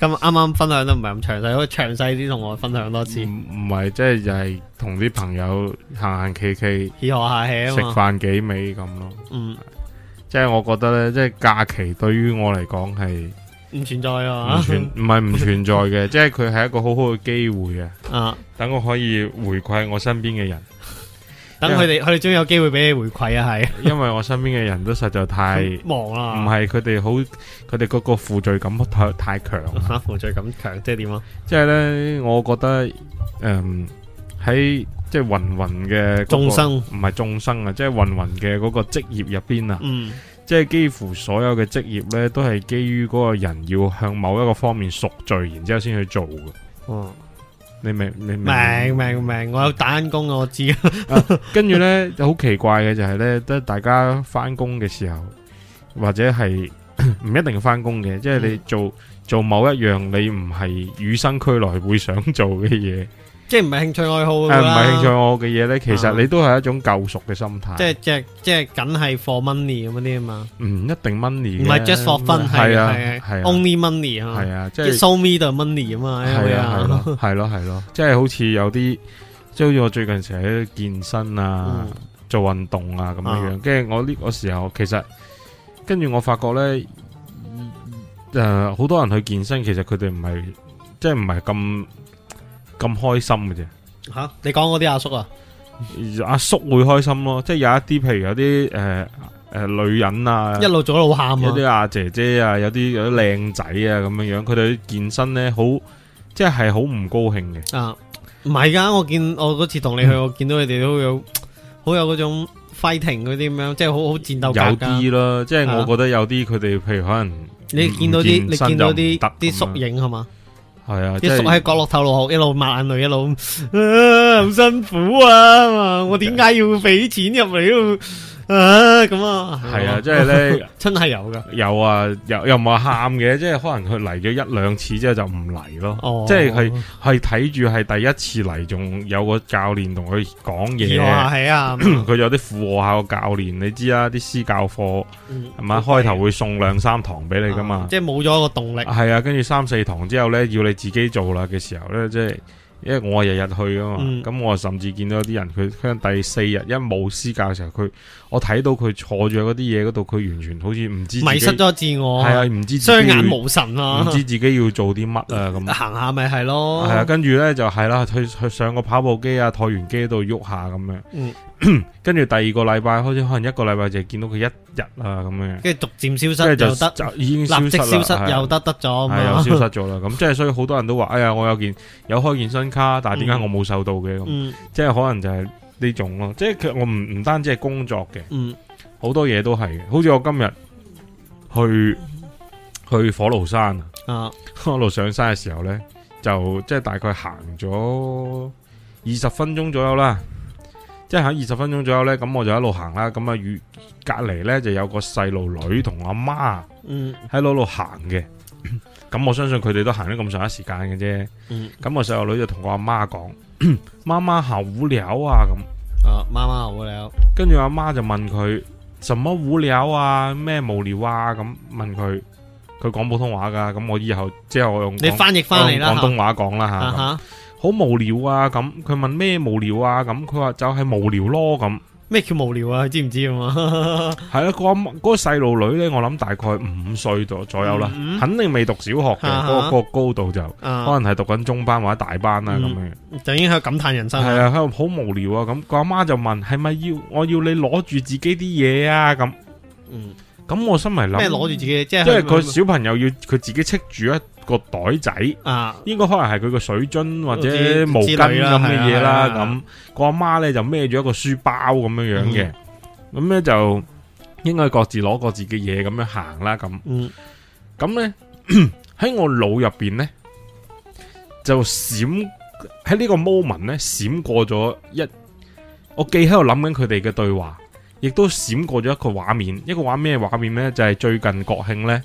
咁啱啱分享得唔係咁詳細，可以詳細啲同我分享多次。唔唔係，即係就係同啲朋友行行企企，起學下氣食飯幾味咁咯。嗯，即係我覺得咧，即係假期對於我嚟講係唔存在啊，唔存唔係唔存在嘅，即係佢係一個好好嘅機會啊。嗯，等我可以回饋我身邊嘅人。等佢哋，佢哋終於有機會俾你回饋啊。係，因為我身邊嘅人都實在太忙啦，唔係佢哋好，佢哋嗰個負罪感太太強。吓，負罪感強即係點啊？即係咧，我覺得，誒，喺即係芸芸嘅眾生，唔係眾生啊，即係芸芸嘅嗰個職業入邊啊，嗯，即係幾乎所有嘅職業咧，都係基於嗰個人要向某一個方面贖罪，然之後先去做嘅，嗯。你明？你明，明？明明明我有打緊工，我知。 啊，跟住咧，好奇怪嘅就係咧，得大家翻工嘅時候，或者係唔 一定翻工嘅，即係你做做某一樣你唔係與生俱來會想做嘅嘢。即係唔係興趣愛好嘅？唔係興趣愛好嘅嘢咧，其實你都係一種救贖嘅心態。即係即係即係梗係 for money 咁嗰啲啊嘛。唔一定 money。唔係 just for fun，係係 only money 啊。係啊，即係 show me the money 啊嘛。係咯係咯，即係好似有啲，即係好似我最近成日喺度健身啊，做運動啊咁樣樣。跟住我呢個時候，其實跟住我發覺咧，誒，好多人去健身，其實佢哋唔係即係唔係咁。咁開心嘅啫，吓、啊、你講嗰啲阿叔啊，阿、啊、叔會開心咯，即係有一啲，譬如有啲誒誒女人啊，一路做、啊、一路喊，有啲阿姐姐啊，有啲有啲靚仔啊，咁樣樣，佢哋健身咧，好即係好唔高興嘅啊，唔係噶，我見我嗰次同你去，嗯、我見到佢哋都有好有嗰種 fighting 嗰啲咁樣，即係好好戰鬥格有啲啦，即係我覺得有啲佢哋，啊、譬如可能你見到啲，你見到啲啲縮影係嘛？係啊，即係縮喺角落頭度，一路抹眼淚，一路，咁、啊、好辛苦啊！ 我點解要俾錢入嚟、啊？咁啊，係啊，即係咧，真係有噶，有啊，又又唔係喊嘅，即係可能佢嚟咗一兩次之後就唔嚟咯，即係係係睇住係第一次嚟仲有個教練同佢講嘢，係啊，佢有啲附和校教練，你知啊，啲私教課係嘛，開頭會送兩三堂俾你噶嘛，即係冇咗個動力，係啊，跟住三四堂之後咧，要你自己做啦嘅時候咧，即係因為我日日去啊嘛，咁我甚至見到有啲人佢向第四日一冇私教嘅時候佢。我睇到佢坐住嗰啲嘢嗰度，佢完全好似唔知迷失咗自我，係啊，唔知雙眼無神啊，唔知自己要做啲乜啊咁。行下，咪係咯，係啊，跟住咧就係啦，去去上個跑步機啊，橢圓機度喐下咁樣。跟住第二個禮拜開始，可能一個禮拜就見到佢一日啊咁樣，跟住逐漸消失就得，已經立即消失又得得咗，又消失咗啦咁。即係所以好多人都話，哎呀，我有件，有開健身卡，但係點解我冇瘦到嘅咁？即係可能就係。呢種咯，即係佢我唔唔單止係工作嘅，嗯，好多嘢都係。好似我今日去去火爐山啊，我路上山嘅時候咧，就即係大概行咗二十分鐘左右啦。即係喺二十分鐘左右咧，咁我就一路行啦。咁啊，與隔離咧就有個細路女同阿媽喺嗰度行嘅。嗯 咁我相信佢哋都行咗咁長一時間嘅啫。咁、嗯、我細路女就同我阿媽講：媽媽好無聊啊咁。啊，媽媽好無聊。跟住我阿媽就問佢：什麼無聊啊？咩無聊啊？咁問佢，佢講普通話噶。咁我以後即係我用你翻譯翻嚟啦，廣東話講啦吓。好無聊啊！咁佢問咩無聊啊？咁佢話就係無聊咯咁。咩叫無聊啊？你知唔知啊嘛？係 啊、嗯，個阿媽、個細路女咧，我諗大概五歲度左右啦，肯定未讀小學嘅，嗰、啊、個高度就、啊、可能係讀緊中班或者大班啦咁、嗯、樣。就已經喺度感嘆人生係 啊，喺度好無聊啊！咁、個阿媽就問：係咪要我要你攞住自己啲嘢啊？咁嗯。咁我心裡諗，即係攞住自己，即係即係佢小朋友要佢自己戚住一個袋仔啊，應該可能係佢個水樽或者毛巾咁嘅嘢啦。咁個阿媽咧就孭住一個書包咁樣樣嘅，咁咧、嗯、就應該各自攞各自嘅嘢咁樣行啦。咁，咁咧喺我腦入邊咧就閃喺呢個 moment 咧閃過咗一，我記喺度諗緊佢哋嘅對話。亦都閃過咗一個畫面，一個畫咩畫面呢？就係、是、最近國慶呢，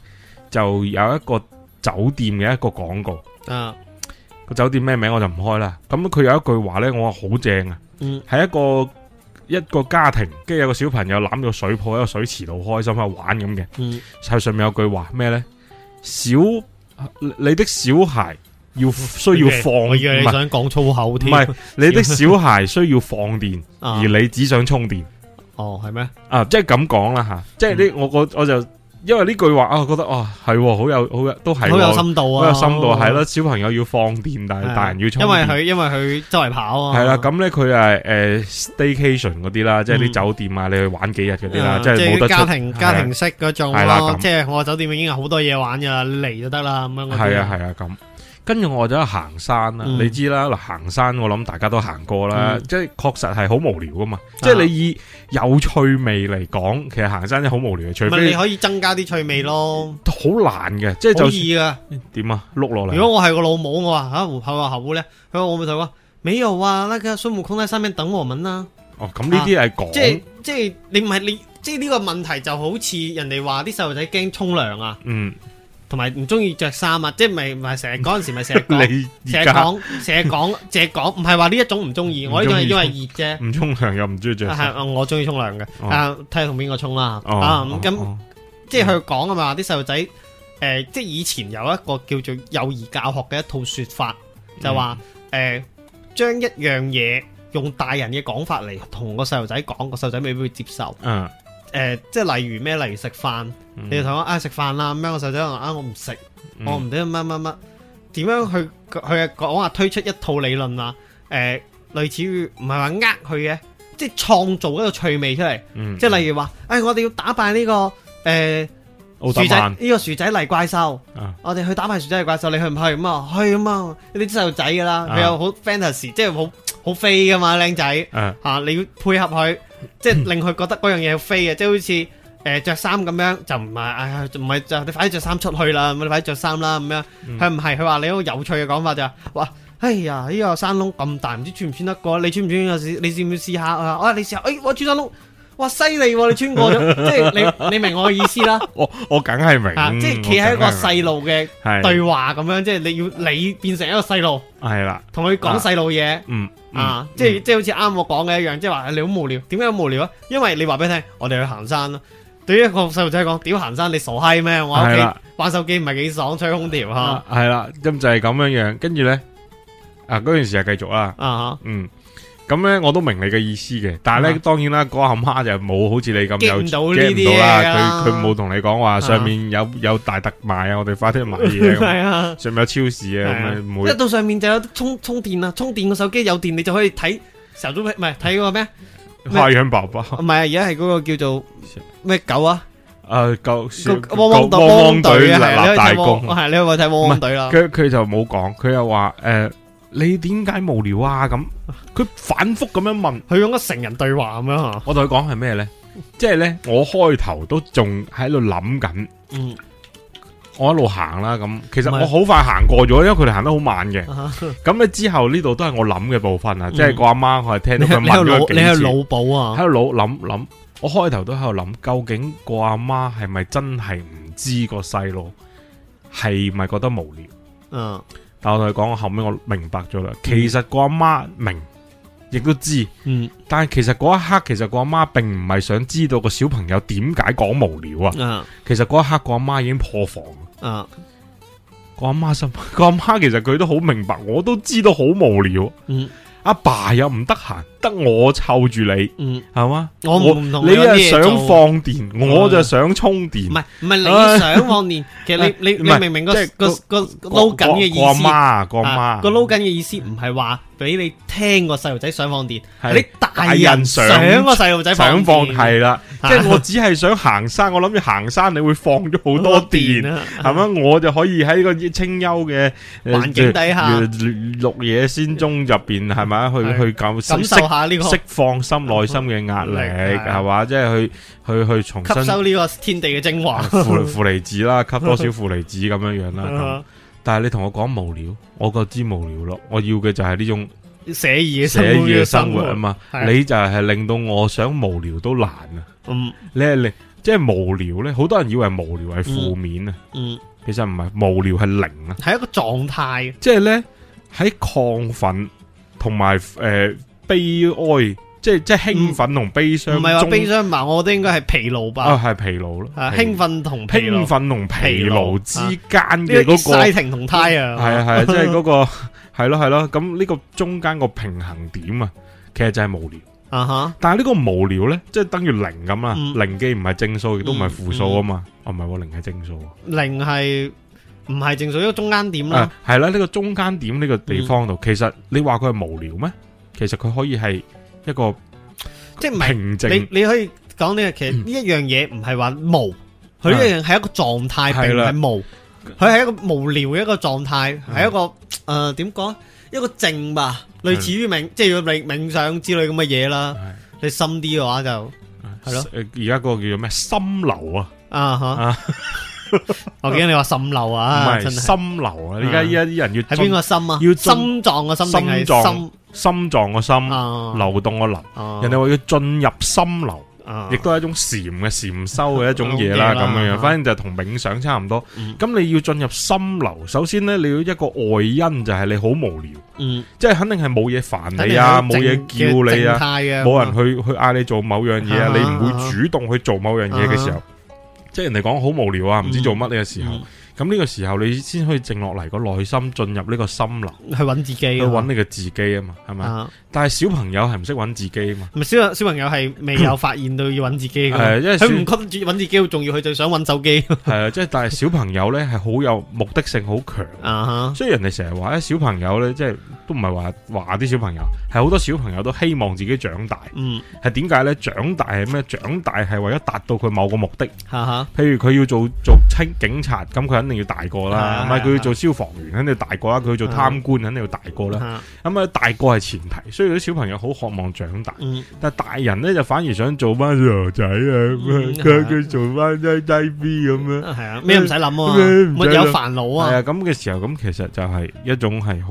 就有一個酒店嘅一個廣告。啊，個酒店咩名我就唔開啦。咁佢有一句話呢，我話好正啊。嗯，係一個一個家庭，跟住有個小朋友攬住水泡喺個水池度開心去玩咁嘅。嗯，上面有句話咩呢？小「小你的小孩要需要放，唔、啊 okay, 想講粗口添。唔係是、啊、你的小孩需要放電，而你只想充電。哦，係咩？啊，即係咁講啦吓，即係呢，我個我就因為呢句話啊，覺得哦係好有好有都係好有深度啊，好有深度係咯，小朋友要放電，但係大人要充電，因為佢因為佢周圍跑啊。係啦，咁咧佢係誒 Staycation 嗰啲啦，即係啲酒店啊，你去玩幾日嗰啲啦，即係家庭家庭式嗰種咯，即係我酒店已經有好多嘢玩噶啦，嚟就得啦咁樣，係啊係啊咁。跟住我就行山啦，你知啦嗱，行山我諗大家都行過啦，即係確實係好無聊噶嘛，即係你以有趣味嚟講，其實行山真係好無聊，嘅，除非你可以增加啲趣味咯，好難嘅，即係好易噶，點啊，碌落嚟？如果我係個老母，我話吓，佢話下污咧，佢話我咪就話，沒有啊，那個孫悟空喺上面等我們啦。哦，咁呢啲係講，即係即係你唔係你，即係呢個問題就好似人哋話啲細路仔驚沖涼啊，嗯。同埋唔中意着衫啊，即係咪唔係成日嗰陣時咪成日講，成日講，成日講，唔係話呢一種唔中意，我呢種係因為熱啫。唔沖涼又唔中意着。係我中意沖涼嘅，啊睇下同邊個沖啦。啊咁，即係佢講啊嘛，啲細路仔，誒，即係以前有一個叫做幼兒教學嘅一套說法，就話誒，將一樣嘢，用大人嘅講法嚟，同個細路仔講，個細路仔未必會接受。嗯。誒、呃，即係例如咩？例如食飯，嗯、你哋同我啊食飯啦，咁樣我細仔話啊，我唔食，我唔點乜乜乜，點樣去佢講啊？推出一套理論啊！誒、呃，類似於唔係話呃佢嘅，即係創造一個趣味出嚟。嗯、即係例如話，誒、哎，我哋要打敗呢、這個誒、呃、薯仔呢、這個薯仔嚟怪獸，嗯、我哋去打敗薯仔嚟怪獸，你去唔去？咁啊去咁啊，啲細路仔噶啦，佢又好 fantasy，即係好好飛噶嘛，靚仔吓，你要配合佢。嗯嗯 即係令佢覺得嗰樣嘢好飛嘅，即係好似誒着衫咁樣就唔係，哎呀唔係就你快啲着衫出去啦，咁你快啲着衫啦咁樣。佢唔係，佢 話你一個有趣嘅講法就話，嘩，哎呀呢，這個山窿咁大，唔知穿唔穿得過？你穿唔穿試試試啊？你試唔試下啊？我話你試下，哎我穿山窿。哇，犀利！你穿過咗即係你，你明我嘅意思啦。我我梗係明，即係企喺一個細路嘅對話咁樣，即係你要你變成一個細路，係啦，同佢講細路嘢，嗯啊，即係即係好似啱我講嘅一樣，即係話你好無聊，點解咁無聊啊？因為你話俾你聽，我哋去行山咯。對於一個細路仔講，屌行山，你傻閪咩？我屋企玩手機唔係幾爽，吹空調吓。係啦，咁就係咁樣樣，跟住咧啊，嗰段時間繼續啦。啊，嗯。咁咧，我都明你嘅意思嘅，但係咧，當然啦，嗰阿媽就冇好似你咁，有唔到呢啲啦。佢佢冇同你講話，上面有有大特賣啊，我哋快啲買嘢。係啊，上面有超市啊，每一到上面就有充充電啊，充電個手機有電，你就可以睇。成組咩唔係睇嗰個咩？花樣爸爸唔係啊，而家係嗰個叫做咩狗啊？誒狗。個汪汪隊立大功。係你有冇睇汪汪隊啦？佢佢就冇講，佢又話誒。你點解無聊啊？咁佢反覆咁樣問，佢用咗成人對話咁樣吓。我同佢講係咩咧？即係咧，我開頭都仲喺度諗緊。嗯，我一路行啦，咁其實我好快行過咗，因為佢哋行得好慢嘅。咁咧之後呢度都係我諗嘅部分啊，即係個阿媽，我係聽到佢問咗幾次。你係老，你係老保啊？喺度諗諗諗，我開頭都喺度諗，究竟個阿媽係咪真係唔知個細路，係咪覺得無聊？嗯。但我同你講，後尾我明白咗啦。其實個阿媽明，亦都知。嗯，但係其實嗰一刻，其實個阿媽並唔係想知道個小朋友點解講無聊啊。嗯、啊，其實嗰一刻，個阿媽已經破防。嗯、啊，個阿媽心，個阿媽其實佢都好明白，我都知道好無聊。嗯，阿爸又唔得閒。得我湊住你，嗯，係嘛？我唔同你係想放電，我就想充電。唔係唔係，你想放電，其實你你你明唔明個個個 login 嘅意思？個阿媽個阿媽！個 login 嘅意思唔係話俾你聽，個細路仔想放電，你大人想個細路仔放放係啦。即係我只係想行山，我諗住行山你會放咗好多電啊，係嘛？我就可以喺個清幽嘅環境底下，綠野仙蹤入邊係咪？去去咁。啊！呢個釋放心內心嘅壓力係嘛？即係去去去重新吸收呢個天地嘅精華，負負離子啦，吸多少負離子咁樣樣啦。但係你同我講無聊，我覺得無聊咯。我要嘅就係呢種寫意寫意嘅生活啊嘛。你就係令到我想無聊都難啊。嗯，你係令即係無聊咧，好多人以為無聊係負面啊。嗯，其實唔係，無聊係零啊，係一個狀態。即係咧喺亢奮同埋誒。悲哀，即係即係興奮同悲傷，唔係話悲傷，唔係我覺得應該係疲勞吧。啊，係疲勞咯，興奮同疲勞，興奮同疲勞之間嘅嗰個。西停同胎啊，係啊係，即係嗰個係咯係咯。咁呢個中間個平衡點啊，其實就係無聊啊哈。但係呢個無聊咧，即係等於零咁啊。零既唔係正數亦都唔係負數啊嘛。哦，唔係，零係正數。零係唔係正數呢個中間點啦。係啦，呢個中間點呢個地方度，其實你話佢係無聊咩？其實佢可以係一個即係平靜，你你可以講呢個，其實呢一樣嘢唔係話無，佢一樣係一個狀態，並唔係無，佢係一個無聊嘅一個狀態，係一個誒點講？一個靜吧，類似於冥即係要冥冥想之類咁嘅嘢啦。你深啲嘅話就係咯。而家嗰個叫做咩心流啊？啊吓。我記得你話滲流啊，唔係心流啊！而家依家啲人要喺邊個心啊？要心臟個心，心臟心臟個心，流動個流。人哋話要進入心流，亦都係一種禪嘅禪修嘅一種嘢啦。咁樣樣，反正就同冥想差唔多。咁你要進入心流，首先咧你要一個外因，就係你好無聊，即係肯定係冇嘢煩你啊，冇嘢叫你啊，冇人去去嗌你做某樣嘢啊，你唔會主動去做某樣嘢嘅時候。即係人哋講好無聊啊，唔知做乜呢個時候。嗯嗯咁呢個時候你先可以靜落嚟個內心進入呢個森林，去揾自己，去揾呢個自己啊嘛，係咪？Uh huh. 但係小朋友係唔識揾自己啊嘛，咪小小朋友係未有發現到要揾自己嘅，佢唔覺揾自己好重要，佢就想揾手機。係啊，即 係、呃就是，但係小朋友咧係好有目的性好強啊，強 uh huh. 所以人哋成日話咧小朋友咧即係都唔係話話啲小朋友係好多小朋友都希望自己長大，嗯、uh，係點解咧？長大係咩？長大係為咗達到佢某個目的，uh huh. 譬如佢要做做清警察，咁佢。肯定要大個啦，唔係佢要做消防員，肯定要大個啦；佢做貪官，肯定要大個啦。咁啊，大個係前提，所以啲小朋友好渴望長大，但係大人咧就反而想做翻細路仔啊，佢佢做翻低低 B 咁樣。係啊，咩唔使諗啊，冇煩惱啊。係啊，咁嘅時候咁，其實就係一種係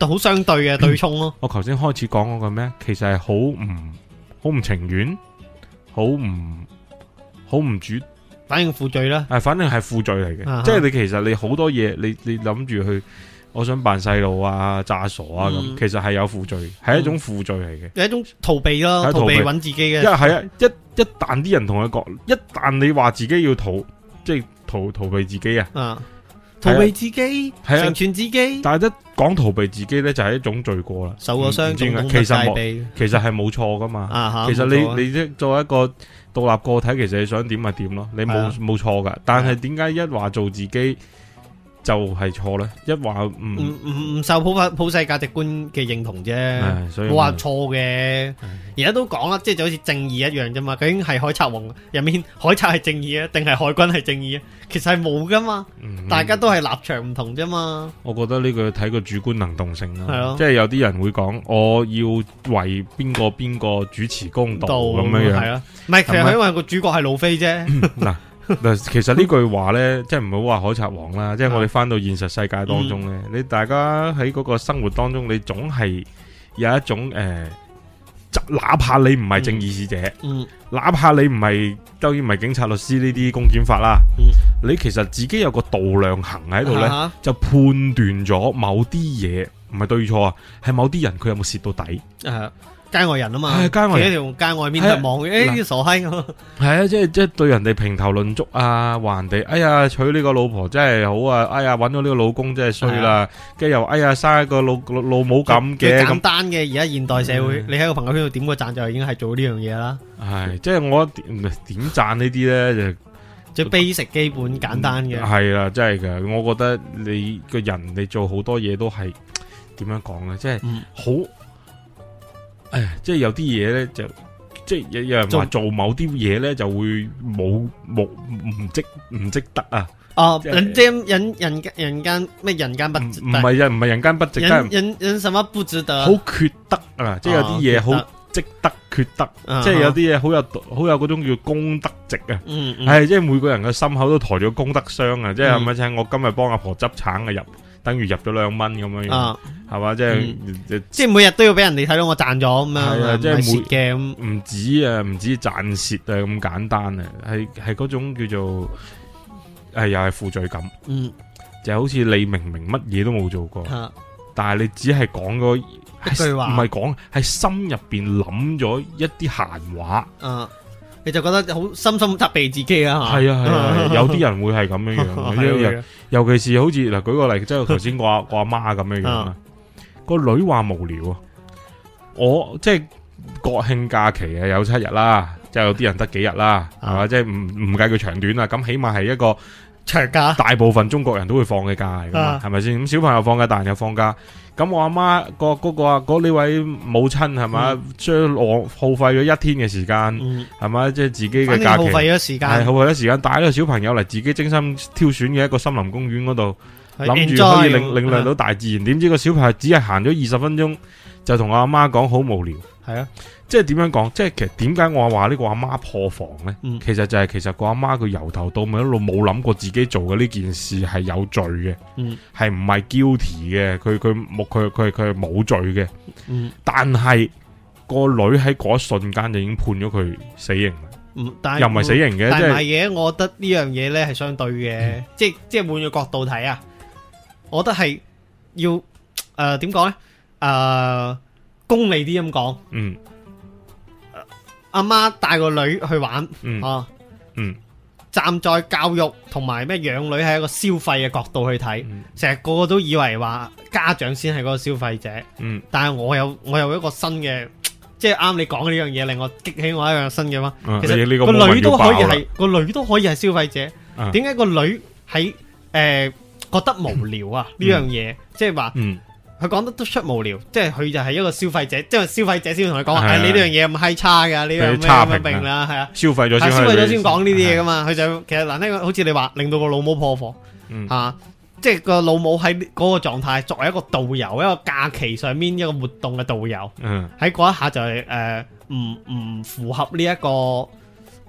好好相對嘅對沖咯。我頭先開始講嗰個咩，其實係好唔好唔情願，好唔好唔主。反應負罪啦，誒，反正係負罪嚟嘅，即係你其實你好多嘢，你你諗住去，我想扮細路啊，詐傻啊咁，其實係有負罪，係一種負罪嚟嘅，有一種逃避咯，逃避揾自己嘅，因為係啊，一一旦啲人同佢講，一旦你話自己要逃，即係逃逃避自己啊，逃避自己，係啊，成全自己，但係一講逃避自己咧，就係一種罪過啦，受過傷，其實其實係冇錯噶嘛，其實你你即係做一個獨立個體，其實你想點咪點咯，你冇冇是的 錯噶，但係點解一話做自己？就係錯咧，一話唔唔唔受普法普世價值觀嘅認同啫，冇話錯嘅。而家、就係嗯、都講啦，即、就、係、係、就好似正義一樣啫嘛。究竟係海賊王入面，海賊係正義啊，定係海軍係正義啊？其實係冇噶嘛，嗯、大家都係立場唔同啫嘛。我覺得呢、這個睇個主觀能動性啦、啊，即係、啊、有啲人會講，我要為邊個邊個主持公道咁樣、啊、樣，係啊，唔係、啊、其實佢因為個主角係路飛啫。 嗱， 其實呢句話呢，即係唔好話海賊王啦，啊、即係我哋返到現實世界當中咧，嗯、你大家喺嗰個生活當中，你總係有一種誒、呃，哪怕你唔係正義使者，嗯，嗯哪怕你唔係當然唔係警察、律師呢啲公檢法啦，嗯、你其實自己有個度量衡喺度呢，啊、哈就判斷咗某啲嘢唔係對錯啊，係某啲人佢有冇蝕到底、啊街外人啊嘛，街喺條街外面望，誒啲傻閪咁。係啊，即係即係對人哋評頭論足啊，話人哋哎呀娶呢個老婆真係好啊，哎呀揾到呢個老公真係衰啦，跟住又哎呀生一個老老母咁嘅咁。簡單嘅而家現代社會，你喺個朋友圈度點個讚就已經係做呢樣嘢啦。係，即係我點讚呢啲咧就即係 basic 基本簡單嘅。係啊，真係噶，我覺得你個人你做好多嘢都係點樣講咧，即係好。誒，即係有啲嘢咧，就即係有有人話做某啲嘢咧，就會冇冇唔值唔值得啊！啊、哦，人人是人間人間咩人間不值唔係啊，唔係人間不值得，人人什麼不值得？好缺德啊！即係有啲嘢好積德，缺德，哦、即係有啲嘢、嗯、哼好有好有嗰種叫功德值啊！係、嗯嗯哎、即係每個人嘅心口都抬咗功德箱啊！即係咪嘢？我今日幫阿婆執橙嘅、啊、入。等於入咗兩蚊咁樣樣，係嘛、啊？即係即係每日都要俾人哋睇到我賺咗咁樣，即係蝕嘅唔止啊，唔止賺蝕啊，咁簡單啊，係係嗰種叫做係、啊、又係負罪感。嗯，就好似你明明乜嘢都冇做過，啊、但係你只係講咗一句話，唔係講喺心入邊諗咗一啲閒話。嗯。啊你就覺得好深深責備自己啊。係啊係啊，啊 有啲人會係咁樣樣、 啊，尤其是好似嗱舉個例，例 個，即係頭先我阿我阿媽咁樣樣啊，個女話無聊啊，我即係國慶假期啊有七日啦，即係有啲人得幾日啦，啊 即係唔唔計佢長短啦，咁起碼係一個長假，大部分中國人都會放嘅假啊，係咪先？咁小朋友放假，大人又放假。咁我阿媽、嗰個嗰個嗰呢位母親係咪？將浪、嗯、耗費咗一天嘅時間，係咪、嗯？即係、就是、自己嘅假期，耗費咗時間，係耗費咗時間，帶呢個小朋友嚟自己精心挑選嘅一個森林公園嗰度，諗住是可以領領略到大自然。點的知個小朋友只係行咗二十分鐘，就同我阿媽講好無聊。係啊。即係點樣講？即係其實點解我話呢個阿媽破防呢？嗯、其實就係其實個阿媽佢由頭到尾一路冇諗過自己做嘅呢件事係有罪嘅，係唔係、嗯、guilty 嘅？佢佢冇佢佢佢係冇罪嘅。嗯、但係個女喺嗰一瞬間就已經判咗佢死刑，但是又唔係死刑嘅。但係是、就是、我覺得呢樣嘢呢係相對嘅、嗯，即係即係換個角度睇啊！我覺得係要誒點講咧？誒、呃呃呃，功利啲咁講。嗯。嗯阿媽帶個女去玩，啊，嗯，站在教育同埋咩養女係一個消費嘅角度去睇，成日個個都以為話家長先係嗰個消費者，嗯，但係我有我有一個新嘅，即係啱你講呢樣嘢令我激起我一樣新嘅乜，其實個女都可以係個女都可以係消費者，點解個女喺誒覺得無聊啊？呢樣嘢即係話。佢講得都出無聊，即係佢就係一個消費者，即係消費者先同佢講話，你呢樣嘢咁閪差㗎，呢樣咩咩病啦，係啊，啊消費咗先，消費咗先講呢啲嘢噶嘛，佢就的的其實嗱，呢個好似你話令到個老母破防，嚇、嗯啊，即係個老母喺嗰個狀態，作為一個導遊，一個假期上面一個活動嘅導遊，喺嗰、嗯、一下就係誒唔唔符合呢、這、一個。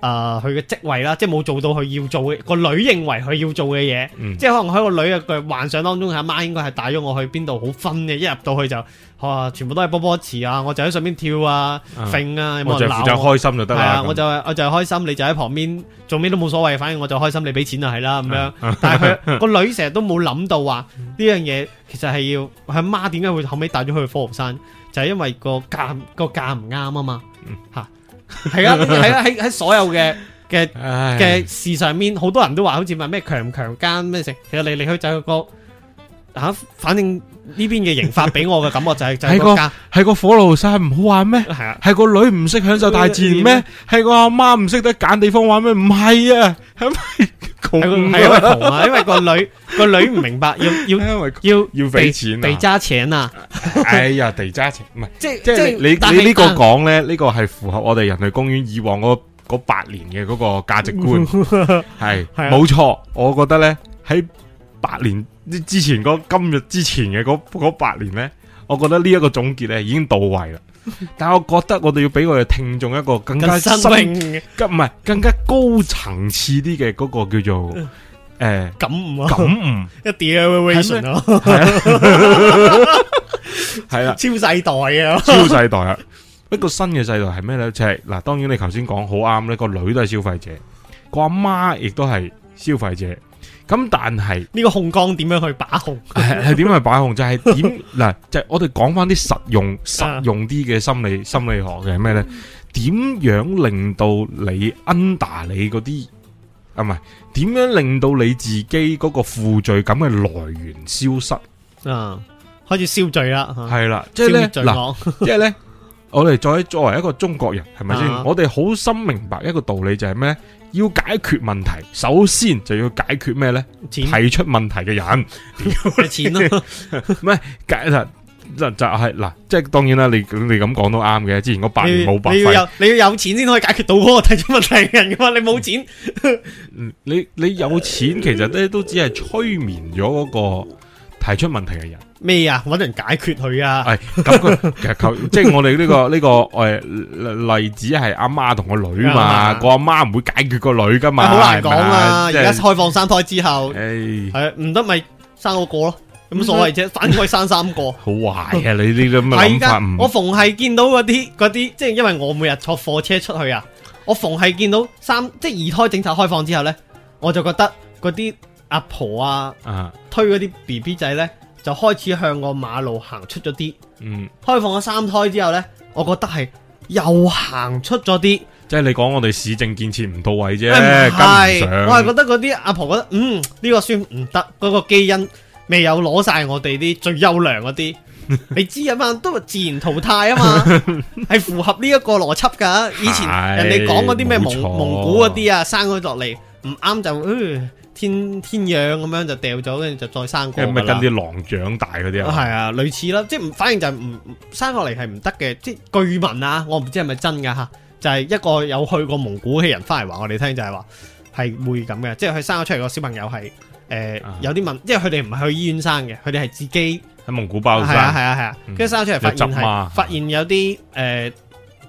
誒，佢嘅職位啦，即係冇做到佢要做嘅、個女認為佢要做嘅嘢，嗯、即係可能喺個女嘅幻想當中，佢阿媽應該係帶咗我去邊度好 fun 嘅，一入到去就，啊，全部都係波波池啊，我就喺上面跳啊，揈啊，有冇，啊、我就開心就得啦，啊，我就係我就係開心，你就喺旁邊做咩都冇所謂，反正我就開心，你俾錢就係啦咁樣。啊，但係佢個女成日都冇諗到話呢、嗯、樣嘢，其實係要佢阿媽點解會後尾帶咗去科學山，就係、是、因為個價、個價唔啱啊嘛，吓、啊。啊啊係 啊，喺喺喺所有嘅嘅嘅事上面，好多人都話好似問咩強唔強姦咩食。其實你嚟去去都係個吓、啊，反正呢邊嘅刑法俾我嘅感覺就係、係、 就係個係 個火爐山唔好玩咩？係啊，係個女唔識享受大自然咩？係個阿媽唔識得揀地方玩咩？唔係啊，係咪？ 係，係因為窮，因為個女個女唔明白，要要因要要俾錢，地揸錢啊！哎呀，地揸錢唔係即係即係你你呢個講咧，呢個係符合我哋人類公園以往嗰八年嘅嗰個價值觀係冇錯，我覺得咧喺八年之前今日之前嘅嗰八年咧，我覺得呢一個總結咧已經到位啦。但係我覺得我哋要俾我哋聽眾一個更加新，嘅，唔係更加高層次啲嘅嗰個叫做誒、呃、感悟、啊、感悟一、啊、啲 嗎」！「version 係啦，超世代啊，超世代啊，一個新嘅世代係咩咧？即係嗱，當然你頭先講好啱咧，個女都係消費者，個阿媽亦都係消費者。咁但係呢個控江點樣去把控？係係點樣去把控？就係點嗱，就係我哋講翻啲實用實用啲嘅心理、啊、心理學嘅咩咧？點樣令到你 under 你嗰啲啊唔係？點樣令到你自己嗰個負罪感嘅來源消失啊？開始消罪 啦？係、就是、啦，即係咧嗱，即係咧。我哋再作為一個中國人，係咪先？Uh huh. 我哋好深明白一個道理就，就係咩要解決問題，首先就要解決咩咧？提出問題嘅人，你有錢咯，唔係解就就係嗱，即係當然啦。你你咁講都啱嘅。之前八白冇白費，你要有錢先可以解決到嗰個提出問題嘅人噶嘛？你冇錢，你你有錢，其實咧都只係催眠咗嗰個提出問題嘅人。咩啊？搵人解決佢啊！係咁佢，其實即係我哋呢個呢個誒例子係阿媽同個女嘛，嗯、個阿媽唔會解決個女噶嘛，好難講啊！而家、嗯嗯、開放三胎之後，係唔得咪生個個咯，咁所謂啫，反正可以生三個。 好壞啊！你呢啲咁嘅諗法，我逢係見到嗰啲嗰啲，即係因為我每日坐貨車出去啊，我逢係見到三即係二胎政策開放之後咧，我就覺得嗰啲阿婆啊，推嗰啲 B B 仔咧。呢 就開始向個馬路行出咗啲，嗯，開放咗三胎之後呢，我覺得係又行出咗啲，即係你講我哋市政建設唔到位啫，哎、跟唔上。我係覺得嗰啲阿婆覺得，嗯，呢、這個孫唔得，嗰、那個基因未有攞晒我哋啲最優良嗰啲， 你知啊嘛，都自然淘汰啊嘛，係 符合呢一個邏輯噶。以前人哋講嗰啲咩蒙錯蒙古嗰啲啊，生咗落嚟唔啱就。嗯天天養咁樣就掉咗，跟住就再生過啦。咪跟啲狼長大嗰啲啊？係啊，啊，類似啦，即係反正就唔生落嚟係唔得嘅。即係據聞啊，我唔知係咪真㗎吓，就係、是、一個有去過蒙古嘅人翻嚟話我哋聽就，就係話係會咁嘅。即係佢生咗出嚟個小朋友係誒有啲問，即係佢哋唔係去醫院生嘅，佢哋係自己喺蒙古包。係啊係啊係啊，啊，跟住、嗯、生咗出嚟發現係汁發,發現有啲誒、呃、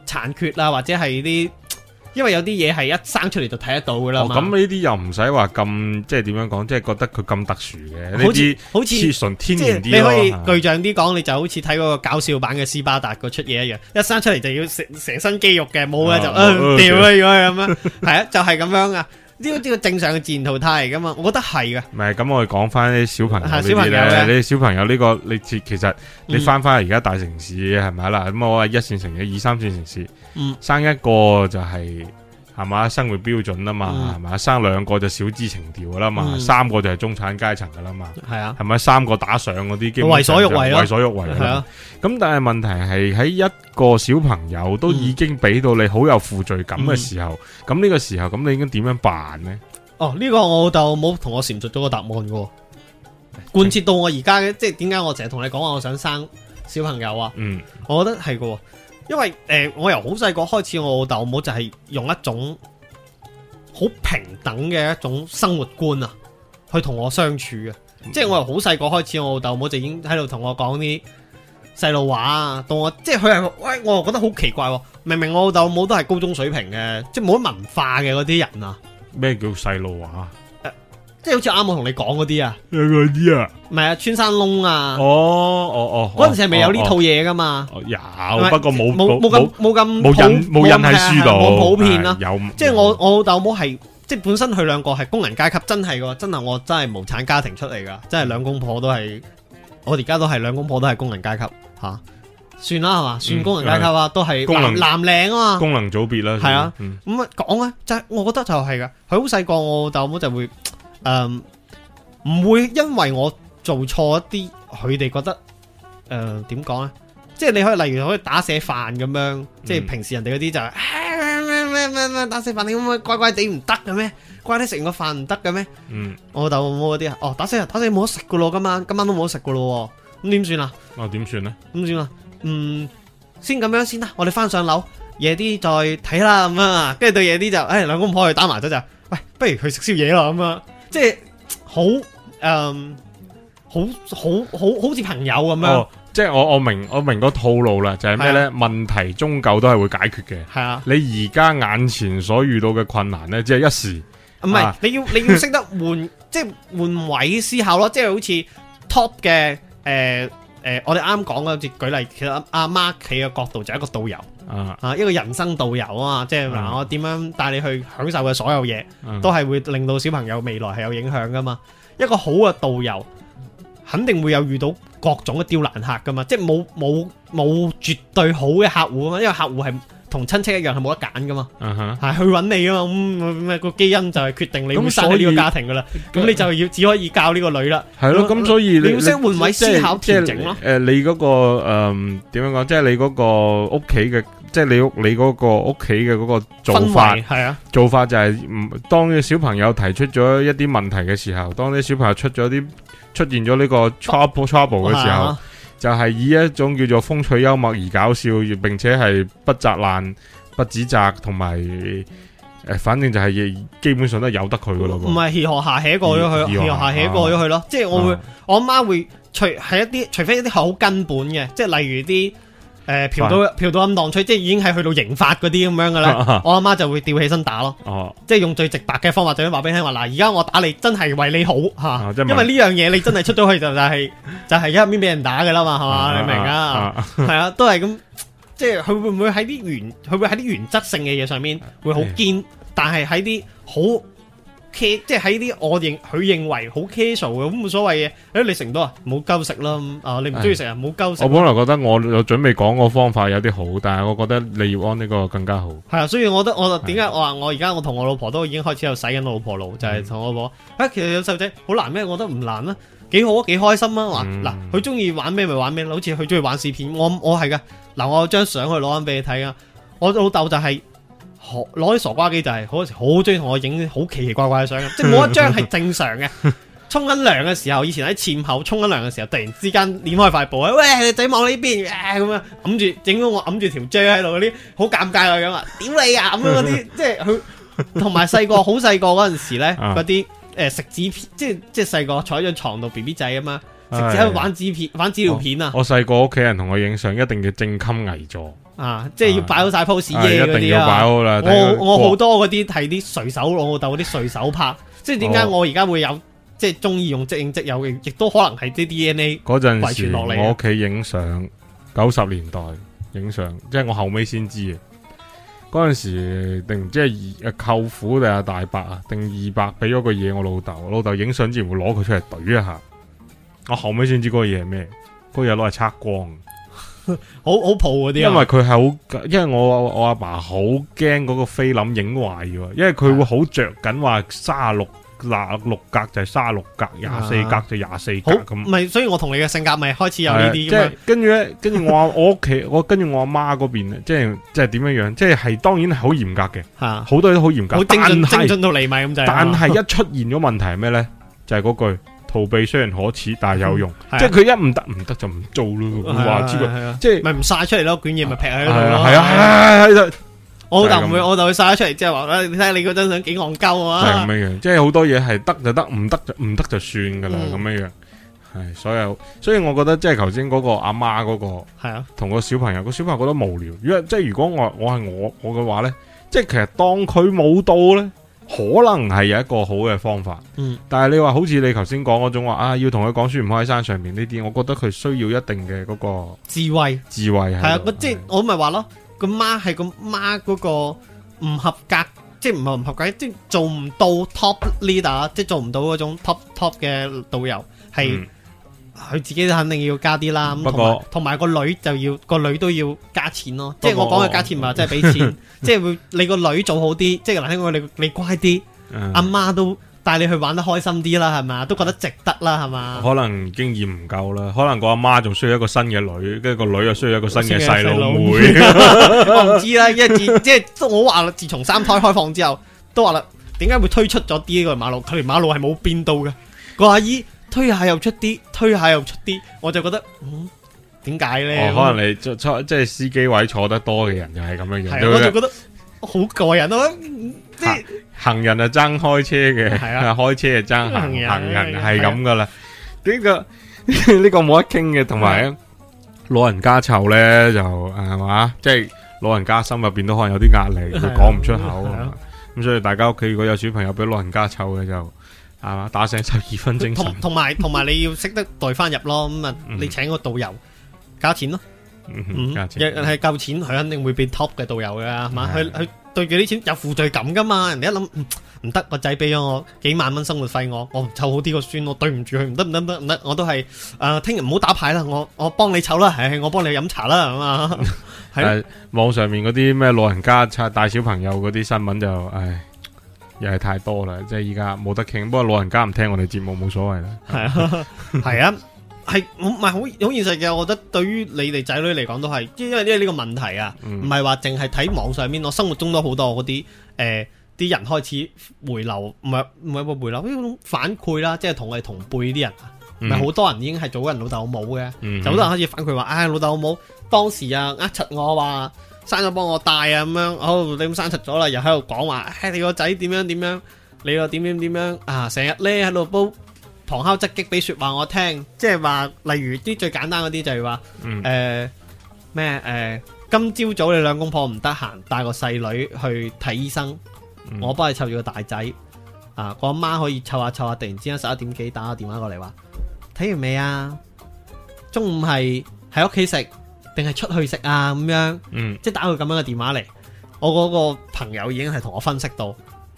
殘缺啊，或者係啲。因為有啲嘢係一生出嚟就睇得到噶啦嘛。哦，咁呢啲又唔使話咁即係點樣講，即係覺得佢咁特殊嘅。好似好似純天然啲，你可以具象啲講，你就好似睇嗰個搞笑版嘅斯巴達嗰出嘢一樣，一生出嚟就要成成身肌肉嘅，冇嘅就啊掉啦，如果係咁樣，係啊，就係咁樣噶。呢個呢個正常嘅自然淘汰嚟噶嘛，我覺得係噶。唔係，咁我哋講翻啲小朋友啲咧，呢小朋友呢個你其實你翻翻而家大城市係咪啊啦？咁我話一線城市、二三線城市。生一個就係、是、係嘛，嗯、是是生活標準啦嘛，係、嗯、嘛，生兩個就小資情調啦嘛，三個就係中產階層噶啦嘛，係啊，係咪三個打上嗰啲，為所欲為咯，為所欲為啦。咁、啊、但係問題係喺一個小朋友都已經俾到你好有負罪感嘅時候，咁呢、嗯、個時候咁你應該點樣辦呢？哦、呢、這個我就冇同我潛述咗個答案噶，貫徹到我而家嘅，嗯、即係點解我成日同你講話我想生小朋友啊？嗯，我覺得係噶。因為誒、呃，我由好細個開始，我老豆老母就係用一種好平等嘅一種生活觀啊，去同我相處嘅。即係我由好細個開始，我老豆老母就已經喺度同我講啲細路話啊，到我即係佢係，喂、哎，我又覺得好奇怪、啊，明明我老豆老母都係高中水平嘅，即係冇乜文化嘅嗰啲人啊。咩叫細路話？即係好似啱我同你講嗰啲啊，嗰啲啊，唔係啊，穿山窿啊，哦哦哦，嗰陣時係咪有呢套嘢噶嘛？有，不過冇冇冇咁冇咁冇印冇印喺書度，冇普遍啦。有，即係我我老豆老母係，即係本身佢兩個係工人階級，真係個真係我真係無產家庭出嚟噶，真係兩公婆都係，我哋而家都係兩公婆都係工人階級吓，算啦係嘛？算工人階級啦，都係男男領啊嘛，功能組別啦，係啊，咁啊講啊，即係我覺得就係噶，佢好細個我老豆老母就會。誒，唔會因為我做錯一啲，佢哋覺得誒，點講咧？即係你可以例如可以打寫飯咁樣，即係平時人哋嗰啲就誒咩咩咩咩打寫飯，你唔好乖乖地唔得嘅咩？乖乖食完個飯唔得嘅咩？嗯，我老豆老母嗰啲啊，哦打寫啊打寫冇得食噶咯，今晚今晚都冇得食噶咯，咁點算啊？啊點算咧？點算啊？嗯，先咁樣先啦，我哋翻上樓夜啲再睇啦，咁啊，跟住到夜啲就誒，兩公婆去打麻雀就，喂，不如去食宵夜咯，咁啊。即係好誒，好、嗯、好好好似朋友咁樣。哦、即係我我明我明個套路啦，就係咩咧？啊、問題終究都係會解決嘅。係啊，你而家眼前所遇到嘅困難咧，只係一時。唔係是、啊，你要你要識得換， 即係換位思考咯。即係好似 Top 嘅誒。呃誒、呃，我哋啱講嗰次舉例，其實阿 m 企嘅角度就一個導遊，啊、uh，huh. 一個人生導遊啊嘛，即係話、uh huh. 我點樣帶你去享受嘅所有嘢，都係會令到小朋友未來係有影響噶嘛。一個好嘅導遊，肯定會有遇到各種嘅刁難客噶嘛，即係冇冇冇絕對好嘅客戶啊嘛，因為客戶係。同親戚一樣係冇得揀噶嘛，係去揾你啊嘛，咁個基因就係決定你咁，生喺呢個家庭噶啦。咁你就要只可以教呢個女啦。係咯，咁所以你要先換位思考調整咯。誒，你嗰個誒點樣講？即係你嗰個屋企嘅，即係你屋你嗰個屋企嘅嗰個做法係啊。做法就係唔當啲小朋友提出咗一啲問題嘅時候，當啲小朋友出咗啲出現咗呢個 trouble trouble 嘅時候。就係以一種叫做風趣幽默而搞笑，並且係不責難、不指責，同埋誒，反正就係基本上都係由得佢噶咯。唔係斜河下寫過咗佢，斜河下寫過咗佢咯。啊、即係我會，啊、我阿媽會除係一啲，除非一啲好根本嘅，即係例如啲。誒、呃，嫖到嫖到暗浪吹，即係已經係去到刑法嗰啲咁樣嘅咧，啊啊、我阿媽就會吊起身打咯，啊、即係用最直白嘅方法就，就咁話俾你聽，話嗱，而家我打你真係為你好吓，啊啊、因為呢樣嘢你真係出咗去就係、 就係就係一邊俾人打嘅啦嘛，係嘛、啊，吧你明㗎？係啊，都係咁，即係佢會唔會喺啲原佢會喺啲原則性嘅嘢上面會好堅， 但係喺啲好。即係喺啲我認佢認為好 casual 嘅，咁冇所謂嘅。誒、哎，你成都啊，唔好鳩食啦，啊，你唔中意食啊，唔好鳩食。我本來覺得我有準備講個方法有啲好，但係我覺得你要安呢個更加好。係啊，所以我覺得我點解我話的我而家我同我，我老婆都已經開始有使緊老婆路，就係、是、同我老婆、嗯、啊。其實有細仔好難咩？我覺得唔難啊，幾好啊，幾開心啊。嗱、嗯，佢中意玩咩咪玩咩好似佢中意玩視片。我我係噶嗱，我有張相去攞翻俾你睇啊。我老豆就係、是。攞啲傻瓜機就係嗰時好中意同我影好奇奇怪怪嘅相，即係冇一張係正常嘅。沖緊涼嘅時候，以前喺前後沖緊涼嘅時候，突然之間攣開塊布，喂你仔望呢邊，咁、啊、樣揞住，整到我揞住條 j 喺度嗰啲，好尷尬嘅樣，樣啊，屌你啊咁樣嗰啲， 即係佢。同埋細個好細個嗰陣時咧，嗰啲誒食紙片，即係即係細個坐喺張床度 B B 仔啊嘛，食紙喺度、哎、呀玩紙片，玩紙尿片啊。我細個屋企人同我影相，一定要正襟危坐。啊！即係要擺好晒 pose 嘅嗰啲啊！哎、家我我好我哇多嗰啲係啲隨手攞我老豆嗰啲隨手拍，即係點解我而家會有、哦、即係中意用即影即有嘅，亦都可能係啲 D N A 嗰陣時落嚟我屋企影相，九十年代影相，即係我後尾先知嘅。嗰陣時定即係誒，舅父定係大伯定二伯俾咗個嘢我老豆，老豆影相之前會攞佢出嚟懟一下。我後尾先知嗰個嘢係咩？嗰個嘢攞嚟測光。 好好抱嗰啲因為佢係好，因為我我阿爸好驚嗰個菲林影壞嘅，因為佢會好着緊話三十六嗱六格就係三十六格，廿四格就廿四格咁。唔係、啊樣，所以我同你嘅性格咪開始有呢啲。即係跟住咧，跟住我我屋企， 我跟住我阿媽嗰邊，即係即係點樣樣，即係係當然好嚴格嘅，好、啊、多嘢都好嚴格。好精進，是精進到厘米咁就係、是。但係一出現咗問題係咩咧？ 就係嗰句。逃避雖然可恥，但係有用，嗯啊、即係佢一唔得唔得就唔做咯。咁話之個，即係咪唔曬出嚟咯？捲嘢，咪撇喺度啊，係啊，我就唔會，就我老豆會就會曬出嚟，即係話你睇下你嗰張相幾戇鳩啊！係咁樣，即係好多嘢係得就得，唔得就唔得就，就算噶啦。咁、嗯、樣樣係，所以所以我覺得即係頭先嗰個阿媽嗰個係啊，同個小朋友個小朋友覺得無聊。如果即係如果我我係我我嘅話咧，即係其實當佢冇到咧。可能係有一個好嘅方法，但係你話好似你頭先講嗰種話啊，要同佢講書唔可以喺山上面呢啲，我覺得佢需要一定嘅嗰、嗰個智慧，智慧係啊，即係我咪話咯，媽媽個媽係個媽嗰個唔合格，即係唔係唔合格，即係做唔到 top leader，即係做唔到嗰種 top top 嘅導遊係。佢自己都肯定要加啲啦，咁同埋同個女就要個女都要加錢咯，即係過我講嘅加錢唔係真係俾錢，即係 會你個女做好啲，即係嗱，聽講你你乖啲，阿媽都帶你去玩得開心啲啦，係嘛，都覺得值得啦，係嘛。可能經驗唔夠啦，可能個阿媽仲需要一個新嘅女，跟住個女又需要一個新嘅細路妹。我唔知啦，因為即係、就是、我話啦，自從三胎開放之後，都話啦，點解會推出咗呢、這個馬路？佢連馬路係冇邊度嘅，個阿姨。推下又出啲，推下又出啲，我就覺得，嗯，點解咧？可能你即係司機位坐得多嘅人就係咁樣樣。我就覺得好過癮咯。即係行人啊爭開車嘅，係啊，開車啊爭行人係咁噶啦。呢個呢個冇得傾嘅，同埋老人家湊咧就係嘛，即係老人家心入邊都可能有啲壓力，佢講唔出口啊。咁所以大家屋企如果有小朋友俾老人家湊嘅就。係嘛？打醒十二分精神同埋同埋，你要識得代翻入咯。咁啊，你請個導遊、嗯、哼加錢咯。嗯哼，加錢。係夠錢，佢肯定會變 top 嘅導遊噶。係嘛，佢佢、哎、呀對住啲錢有負罪感噶嘛。人哋一諗唔得，個仔俾咗我幾萬蚊生活費我，我湊好啲個孫，我對唔住佢，唔得唔得唔得，我都係誒，聽日唔好打牌啦，我我幫你湊啦，我幫你飲茶啦，係嘛。係 吧網上面嗰啲咩老人家帶小朋友嗰啲新聞就唉。又係太多啦，即係依家冇得傾。不過老人家唔聽我哋節目冇所謂啦。係啊，係 啊，係，唔係好好現實嘅。我覺得對於你哋仔女嚟講都係，因為呢個問題啊，唔係話淨係睇網上面，嗯、我生活中都好多嗰啲誒，啲、呃、人開始回流，唔係唔係回流呢種反饋啦，即、就、係、是、同我哋同輩啲人，咪好多人已經係做人老豆老母嘅，嗯、哼就好多人開始反饋話，唉、哎，老豆老母當時啊，呃柒我話、啊。生咗幫我帶啊咁樣，哦你咁生柒咗啦，又喺度講話，你個仔點樣點樣，你又點點點樣啊？成日咧喺度煲旁敲側擊俾說話我聽，即係話，例如啲最簡單嗰啲就係話，誒咩誒，今朝早你兩公婆唔得閒，帶個細女去睇醫生，嗯、我幫你湊住個大仔，啊個媽可以湊下湊下，突然之間十一點幾打個電話過嚟話，睇完未啊？中午係喺屋企食。定係出去食啊咁樣，嗯、即係打佢咁樣嘅電話嚟。我嗰個朋友已經係同我分析到，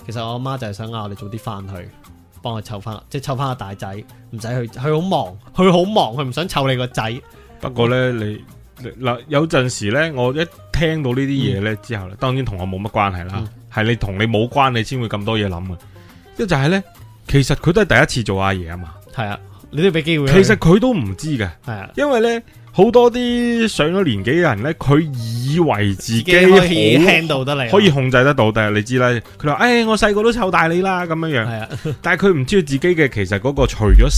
其實我阿媽就係想嗌、啊、我哋早啲翻去，幫我湊翻，即係湊翻個大仔，唔使去。佢好忙，佢好忙，佢唔想湊你個仔。不過咧，你嗱有陣時咧，我一聽到呢啲嘢咧之後咧，當然同我冇乜關係啦。係、嗯、你同你冇關係，你先會咁多嘢諗嘅。即就係、是、咧，其實佢都係第一次做阿爺啊嘛。係啊，你都俾機會。其實佢都唔知嘅。係啊，因為咧。好多啲上咗年紀嘅人呢，佢以為自己，自己可以，可以控制得到。但係你知啦，佢話：誒、哎，我細個都湊大你啦，咁樣樣。係啊，但係佢唔知道自己嘅其實嗰個除咗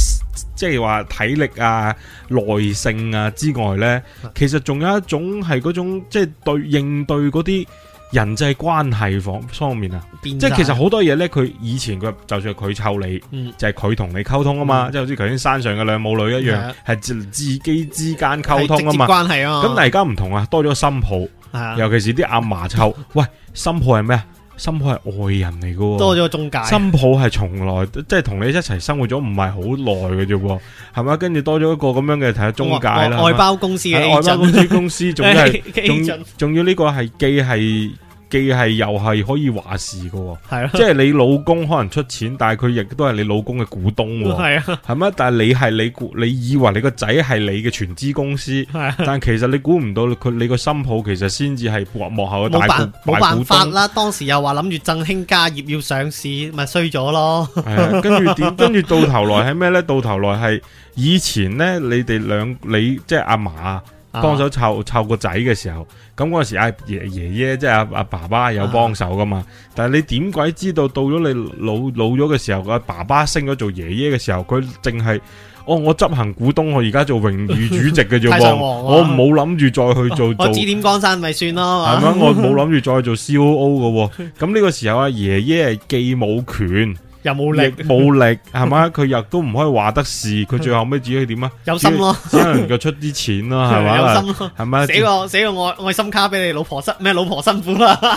即係話體力啊、耐性啊之外呢，其實仲有一種係嗰種即係、就是、對應對嗰啲。人際關係方方面啊，勢即係其實好多嘢咧，佢以前佢就算佢湊你，嗯、就係佢同你溝通啊嘛，即係好似頭先山上嘅兩母女一樣，係自的自己之間溝通啊嘛。咁、啊、但而家唔同啊，多咗新抱，的尤其是啲阿嫲湊， 喂，新抱係咩？新抱係外人嚟噶，多咗個中介。新抱係從來即係同你一齊生活咗唔係好耐嘅啫，係咪？跟住多咗一個咁樣嘅睇下中介啦，外包公司外包公司公司仲要仲要呢個係既係。既係又係可以話事嘅。哦，係咯。啊，即係你老公可能出錢，但係佢亦都係你老公嘅股東。哦，係啊，係咩？但係你係你估，你以為你個仔係你嘅全資公司，啊，但係其實你估唔到佢，你個心抱其實先至係幕幕後嘅大股大股東。冇辦法啦。當時又話諗住振興家業要上市，咪衰咗咯。係跟住點？跟住到頭來係咩呢？到頭來係以前呢，你哋兩你即係阿嫲。幫手湊湊個仔嘅時候，咁嗰陣時，阿爺爺爺即係阿阿爸爸有幫手噶嘛。但係你點鬼知道到咗你老老咗嘅時候，個爸爸升咗做爺爺嘅時候，佢淨係哦，我執行股東，我而家做榮譽主席嘅啫嘛。我唔冇諗住再去做。我指點江山咪算咯。係咩？我冇諗住再做 COO 嘅。咁呢個時候，阿爺爺係既冇權。又冇力，冇力，係嘛？佢又都唔可以話得事，佢最後屘自己以點啊？有心咯，只能夠出啲錢咯，係嘛？有心咯，係咪？寫個寫個愛愛心卡俾你老婆辛咩？老婆辛苦啦，係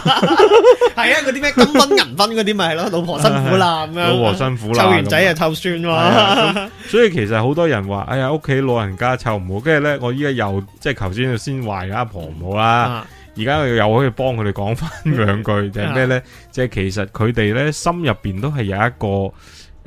啊，嗰啲咩金婚銀婚嗰啲咪係咯，老婆辛苦啦，咁樣，老婆辛苦啦，湊完仔又湊孫喎。所以其實好多人話，哎呀，屋企老人家湊唔好，跟住咧，我依家，又即係頭先又先話阿婆唔好啦。而家又可以幫佢哋講翻兩句，就係咩咧？即係其實佢哋咧心入邊都係有一個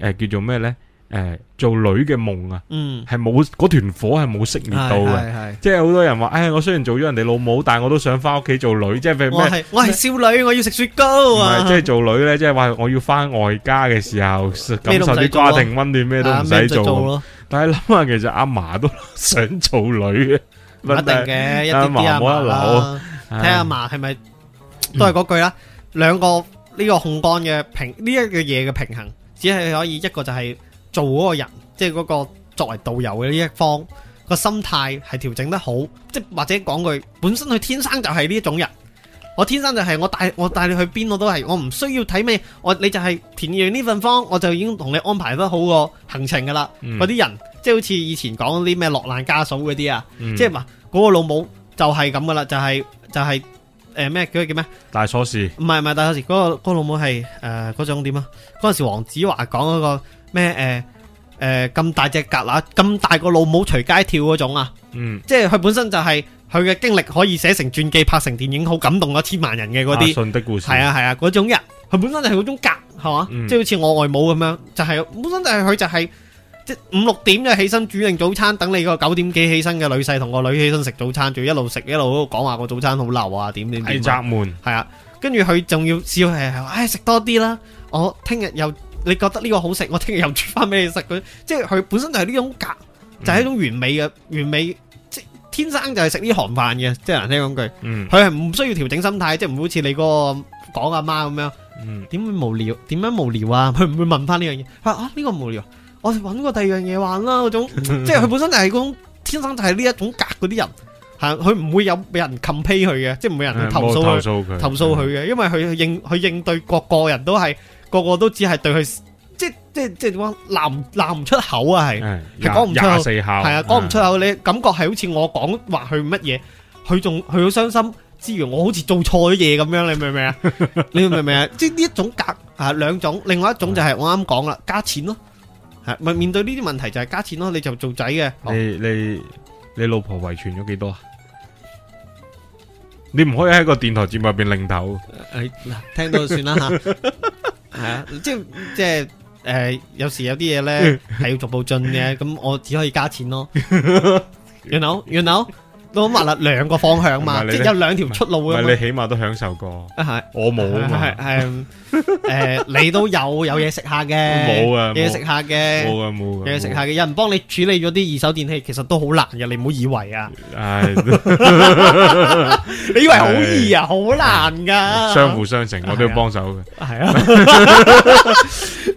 誒叫做咩咧？誒做女嘅夢啊，嗯，係冇嗰團火係冇熄滅到嘅，係係。即係好多人話，唉，我雖然做咗人哋老母，但係我都想翻屋企做女，即係咩？我係我係少女，我要食雪糕啊！即係做女咧，即係話我要翻外家嘅時候，感受啲家庭溫暖，咩都唔使做。但係諗下，其實阿嫲都想做女嘅，一定嘅，一啲啲阿嫲冇得老。睇下阿嫲係咪都係嗰句啦？兩、嗯、個呢個控干嘅平呢一、這個嘢嘅平衡，只係可以一個就係做嗰個人，即係嗰個作為導遊嘅呢一方個心態係調整得好，即或者講句，本身佢天生就係呢一種人。我天生就係、是、我帶我帶你去邊度都係我唔需要睇咩，我你就係填完呢份方，我就已經同你安排得好個行程噶啦。嗰啲、嗯、人即係好似以前講啲咩落難家嫂嗰啲啊，即係話嗰個老母就係咁噶啦，就係、是。就係誒咩叫叫咩大鎖匙？唔係唔係大鎖匙。嗰個、嗰個老母係誒嗰種點啊，嗰陣時黃子華講嗰個咩誒誒咁大隻蛤乸咁大個老母隨街跳嗰種啊嗯，即係佢本身就係佢嘅經歷可以寫成傳記拍成電影好感動咗千萬人嘅嗰啲信的故事係啊係啊嗰、啊、種人佢本身就係嗰種格係嘛、嗯、即係好似我外母咁樣就係、是、本身就係佢就係。就係即五六點就起身煮定早餐，等你個九點幾起身嘅女婿同個女起身食早餐，仲要一路食一路講話，個早餐好流啊，點點點。係啊窄門，跟住佢仲要笑係，唉，食多啲啦。我聽日又你覺得呢個好食，我聽日又煮翻俾你食。佢即係佢本身就係呢種格，就係、是、一種完美嘅完美，即天生就係食呢行韓飯嘅，即係難聽講句。佢係唔需要調整心態，即係唔好似你嗰、那個講阿媽咁樣。嗯。點會無聊？點樣無聊啊？佢唔會問翻呢樣嘢。啊呢、啊這個無聊。啊啊啊啊啊啊啊我哋揾過第二樣嘢玩啦，嗰種即係佢本身就係嗰種天生就係呢一種格嗰啲人，係佢唔會有俾人 complain 佢嘅，即係唔俾人投訴佢，投訴佢嘅，因為佢應佢應對個個人都係個個都只係對佢，即係即係即係點講，鬧唔鬧唔出口啊係，係講唔出口，係啊講唔出口，你感覺係好似我講話佢乜嘢，佢仲佢好傷心之餘，我好似做錯咗嘢咁樣，你明唔明啊？你明唔明啊？即係呢一種格啊，兩種，另外一種就係我啱講啦，加錢咯。係咪面對呢啲問題就係加錢咯？你就做仔嘅。你你你老婆遺傳咗幾多啊？你唔可以喺個電台節目入邊擰頭。誒，聽到就算啦吓。係啊，即係即係誒，有時有啲嘢咧係要逐步進嘅，咁我只可以加錢咯。You know，You know，我話啦，兩個方向嘛，即係有兩條出路。你起碼都享受過。啊係，我冇啊嘛。係。誒，你都有有嘢食下嘅，冇嘅，嘢食下嘅，冇啊，冇嘅，嘢食下嘅，有人幫你處理咗啲二手電器，其實都好難嘅，你唔好以為啊，係，你以為好易啊，好難噶，相輔相成，我都要幫手嘅，係啊，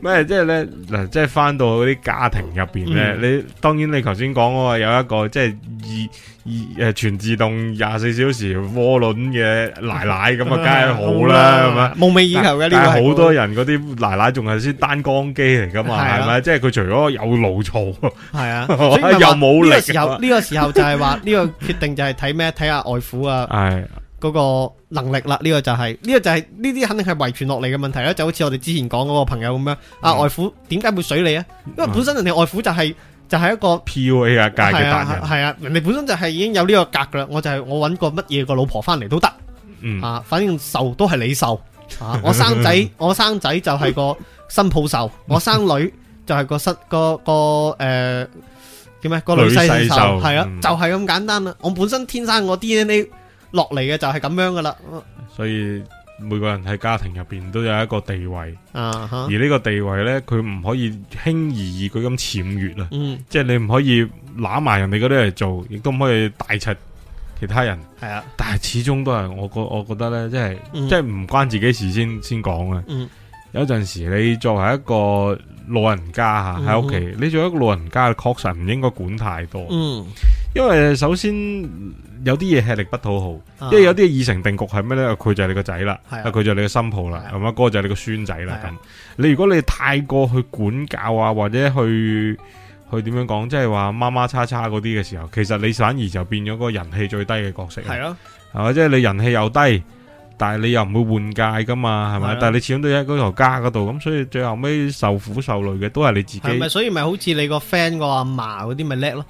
咩即係咧嗱，即係翻到嗰啲家庭入邊咧，你當然你頭先講嗰個有一個即係二二誒全自動廿四小時渦輪嘅奶奶咁啊，梗係好啦，係咪？夢寐以求嘅呢？好多人嗰啲奶奶仲係先單缸機嚟噶嘛，係咪、啊？即係佢除咗有嘮嘈，係啊，又冇力。呢個，這個時候就係話呢個決定就係睇咩？睇下外父啊，嗰個能力啦。呢、啊、個就係、是、呢、這個就係呢啲肯定係遺傳落嚟嘅問題啦。就好似我哋之前講嗰個朋友咁樣，阿、嗯啊、外父點解會水你啊？因為本身人哋外父就係、是、就係、是、一個 PUA 界嘅達人，係啊，啊，啊，人哋本身就係已經有呢個格噶啦。我就係我搵個乜嘢個老婆翻嚟都得，啊，反正受都係你受。啊！我生仔，我生仔就係個新抱受；我生女就係個新個個誒叫咩？個女婿受係啊，就係咁簡單啦。我本身天生我 D N A 落嚟嘅就係咁樣噶啦。所以每個人喺家庭入邊都有一個地位啊，而呢個地位咧，佢唔可以輕而易舉咁僭越啊。嗯，即係你唔可以攬埋人哋嗰啲嚟做，亦都唔可以大拆。其他人係啊，但係始終都係我覺，我覺得咧，即係即係唔關自己事先先講嘅。嗯、有陣時你作為一個老人家吓喺屋企，嗯、你作為一個老人家，確實唔應該管太多。嗯，因為首先有啲嘢吃力不討好，嗯、因為有啲已成定局係咩咧？佢就係你個仔啦，啊佢就係你個新抱啦，咁啊哥就係你個孫仔啦咁。嗎你如果你太過去管教啊，或者去。佢點樣講，即係話媽媽叉叉嗰啲嘅時候，其實你反而就變咗個人氣最低嘅角色。係是啊，啊，係嘛？即係你人氣又低，但係你又唔會換屆噶嘛，係咪？是啊、但係你始終都喺嗰頭家嗰度，咁所以最後尾受苦受累嘅都係你自己。係咪？所以咪好似你個 friend 個阿嫲嗰啲咪叻咯？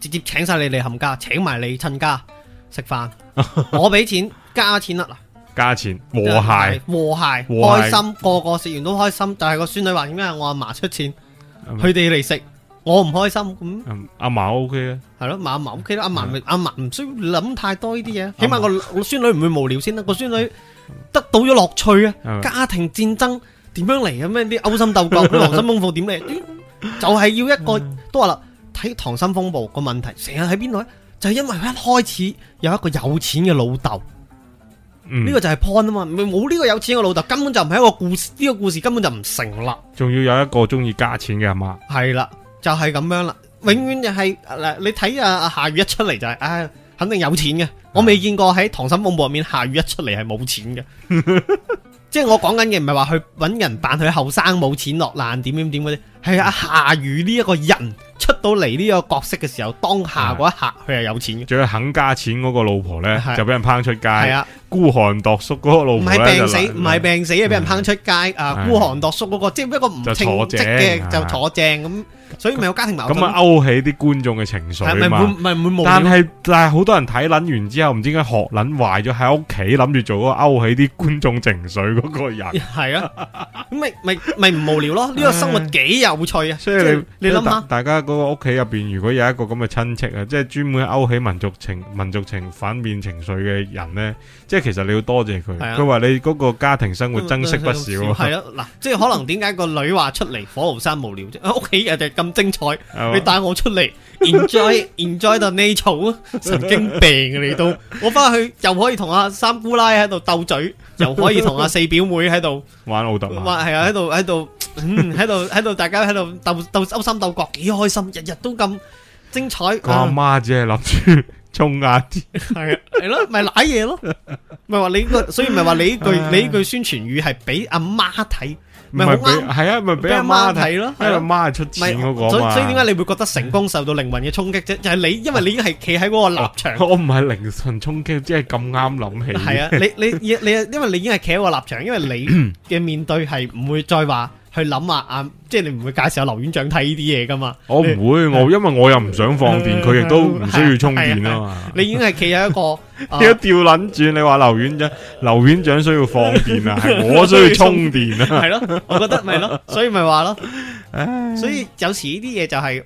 直接請晒你嚟冚家，請埋你親家食飯， 我俾錢加錢啦，加錢和諧，和諧，和諧開心，和諧開心個個食完都開心。但係個孫女話點解我阿嫲出錢，佢哋嚟食。我唔開心咁，阿嫲 O K 嘅，係咯，阿嫲 O K 啦，阿嫲阿嫲唔需要諗太多呢啲嘢，起碼個我孫女唔會無聊先啦，個孫女得到咗樂趣啊，家庭戰爭點樣嚟，咁咩啲勾心鬥角、溏心風暴點嚟？就係要一個都話啦，睇溏心風暴個問題成日喺邊度咧？就係因為一開始有一個有錢嘅老豆，呢個就係 point 啊嘛，冇呢個有錢嘅老豆根本就唔係一個故事，呢個故事根本就唔成立。仲要有一個中意加錢嘅阿媽係嘛？係啦。就係咁樣啦，永遠就係嗱，你睇啊，夏雨一出嚟，就係、是，唉、啊，肯定有錢嘅。我未見過喺《溏心風暴》入面夏雨一出嚟係冇錢嘅， 即係我講緊嘅唔係話去揾人扮佢後生冇錢落難點點點嗰啲。怎樣怎樣係啊，夏雨呢一個人出到嚟呢個角色嘅時候，當下嗰一刻佢係有錢嘅，仲要肯加錢嗰個老婆咧，就俾人拋出街。係啊，孤寒度叔嗰個老婆，唔係病死，唔係病死啊，俾人拋出街啊，孤寒度叔嗰個，即係一個唔稱職嘅，就坐正咁，所以咪有家庭矛盾。咁啊勾起啲觀眾嘅情緒啊嘛，唔係唔無聊。但係但係好多人睇捻完之後，唔知點解學捻壞咗，喺屋企諗住做嗰勾起啲觀眾情緒嗰個人。係啊，咁咪咪咪唔無聊咯。呢個生活幾有。好脆啊！所以你你諗下，大家嗰個屋企入邊，如果有一個咁嘅親戚啊，即係專門勾起民族情、民族情反面情緒嘅人呢，即係其實你要多謝佢。佢話你嗰個家庭生活珍惜不少。係啊，嗱，即係可能點解個女話出嚟火爐山無聊啫？屋企人哋咁精彩，你帶我出嚟。enjoy enjoy 到你嘈啊！神經病啊你都，我翻去又可以同阿三姑奶喺度鬥嘴，又可以同阿四表妹喺度玩老豆，係啊，喺度喺度，嗯，喺度喺度，大家喺度鬥鬥勾心鬥角，幾開心，日日都咁精彩。阿媽只係諗住充下錢，係啊，係咯，咪瀨嘢咯，咪話你呢句，所以咪話你呢句宣傳語係俾阿媽睇。唔係俾，係啊，咪俾阿媽睇咯，喺阿媽係出錢嗰個所，所以所以點解你會覺得成功受到靈魂嘅衝擊啫？就係、是、你，因為你已經係企喺嗰個立場。我唔係靈魂衝擊，即係咁啱諗起。係啊，你你你，你，因為你已經係企喺個立場，因為你嘅面對係唔會再話。去諗下，啊！即係你唔會介紹劉院長睇呢啲嘢噶嘛？我唔會，你我因為我又唔想放電，佢亦都唔需要充電嘛啊嘛、啊啊啊。你已經係企喺一個，而家調捻轉，你話劉院長，劉院長需要放電啊，係我需要充電 要充 啊，係咯，我覺得咪咯、就是啊，所以咪話咯，唉所以有時呢啲嘢就係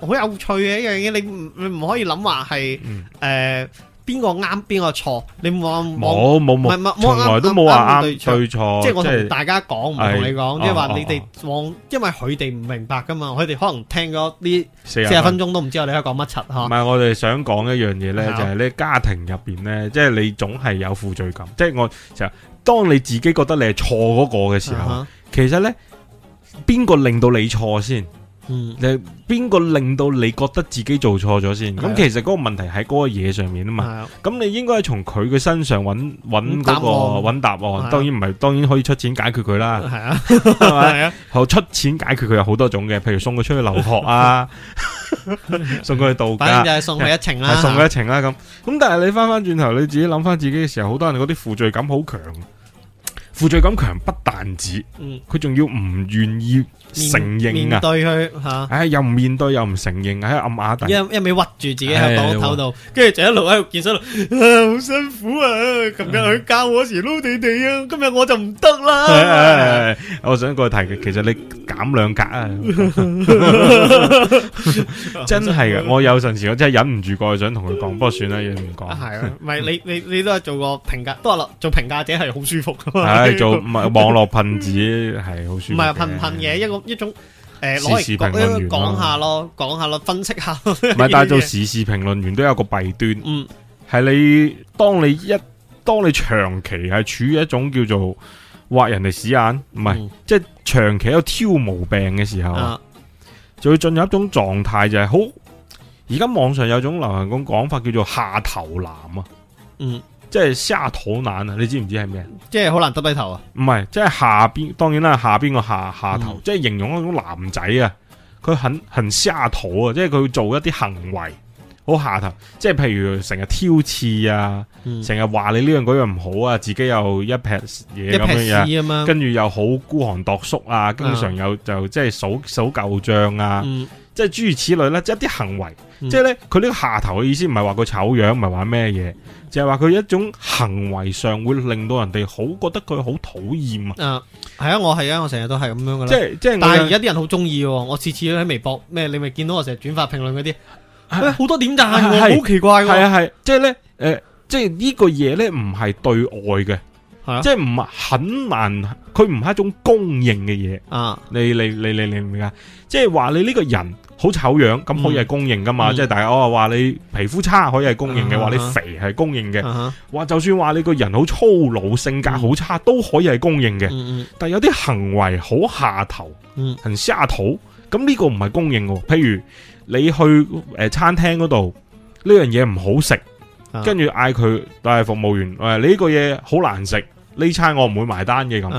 好有趣嘅一樣嘢，你唔唔可以諗話係誒。呃嗯邊個啱邊個錯？你往冇冇冇，從來都冇話啱對錯。即係我同大家講，唔同你講，即係話你哋往，因為佢哋唔明白噶嘛，佢哋可能聽咗呢四十分鐘都唔知我哋喺度講乜柒嗬。唔係我哋想講一樣嘢咧，就係你家庭入邊咧，即係你總係有負罪感。即係我就當你自己覺得你係錯嗰個嘅時候，其實咧邊個令到你錯先？誒，邊個令到你覺得自己做錯咗先？咁其實嗰個問題喺嗰個嘢上面啊嘛。咁你應該係從佢嘅身上揾個揾答案。當然唔係，當然可以出錢解決佢啦。係啊，係咪？係啊。好，出錢解決佢有好多種嘅，譬如送佢出去留學啊，送佢去度假，反正就係送佢一程啦。送佢一程啦。咁咁，但係你翻翻轉頭，你自己諗翻自己嘅時候，好多人嗰啲負罪感好強。負罪感強不但止，佢仲、嗯、要唔願意承認啊，面對佢吓，唉、啊哎、又唔面對又唔承認，喺、哎、暗啞底，一一味屈住自己喺房頭度，跟住就一路喺度健身，好辛苦啊！琴日佢教我時撈地地啊，哎、呀今日我就唔得啦。我想過去提嘅，其實你減兩格啊，真係嘅。我有陣時我真係忍唔住過去想同佢講，不過算啦，而唔講。係啊，唔係你你你都係做過評價，都係做評價者係好舒服。係做唔係網絡噴子係好舒服，唔係噴唔噴嘢一個一種誒，時事評論員講下咯，講下咯，分析下。唔係，但係做時事評論員都有個弊端，嗯，係你當你一當你長期係處於一種叫做。畫人哋屎眼，唔係、嗯、即係長期喺度挑毛病嘅時候、啊，就會進入一種狀態、就是，就係好。而家網上有種流行咁講法，叫做下頭男啊，嗯，即係沙土男啊，你知唔知係咩啊？即係好難耷低頭啊？唔係，即係下邊，當然啦、啊，下邊個下下頭，嗯、即係形容一種男仔啊，佢肯肯沙土啊，即係佢做一啲行為。好下頭，即係譬如成日挑刺啊，成日話你呢樣嗰樣唔好啊，自己又一撇嘢咁樣嘢，跟住又好孤寒度縮啊，嗯、經常又就即係數數舊賬啊，嗯、即係諸如此類咧，即、就、係、是、一啲行為，嗯、即係咧佢呢個下頭嘅意思，唔係話佢醜樣，唔係話咩嘢，就係話佢一種行為上會令到人哋好覺得佢好討厭啊。係、嗯、啊，我係啊，我成日都係咁樣噶啦。即係即係，但係而家啲人好中意嘅。我次次都喺微博咩？你咪見到我成日轉發評論嗰啲？好多點讚，好奇怪。係啊係，即係咧，誒，即係呢個嘢咧，唔係對外嘅，係啊，即係唔係很難，佢唔係一種公認嘅嘢啊。你你你你明唔明啊？即係話你呢個人好醜樣，咁可以係公認㗎嘛？即係大家我話你皮膚差可以係公認嘅，話你肥係公認嘅，話就算話你個人好粗魯，性格好差都可以係公認嘅。但係有啲行為好下頭，嗯，沙土，咁呢個唔係公認嘅，譬如。你去誒，餐廳嗰度呢樣嘢唔好食，跟住嗌佢，但係服務員誒，你呢個嘢好難食，呢餐我唔會埋單嘅咁。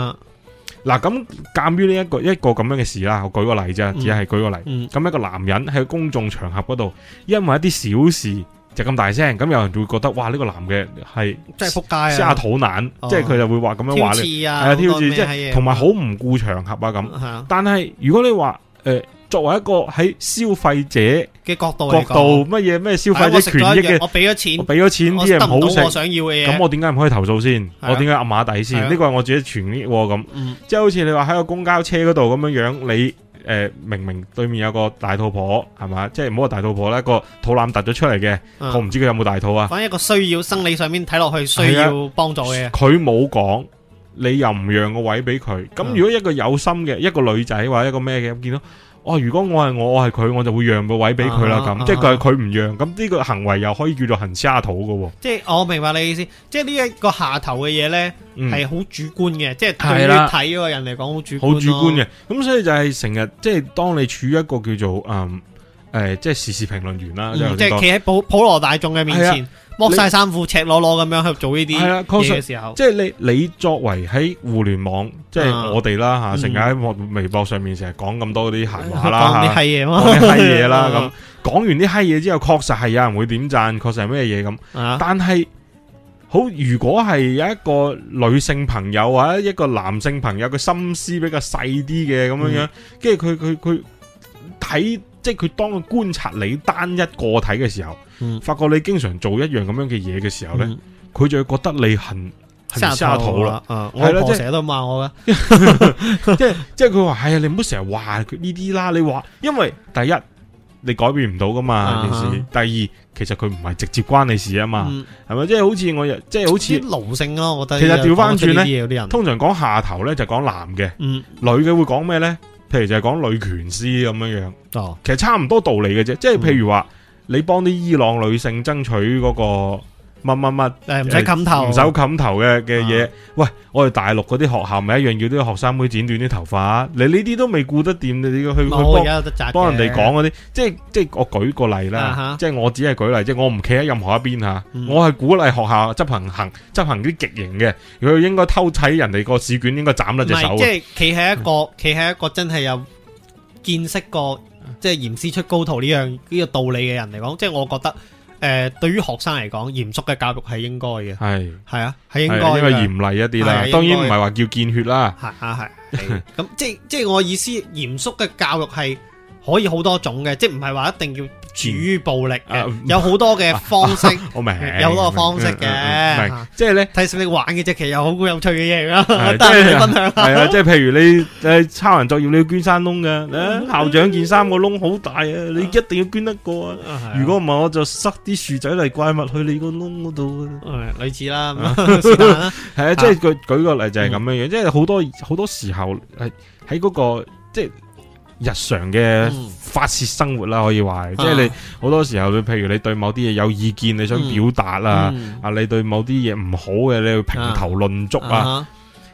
嗱咁，鑑於呢一個一個咁樣嘅事啦，我舉個例啫，只係舉個例。咁一個男人喺公眾場合嗰度，因為一啲小事就咁大聲，咁有人就會覺得哇，呢個男嘅係即係撲街，私下肚懶，即係佢就會話咁樣話你：「係啊，挑刺即係同埋好唔顧場合啊咁。但係如果你話誒。作為一個喺消費者嘅角度角度，乜嘢咩消費者權益嘅，我俾咗錢，我俾咗錢，啲嘢唔係我想要嘅嘢。咁我點解唔可以投訴先？我點解揞下底先？呢個係我自己權益咁，即係好似你話喺個公交車嗰度咁樣樣，你誒明明對面有個大肚婆係嘛，即係唔好話大肚婆咧，個肚腩凸咗出嚟嘅，我唔知佢有冇大肚啊。反正一個需要生理上面睇落去需要幫助嘅，佢冇講，你又唔讓個位俾佢，咁如果一個有心嘅一個女仔或者一個咩嘅，我見到。哦，如果我係我，我係佢，我就會讓個位俾佢啦。咁、啊，即係佢係佢唔讓，咁呢個行為又可以叫做行沙土嘅喎。即係我明白你意思，即係呢一個下頭嘅嘢咧，係好主觀嘅，嗯、即係對睇嗰個人嚟講好主好主觀嘅。咁、嗯、所以就係成日即係當你處於一個叫做誒誒、嗯，即係時事評論員啦。嗯、即係企喺普普羅大眾嘅面前。剝晒衫褲，赤裸裸咁樣去做呢啲嘢嘅時候，即係你你作為喺互聯網，啊、即係我哋啦吓，成日喺微博上面成日講咁多啲閒話啦，講啲閪嘢咯，講啲閪嘢啦咁，講、嗯、完啲閪嘢之後，確實係有人會點讚，確實係咩嘢咁，但係、啊、好，如果係有一個女性朋友或者一個男性朋友，佢心思比較細啲嘅咁樣樣，跟住佢佢佢睇。即係佢當佢觀察你單一個體嘅時候，發覺你經常做一樣咁樣嘅嘢嘅時候咧，佢就會覺得你恨恨下頭啦。啊，我阿婆成日都罵我噶，即係即係佢話，係啊，你唔好成日話佢呢啲啦。你話，因為第一你改變唔到噶嘛件事，第二其實佢唔係直接關你事啊嘛，係咪？即係好似我又即係好似奴性咯，我覺得。其實調翻轉咧，通常講下頭咧就講男嘅，嗯，女嘅會講咩咧？譬如就係講女權師咁樣樣，其實差唔多道理嘅啫，即係譬如話你幫啲伊朗女性爭取嗰個。乜乜乜誒，唔使冚頭，唔手冚頭嘅嘅嘢。喂，我哋大陸嗰啲學校咪一樣要啲學生妹剪短啲頭髮？你呢啲都未顧得掂你個？沒去去幫幫人哋講嗰啲，即係即係我舉個例啦。啊、哈即係我只係舉例，即係我唔企喺任何一邊吓。嗯、我係鼓勵學校執行執行執行啲極刑嘅。佢應該偷睇人哋個試卷，應該斬甩隻手。即係企喺一個企喺、嗯、一個真係有見識過，即係嚴師出高徒呢樣呢、這個道理嘅人嚟講，即係我覺得。誒、呃，對於學生嚟講，嚴肅嘅教育係應該嘅，係係是啊，係應該因為嚴厲一啲啦。啊、當然唔係話叫見血啦，係啊係。咁即即係我意思，嚴肅嘅教育係可以好多種嘅，即係唔係話一定要。主於暴力嘅，有好多嘅方式，好明，有好多方式嘅，即係咧睇實你玩嘅啫，其實又好有趣嘅嘢啦。都係分享，係啊，即係譬如你誒抄人作業，你要捐山窿嘅，校長件衫個窿好大啊，你一定要捐得過啊。如果唔係，我就塞啲樹仔嚟怪物去你個窿度。類似啦，係啊，即係舉舉個例就係咁樣樣，即係好多好多時候係喺嗰個即係。日常嘅發泄生活啦，可以話，嗯、即係你好多時候，你譬如你對某啲嘢有意見，你想表達啦，啊、嗯，嗯、你對某啲嘢唔好嘅，你會評頭論足啊。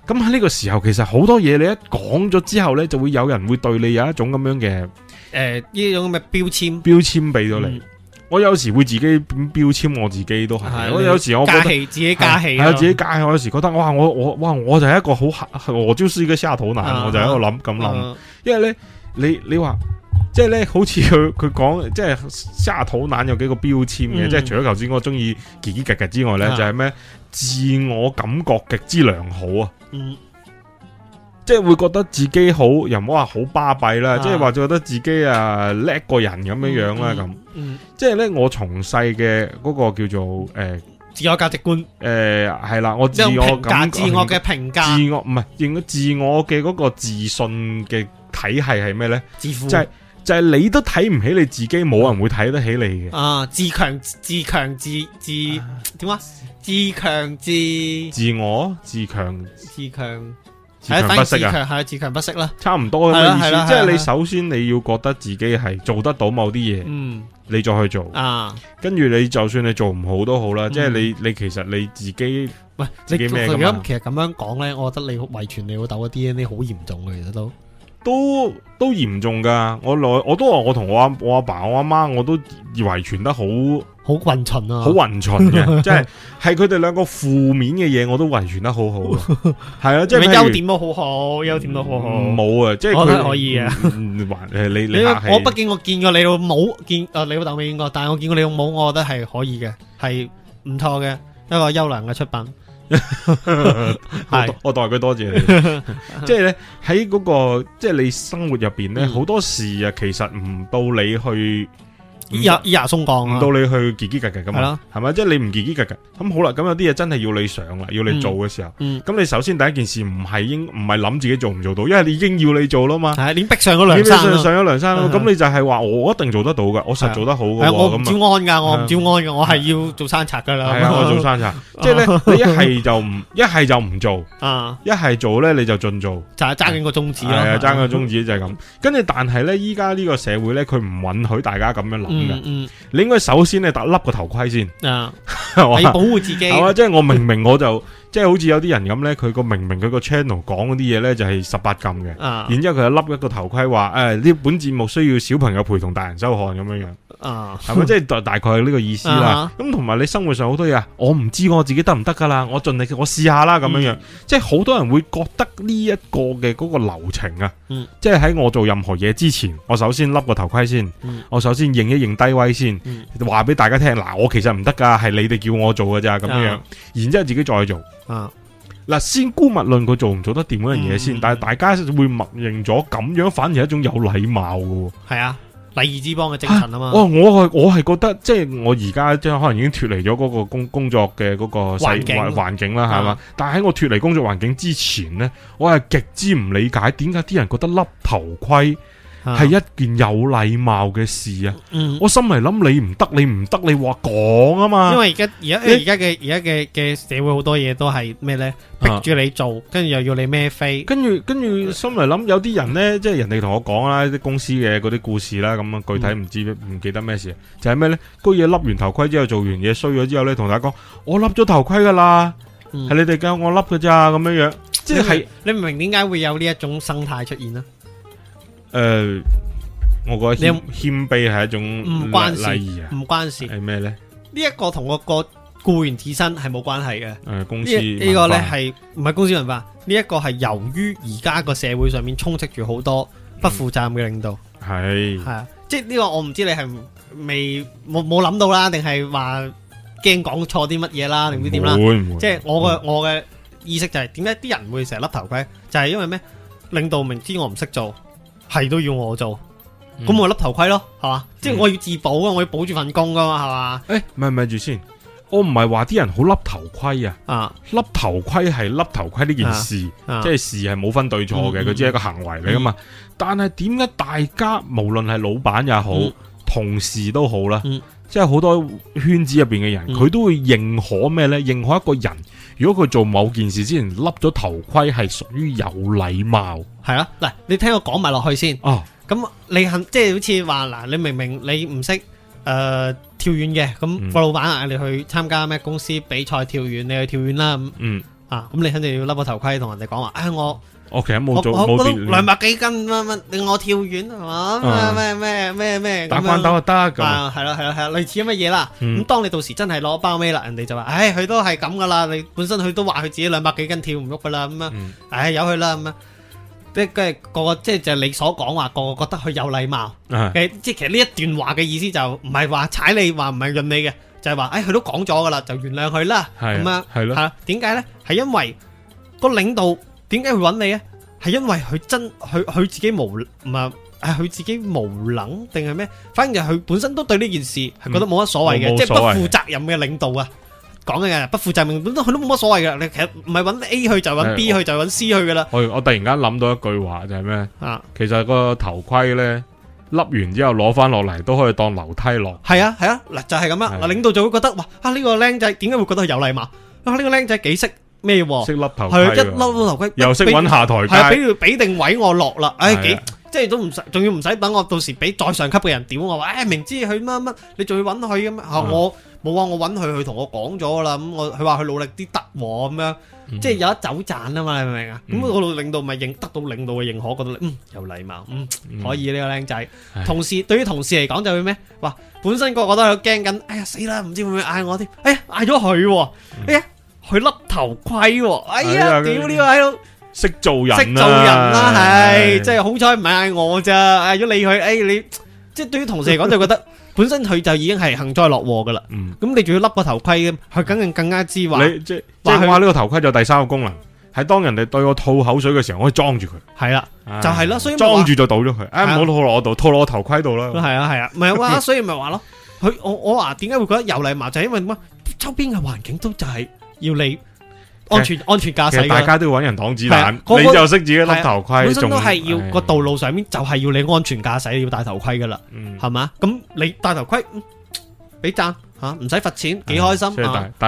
咁喺呢個時候，其實好多嘢你一講咗之後咧，就會有人會對你有一種咁樣嘅，誒呢、嗯、種嘅標籤？標籤俾咗你。嗯、我有時會自己標標籤，我自己都係。嗯、我有時我加氣，自己加氣。自己加氣。我有時覺得，哇，我我哇，我就係一個好下，我就是一個下頭男，我就喺度諗咁諗，因為咧。你你話即係咧，好似佢佢講，即係沙土男有幾個標籤嘅，即係、嗯、除咗頭先我中意結結吉吉之外咧，啊、就係咩自我感覺極之良好啊！嗯，即係會覺得自己好，又唔好話好巴閉啦，即係話覺得自己啊叻個人咁樣樣啦咁。嗯嗯、即係咧，我從細嘅嗰個叫做誒、呃、自我價值觀誒係、呃、啦，我自我評價自我嘅評價，自我唔係應該自我嘅嗰個自信嘅。體系係咩咧？自負，就係就係你都睇唔起你自己，冇人會睇得起你嘅。啊，自強自強自自點啊？自強自自我自強自強自強不息啊！係自強不息啦，差唔多嘅意思。係係係，即係你首先你要覺得自己係做得到某啲嘢，嗯，你再去做啊。跟住你就算你做唔好都好啦，即係你你其實你自己唔係你咁。其實咁樣講咧，我覺得你遺傳你老豆嗰啲咧你好嚴重嘅，其實都。都都嚴重噶，我來我都話我同我阿我阿爸我阿媽我都遺傳得好好混純啊，好混純嘅，即係係佢哋兩個負面嘅嘢，我都遺傳得好好，係 啊，即係你優點都好好，優、嗯、點都好好，冇啊，即係可以啊，你你我畢竟我見過你個帽，見誒你老豆未見過，但係我見過你個帽，我覺得係可以嘅，係唔錯嘅一個優良嘅出品。 我代佢多 謝你。 即係咧，喺嗰、嗰個，即係你生活入邊咧，好、嗯、多事啊，其實唔到你去。依日依鬆降，到你去嘰嘰嘎嘎咁，係咯，係咪？即係你唔嘰嘰嘎嘎咁好啦。咁有啲嘢真係要你上啦，要你做嘅時候，咁你首先第一件事唔係應唔係諗自己做唔做到，因為已經要你做啦嘛。係，你逼上梁上咗梁山，咁你就係話我一定做得到嘅，我實做得好我唔招安噶，我唔招安嘅，我係要做山賊噶啦。係啊，我做山賊，即係咧，一係就唔一係就唔做啊，一係做咧你就盡做，就係爭緊個宗旨咯，爭緊個宗旨就係咁。跟住但係咧，依家呢個社會咧，佢唔允許大家咁樣諗。嗯，嗯你應該首先咧戴，笠個頭盔先啊，係說保護自己係嘛，即係我明明我就 即係好似有啲人咁咧，佢個明明佢個 channel 講嗰啲嘢咧就係十八禁嘅。啊、然之後佢又笠一個頭盔話，誒呢本節目需要小朋友陪同大人收看咁樣樣。啊，係咪即係大大概係呢個意思啦？咁同埋你生活上好多嘢，我唔知我自己得唔得噶啦，我盡力我試下啦咁樣樣。即係好多人會覺得呢一個嘅嗰個流程啊，即係喺我做任何嘢之前，我首先笠個頭盔先，我首先認一認低威先，話俾大家聽。嗱，我其實唔得噶，係你哋叫我做噶咋咁樣。然之後自己再做。嗱，先姑勿論佢做唔做得掂嗰樣嘢先，但係大家會默認咗咁樣，反而係一種有禮貌噶。係啊。第二支幫嘅精神啊嘛。哦，我係我係覺得即係我而家即係可能已經脫離咗嗰個工工作嘅嗰個環境啦，係嘛，但係喺我脫離工作環境之前呢，我係極之唔理解點解啲人覺得笠頭盔。係一件有禮貌嘅事啊！我心嚟諗，你唔得，你唔得，你話講啊嘛！因為而家而家誒，而家嘅而家嘅嘅社會好多嘢都係咩咧？逼住你做，跟住又要你孭飛。跟住跟住，心嚟諗有啲人咧，即係人哋同我講啦，啲公司嘅嗰啲故事啦，咁啊具體唔知唔記得咩事，就係咩咧？個嘢笠完頭盔之後，做完嘢衰咗之後咧，同大家講我笠咗頭盔噶啦，係你哋教我笠噶咋咁樣樣？即係你唔明點解會有呢一種生態出現啊？誒，我覺得謙卑係一種唔關事，唔關事係咩咧？呢一個同個個雇員自身係冇關係嘅。誒，公司呢個咧係唔係公司文化？呢一個係由於而家個社會上面充斥住好多不負責任嘅領導，係係啊，即係呢個我唔知你係未冇冇諗到啦，定係話驚講錯啲乜嘢啦？定唔知點啦，會唔會？即係我嘅我嘅意識就係點解啲人會成日笠頭盔？就係因為咩？領導明知我唔識做。係都要我做，咁、嗯、我笠頭盔咯，係嘛、嗯？即係我要自保啊，我要保住份工噶嘛，係嘛？誒、欸，咪咪住先，我唔係話啲人好笠頭盔啊，啊，笠頭盔係笠頭盔呢件事，啊啊、即係事係冇分對錯嘅，佢、嗯嗯、只係一個行為嚟噶嘛。嗯、但係點解大家無論係老闆也好，嗯、同事都好啦？嗯嗯即係好多圈子入邊嘅人，佢都會認可咩呢？認可一個人，如果佢做某件事之前笠咗頭盔，係屬於有禮貌。係啊，嗱，你聽我講埋落去先。哦，咁你肯即係好似話嗱，你明明你唔識誒跳遠嘅，咁個老板嗌、嗯、你去參加咩公司比賽跳遠，你去跳遠啦嗯。啊，咁、嗯、你肯定要笠個頭盔同人哋講話，唉我 okay，我其實冇做冇掂兩百幾斤乜乜，令我跳遠係嘛咩咩咩咩咩打關斗得咁啊係啦係啦係啊，啊，啊，啊類似咁嘅嘢啦咁，嗯、當你到時真係攞包尾啦，人哋就話唉佢都係咁噶啦，你本身佢都話佢自己兩百幾斤跳唔喐噶啦咁啊，唉由佢啦咁啊，即係個個即係就係你所講話個個覺得佢有禮貌，即係其實呢一段話嘅意思就唔係話踩你話唔係潤你嘅。就係話，誒，佢都講咗噶啦，就原諒佢啦，咁樣吓，點解咧？係因為個領導點解佢揾你啊？係因為佢真，佢佢自己無唔係，係佢自己無能定係咩？反正就佢本身都對呢件事係覺得冇乜所謂嘅，即係不負責任嘅領導啊！講嘅嘢不負責任，咁都佢都冇乜所謂噶。你其實唔係揾 A 去就揾 B 去就揾 C 去噶啦。我我突然間諗到一句話就係咩啊？其實個頭盔咧。笠完之後攞翻落嚟都可以當樓梯落。係啊係啊，嗱、啊、就係、是、咁樣，嗱是的 領導就會覺得哇啊呢、這個僆仔點解會覺得佢有禮貌啊呢、這個僆仔幾識咩喎？識笠頭,頭盔，一笠到頭盔又識揾下台階，係啊俾佢俾定位我落啦，唉、哎、幾是的 即係都唔使，仲要唔使等我到時俾再上級嘅人屌我話，唉、哎、明知佢乜乜，你仲要揾佢咁啊是的 我。冇啊！我揾佢，佢同我講咗啦。咁我佢話佢努力啲得喎，咁樣即係有得走賺啊嘛！你明唔明啊？咁個領導咪認得到領導嘅認可，覺 得樂嗯有禮貌，嗯可以呢、這個靚仔。 同事對於同事嚟講就咩、是？話本身個個,個都喺度驚緊，哎呀死啦！唔知會唔會嗌我啲，哎呀嗌咗佢喎，哎呀佢甩頭盔喎，哎呀屌呢個喺度識做人、啊，識做人啦、啊，係即係好彩唔係嗌我咋？嗌咗你佢，哎你即係對於同事嚟講就覺得。 本身佢就已經係幸災樂禍噶啦，咁、嗯、你仲要笠個頭盔咁，佢梗係更加之話。你說即係話呢個頭盔就第三個功能，係當人哋對我吐口水嘅時候，我可以裝住佢。係啦、啊，就係、是、咯，所以裝住就倒咗佢。誒， 唔好吐落我度，吐落我頭盔度啦。係啊係啊，咪話所以咪話咯。佢我我話點解會覺得有禮貌，就係、是、因為乜周邊嘅環境都就係要你。安全安全駕駛，其實大家都要揾人擋子彈，你就識自己甩頭盔，本身都係要個道路上面就係要你安全駕駛，要戴頭盔噶啦，係嘛？咁你戴頭盔，俾讚吓，唔使罰錢，幾開心，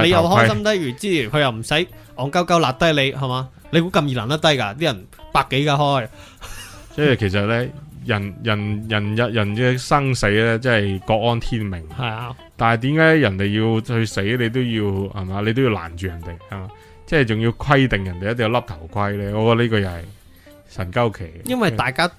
你又開心，例如之前佢又唔使昂鳩鳩笠低你，係嘛？你估咁易攔得低噶？啲人百幾架開，即係其實咧，人人人人嘅生死咧，即係各安天命。係啊，但係點解人哋要去死，你都要係嘛？你都要攔住人哋啊？即係仲要規定人哋一定要笠頭盔呢。我覺得呢個又係神交期。因為大家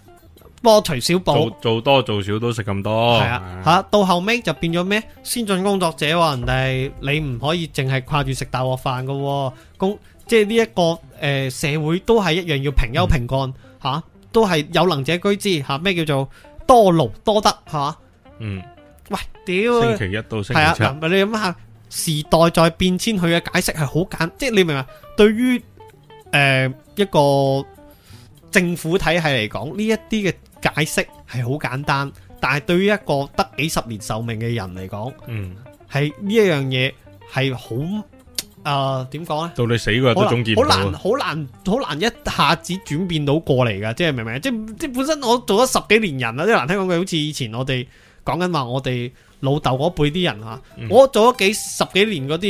波除小補，做多做少都食咁多的。係啊，吓到後尾就變咗咩？先進工作者話人哋你唔可以淨係跨住食大鑊飯噶，工即係呢一個誒、呃、社會都係一樣要平優平干吓、嗯啊，都係有能者居之吓。咩、啊、叫做多勞多得係、啊、嗯，喂，屌，星期一到星期七、啊，你諗下。時代在變遷，佢嘅解釋係好簡，即係你明唔明？對於誒、呃、一個政府體系嚟講，呢一啲嘅解釋係好簡單，但係對於一個得幾十年壽命嘅人嚟講，嗯，係、呃、呢一樣嘢係好誒點講呢？到你死日難都好難好難好難，難一下子轉變到過嚟噶，即係明唔明？即係即係本身我做咗十幾年人啦，即係難聽講句，好似以前我哋講緊話我哋。老豆嗰輩啲人吓，嗯、我做咗幾十幾年嗰啲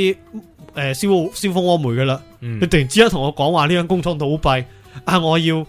誒，燒、呃、燒蜂窩煤噶啦。佢、嗯、突然之間同我講，話呢間工廠倒閉，啊，我要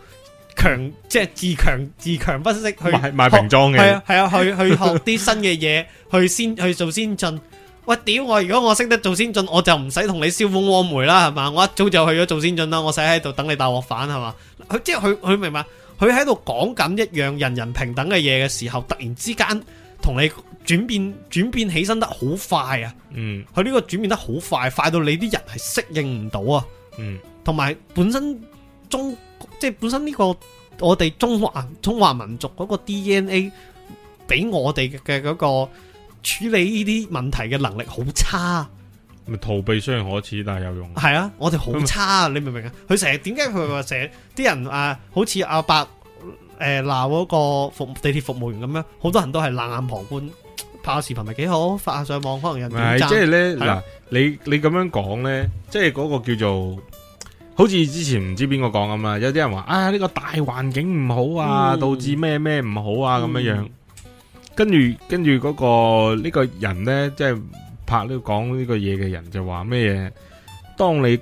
強，即係自強自強不息，去賣瓶裝嘅係啊，係啊，去去學啲新嘅嘢， 去先去做先進。喂，屌！我如果我識得做先進，我就唔使同你燒蜂窩煤啦，係嘛？我一早就去咗做先進啦，我使喺度等你大鑊反係嘛？佢即係佢佢明白，佢喺度講緊一樣人人平等嘅嘢嘅時候，突然之間同你。轉變轉變起身得好快啊！嗯，佢呢個轉變得好快，快到你啲人係適應唔到啊！嗯，同埋本身中即係本身呢個我哋中華中華民族嗰個 DNA，俾我哋嘅嗰個處理呢啲問題嘅能力好差啊。逃避雖然可恥，但係有用啊。係啊，我哋好差啊！他們 你明唔明啊？佢成日點解佢話成日啲人啊，好似阿伯誒鬧嗰個服務地鐵服務員咁樣，好多人都係冷眼旁觀。拍視頻咪幾好，發下上網可能有人點讚。即係咧，嗱，你你咁樣講咧，即係嗰個叫做，好似之前唔知邊個講咁啊，有啲人話啊呢個大環境唔好啊，嗯、導致咩咩唔好啊咁樣、嗯、樣。跟住跟住嗰個呢、這個人咧，即係拍呢講呢個嘢嘅人就話咩嘢？當你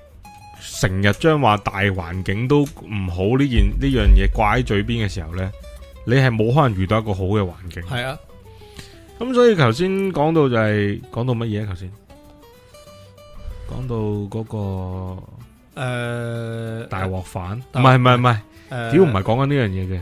成日將話大環境都唔好呢件呢樣嘢掛喺嘴邊嘅時候咧，你係冇可能遇到一個好嘅環境。係啊。咁、嗯、所以頭先講到就係、是、講到乜嘢啊？頭先講到嗰、那個誒、呃、大鑊飯，唔係唔係唔係，主、呃呃、要唔係講緊呢樣嘢嘅，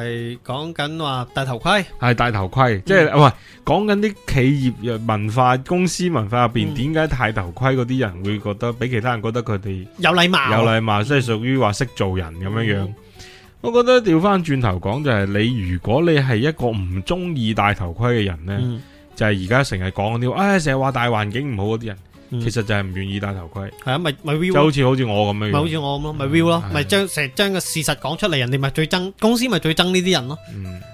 係講緊話戴頭盔，係戴頭盔，即係唔係講緊啲企業文化、公司文化入邊，點解戴頭盔嗰啲人會覺得畀其他人覺得佢哋有禮貌、嗯、有禮貌，即係屬於話識做人咁樣樣。嗯嗯嗯我覺得調翻轉頭講就係你如果你係一個唔中意戴頭盔嘅人咧，就係而家成日講啲，唉，成日話大環境唔好嗰啲人，其實就係唔願意戴頭盔。係啊，咪咪，就好似好似我咁樣，咪好似我咁咯，咪 will 咯，咪將成日將個事實講出嚟，人哋咪最憎公司咪最憎呢啲人咯，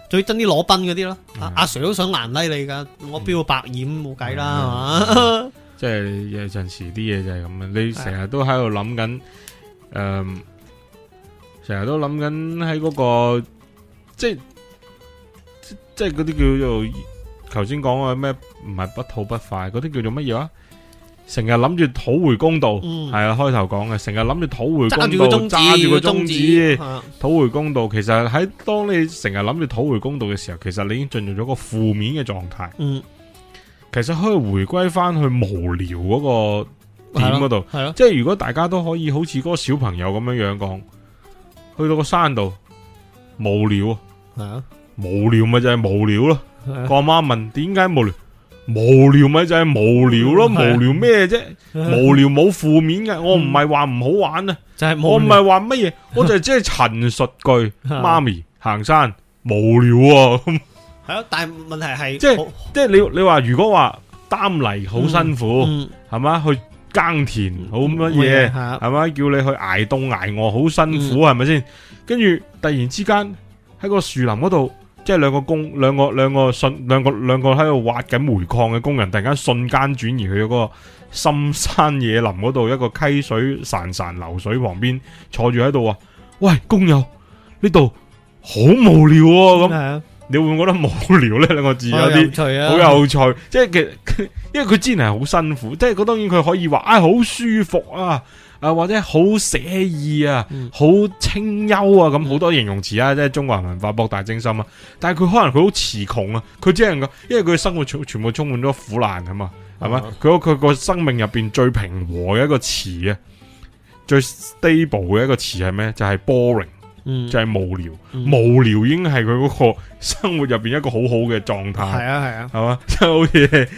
最憎啲裸奔嗰啲咯。阿阿 sir 都想難拉你噶，我表白演冇計啦，係嘛？即係有陣時啲嘢就係咁啊！你成日都喺度諗緊，誒。成日都諗緊喺嗰個，即係即係嗰啲叫做，頭先講嘅咩，唔係不吐不，不快嗰啲叫做乜嘢啊？成日諗住討回公道，係、嗯、啊，開頭講嘅，成日諗住討回公道，揸住個宗旨，揸住個宗旨，討是、啊、回公道。其實喺當你成日諗住討回公道嘅時候，其實你已經進入咗個負面嘅狀態。嗯、其實可以回歸翻去無聊嗰個點嗰度，即係、啊啊啊、如果大家都可以好似嗰個小朋友咁樣樣講。去到個山度，無聊啊！係啊，無聊咪就係無聊咯。個阿媽問點解無聊？無聊咪就係無聊咯。無聊咩啫？無聊冇負面嘅，我唔係話唔好玩啊！就係我唔係話乜嘢，我就係即係陳述句。媽咪行山無聊啊！係啊，但係問題係即係即係你你話如果話擔泥好辛苦，係咪去？耕田好乜嘢，係咪？叫你去挨凍挨餓好辛苦係咪先？跟住、嗯、突然之間喺個樹林嗰度，即係兩個工兩個兩個瞬兩個兩個喺度挖緊煤礦嘅工人，突然間瞬間轉移去咗嗰個深山野林嗰度，一個溪水潺潺流水旁邊坐住喺度話：喂，工友呢度好無聊啊咁。嗯樣你會唔會覺得無聊呢？兩個字有啲好有趣，即係其實因為佢之前係好辛苦，即係佢當然佢可以話啊好舒服啊，啊或者好寫意啊，好、嗯、清幽啊，咁好多形容詞啊，即係中華文化博大精深啊。但係佢可能佢好詞窮啊，佢只能夠，因為佢生活全全部充滿咗苦難啊嘛，係嘛？佢佢個生命入邊最平和嘅一個詞啊，最 stable 嘅一個詞係咩？就係、是、boring。就係無聊，無聊已經係佢嗰個生活入邊一個好好嘅狀態。係啊係啊，係嘛，即係好似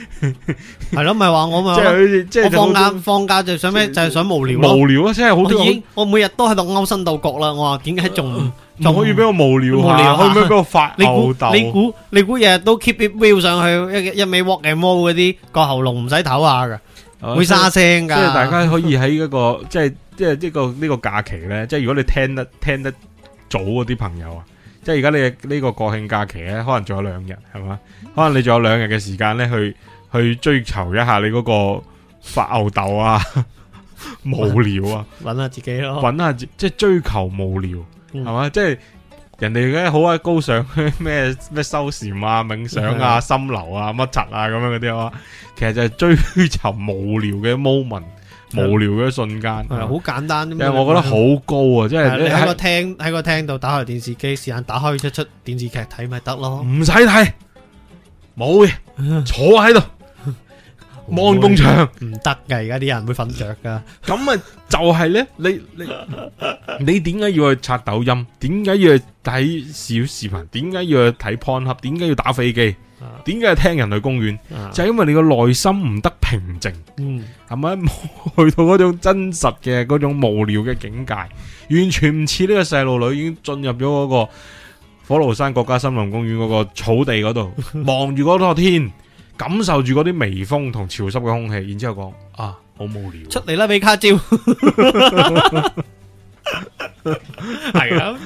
係咯，咪話我嘛，即係即係放假放假就想咩，就係想無聊。無聊啊，真係好啲。我每日都喺度勾心鬥角啦。我話點解仲仲可以俾我無聊啊？可以俾我發喉抖？你估你估日日都 keep 住 build 上去一一味 work and mo 嗰啲個喉嚨唔使唞下噶，會沙聲噶。即係大家可以喺一個即係即係呢個呢個假期咧，即係如果你聽得聽得。早嗰啲朋友啊，即係而家你呢個國慶假期咧，可能仲有兩日係嘛，可能你仲有兩日嘅時間咧，去去追求一下你嗰個發吽豆啊、無聊啊，揾下自己咯，揾下即係追求無聊係嘛，嗯，即係人哋咧好啊高尚，咩咩修禪啊、冥想啊、啊心流啊、乜柒啊咁樣嗰啲啊，其實就係追求無聊嘅 moment。無聊嘅一瞬間，好對吧簡單。但係我覺得好高啊！即係你喺個廳喺是個廳度打開電視機，試下打開一出電視劇睇咪得咯。唔使睇，冇嘅，嗯、坐喺度。望埲牆唔得噶，而家啲人會瞓着噶。咁啊，就係呢，你你點解要去刷抖音？點解要去睇小視頻？點解要去睇 Pornhub？點解要打飛機？點解要聽人類公園？啊、就係因為你個內心唔得平靜，係咪、嗯、去到嗰種真實嘅嗰種無聊嘅境界？完全唔似呢個細路女已經進入咗嗰個火爐山國家森林公園嗰個草地嗰度，望住嗰個天。 感受住嗰啲微風同潮濕嘅空氣，然之後講啊，好無聊啊。出嚟啦，俾卡招。係啊。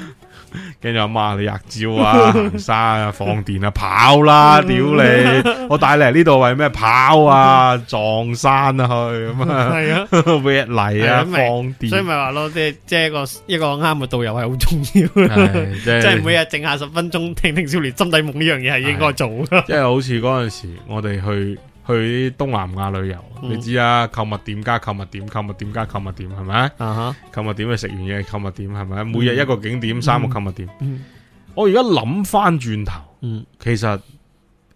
跟住阿媽，你吔蕉啊，行山啊，放電啊，跑啦！ 屌你，我帶你嚟呢度為咩？跑啊，撞山啊，去咁啊！係 啊，每日嚟啊，放電。所以咪話咯，即係即係一個一個啱嘅導遊係好重要。啊就是、即係每日整下十分鐘，聽聽少年心底夢呢樣嘢係應該做。啊啊、即係好似嗰陣時，我哋去。去東南亞旅遊，你知啊？購物店加購物店，購物店加購物店，係咪？啊哈、uh huh. 購物店去食完嘢，購物店係咪？每日一個景點，三個購物店。Uh huh. 我而家諗翻轉頭，uh huh. 其實。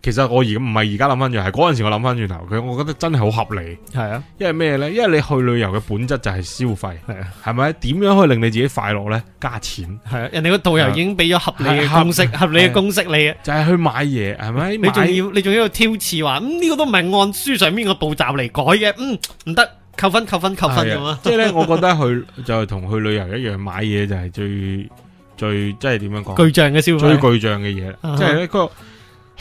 其實我而家唔係而家諗翻轉，係嗰陣時我諗翻轉頭，佢我覺得真係好合理。係啊，因為咩咧？因為你去旅遊嘅本質就係消費。係啊，係咪？點樣可以令你自己快樂咧？加錢。係啊，人哋個導遊已經俾咗合理嘅公式，合理嘅公式你啊，就係去買嘢，係咪？你仲要你仲要挑刺話？嗯，呢個都唔係按書上面個步驟嚟改嘅。嗯，唔得，扣分扣分扣分咁啊！即係咧，我覺得去就係同去旅遊一樣，買嘢就係最最即係點樣講？巨象嘅消費，最巨象嘅嘢，即係個。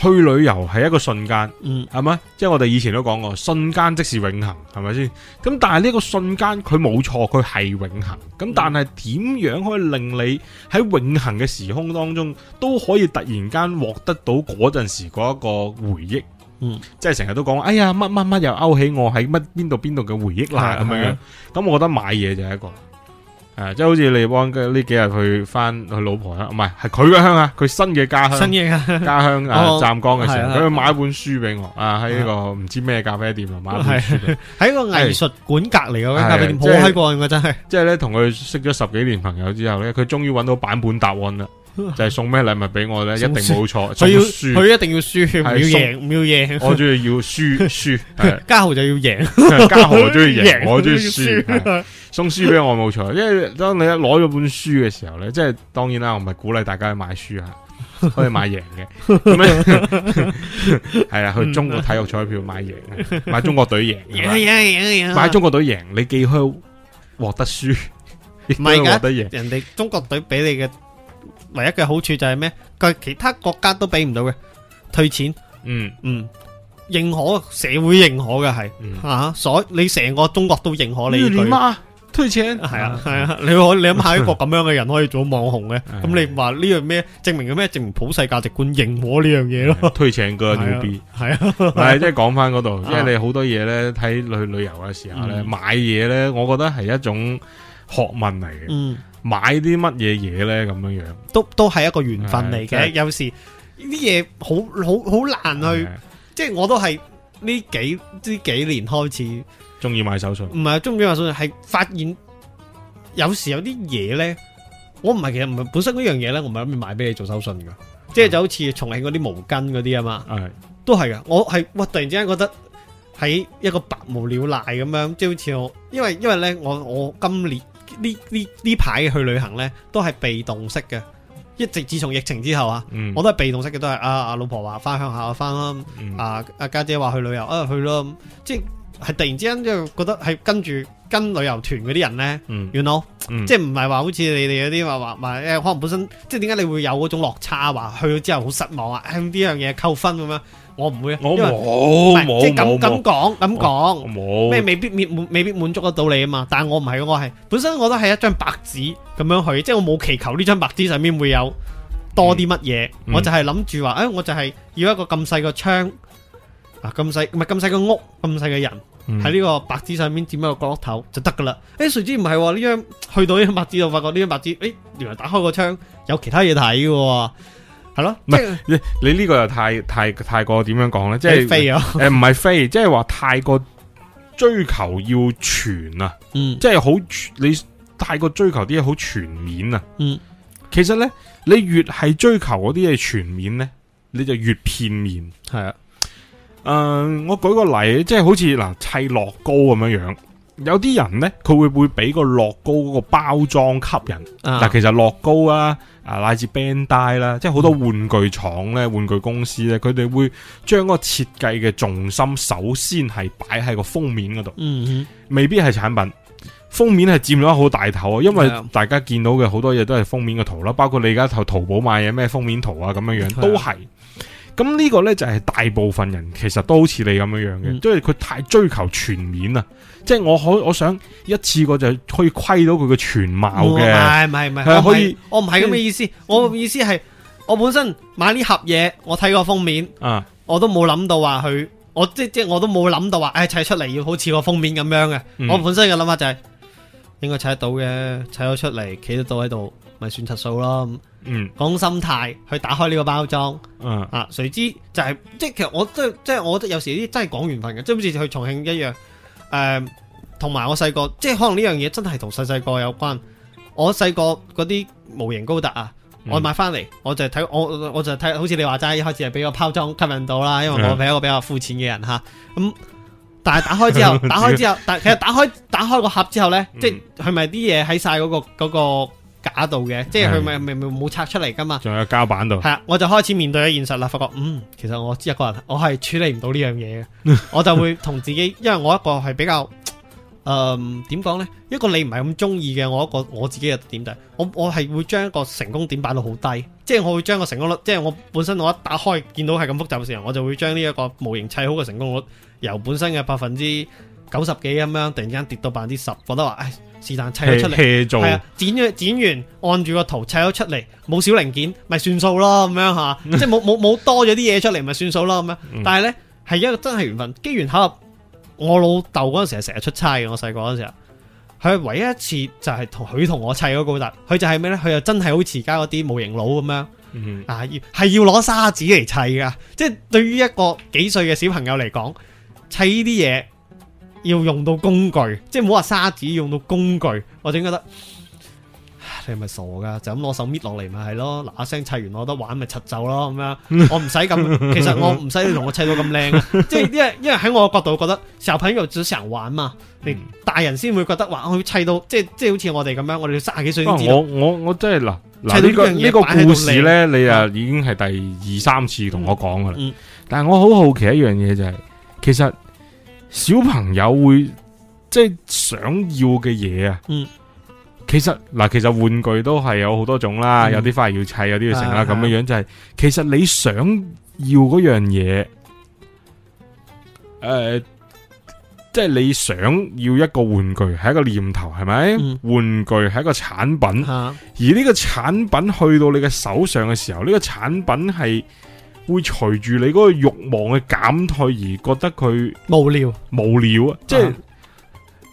去旅遊係一個瞬間，係咪、嗯？即係我哋以前都講過，瞬間即是永恒，係咪先？咁但係呢個瞬間佢冇錯，佢係永恒。咁但係點樣可以令你喺永恒嘅時空當中都可以突然間獲得到嗰陣時嗰一個回憶？嗯，即係成日都講，哎呀，乜乜乜又勾起我喺乜邊度邊度嘅回憶啦，咁樣嗎。咁嗎我覺得買嘢就係一個。誒，即係、啊、好似利邦呢幾日去翻佢老婆鄉，唔係，係佢嘅鄉下，佢新嘅家鄉，新嘅家鄉啊，湛江嘅時候，佢、啊、買一本書俾我，啊，喺個唔知咩咖啡店啊，買本書，喺個藝術館隔籬嘅咖啡店，好閪是、啊、過癮、就是、真係的。即係咧，同佢識咗十幾年朋友之後咧，佢終於揾到版本答案啦。就係送咩禮物俾我咧，一定冇錯，送書。佢要佢一定要輸，唔要贏，唔要贏。我中意要輸輸，嘉豪就要贏，嘉豪我中意贏，我中意輸。送書俾我冇錯，因為當你攞咗本書嘅時候咧，即係當然啦，我唔係鼓勵大家去買書啊，可以買贏嘅。咩？係啦，去中國體育彩票買贏，買中國隊贏，贏買中國隊贏，你既開獲得輸，買獲得贏，唔得噶，人哋中國隊俾你嘅。唯一嘅好處就係咩？佢其他國家都俾唔到嘅退錢。嗯嗯，認可社會認可嘅係吓，所你成個中國都認可你一句。退錢，係啊，係啊，你可以你諗下一個咁樣嘅人可以做網紅嘅，咁你話呢樣咩？證明嘅咩？證明普世價值觀認可呢樣嘢咯。退錢嘅牛 B。係啊，係即係講翻嗰度，因為你好多嘢咧，睇旅旅遊嘅時候咧，買嘢咧，我覺得係一種學問嚟嘅。嗯。買啲乜嘢嘢咧？咁樣樣都都係一個緣分嚟嘅。的有時呢啲嘢好好好難去，的即係我都係呢幾呢幾年開始中意買手信。唔係中意買手信，係發現有時有啲嘢咧，我唔係其實唔係本身嗰樣嘢咧，我唔係諗住買俾你做手信嘅，即係就好似重慶嗰啲毛巾嗰啲啊嘛。係都係嘅，我係哇突然之間覺得喺一個百無聊賴咁樣，即係好似我因為因為咧我我今年。呢呢呢排去旅行呢，都係被動式嘅。一直自從疫情之後啊，嗯、我都係被動式嘅，都係阿、啊、老婆話翻鄉下，翻、嗯、啊阿家姐話去旅遊啊去咯。即係突然之間就覺得係跟住跟旅遊團嗰啲人呢，你 know 即係唔係話好似你哋嗰啲話話，可能本身即係點解你會有嗰種落差，話去咗之後好失望啊，呢樣嘢扣分咁樣。我唔會、啊，我冇，沒即係咁咁講，咁講，咩未必免，未必滿足得到你啊嘛！但係我唔係，我係本身我都係一張白紙咁樣去，即係我冇祈求呢張白紙上面會有多啲乜嘢，我就係諗住話，誒，我就係要一個咁細個窗啊，咁細唔係咁細個屋，咁細嘅人喺呢個白紙上面佔一個角落頭就得噶啦！誒、嗯，誰、欸、知唔係喎，呢張去到呢張白紙就發覺呢張白紙，誒、欸，原來打開個窗有其他嘢睇嘅。係咯，即係你你呢個又太太太過點樣講咧？即係誒，唔係飛，即係話太過追求要全啊，嗯，即係好你太過追求啲嘢好全面啊，嗯，其實咧你越係追求嗰啲嘢全面咧，你就越片面，係啊，誒、呃，我舉個例，即係好似嗱、呃、砌樂高咁樣樣。有啲人呢，佢會會俾個樂高嗰個包裝吸引。嗱、uh，huh. 其實樂高啦、啊，啊乃至 Bandai 啦、啊，即係好多玩具廠咧、嗯、玩具公司咧，佢哋會將嗰個設計嘅重心首先係擺喺個封面嗰度。嗯哼、uh，huh. 未必係產品封面係佔咗好大頭啊，因為大家見到嘅好多嘢都係封面嘅圖啦，包括你而家喺淘寶買嘢咩封面圖啊咁樣樣、uh huh. 都係。咁呢個呢，就係、是、大部分人其實都好似你咁樣樣嘅，嗯、因為佢太追求全面啦，即係我可我想一次過就可以窺到佢嘅全貌嘅。唔係唔係唔係，我可以，我唔係咁嘅意思，嗯、我意思係我本身買呢盒嘢，我睇過、嗯哎、個封面啊，我都冇諗到話佢，我即即我都冇諗到話誒砌出嚟要好似個封面咁樣嘅。我本身嘅諗法就係、是、應該砌得到嘅，砌咗出嚟企得到喺度。咪算質素咯，嗯，講心態去打開呢個包裝，嗯、啊，誰知就係、是、即係其實我都即係我覺得有時啲真係講緣分嘅，即係好似去重慶一樣，誒、呃，同埋我細個即係可能呢樣嘢真係同細細個有關。我細個嗰啲模型高達啊，嗯、我買翻嚟，我就睇我我就睇，好似你話齋，一開始係畀個包裝吸引到啦，因為我係一個比較膚淺嘅人吓，咁、嗯，但係打開之後，打開之後，但 其實打開打開個盒之後咧，即係咪啲嘢喺晒嗰個個？那個那個假到嘅，即係佢咪冇拆出嚟噶嘛？仲有膠板度係啊，我就開始面對咗現實啦，發覺嗯，其實我一個人，我係處理唔到呢樣嘢嘅， 我就會同自己，因為我一個係比較，誒、呃，點講咧？一個你唔係咁中意嘅，我一個我自己嘅點就係，我我係會將一個成功點擺到好低，即係我會將個成功率，即係我本身我一打開見到係咁複雜嘅時候，我就會將呢一個模型砌好嘅成功率由本身嘅百分之九十幾咁樣，突然間跌到百分之十，覺得話誒。唉是但砌咗出嚟，係啊，剪咗剪完，按住個圖砌咗出嚟，冇小零件，咪算數咯，咁樣吓， 即係冇冇冇多咗啲嘢出嚟，咪算數咯咁樣。 但係呢，係一個真係緣分，機緣巧合。我老豆嗰陣時係成日出差嘅，我細個嗰陣時，佢唯一一次就係同佢同我砌嗰個高達，佢就係咩呢？佢又真係好似而家嗰啲模型佬咁樣， 啊，係要攞砂紙嚟砌噶，即係對於一個幾歲嘅小朋友嚟講，砌呢啲嘢。要用到工具，即係唔好話沙紙，要用到工具，我就覺得，你係咪傻噶？就咁攞手搣落嚟咪係咯，嗱一聲砌完攞得玩咪拆走咯咁樣。我唔使咁，其實我唔使你同我砌到咁靚。 即係因為因為喺我嘅角度覺得，小朋友就成日玩嘛，嗯、你大人先會覺得話佢砌到，即係即係好似我哋咁樣，我哋卅幾歲。我我我真係嗱嗱呢個呢、啊這個這個故事咧，嗯、你啊已經係第二三次同我講噶啦。但係我好好奇一樣嘢就係、是，其實。其實小朋友會即係想要嘅嘢啊，嗯、其實嗱，其實玩具都係有好多種啦，嗯、有啲翻要砌，有啲要成啦，咁樣、嗯、樣就係、是嗯、其實你想要嗰樣嘢，誒、呃，即、就、係、是、你想要一個玩具係一個念頭係咪？嗯、玩具係一個產品，嗯、而呢個產品去到你嘅手上嘅時候，呢、這個產品係。會隨住你嗰個欲望嘅減退而覺得佢無聊，無聊啊！即係、uh huh.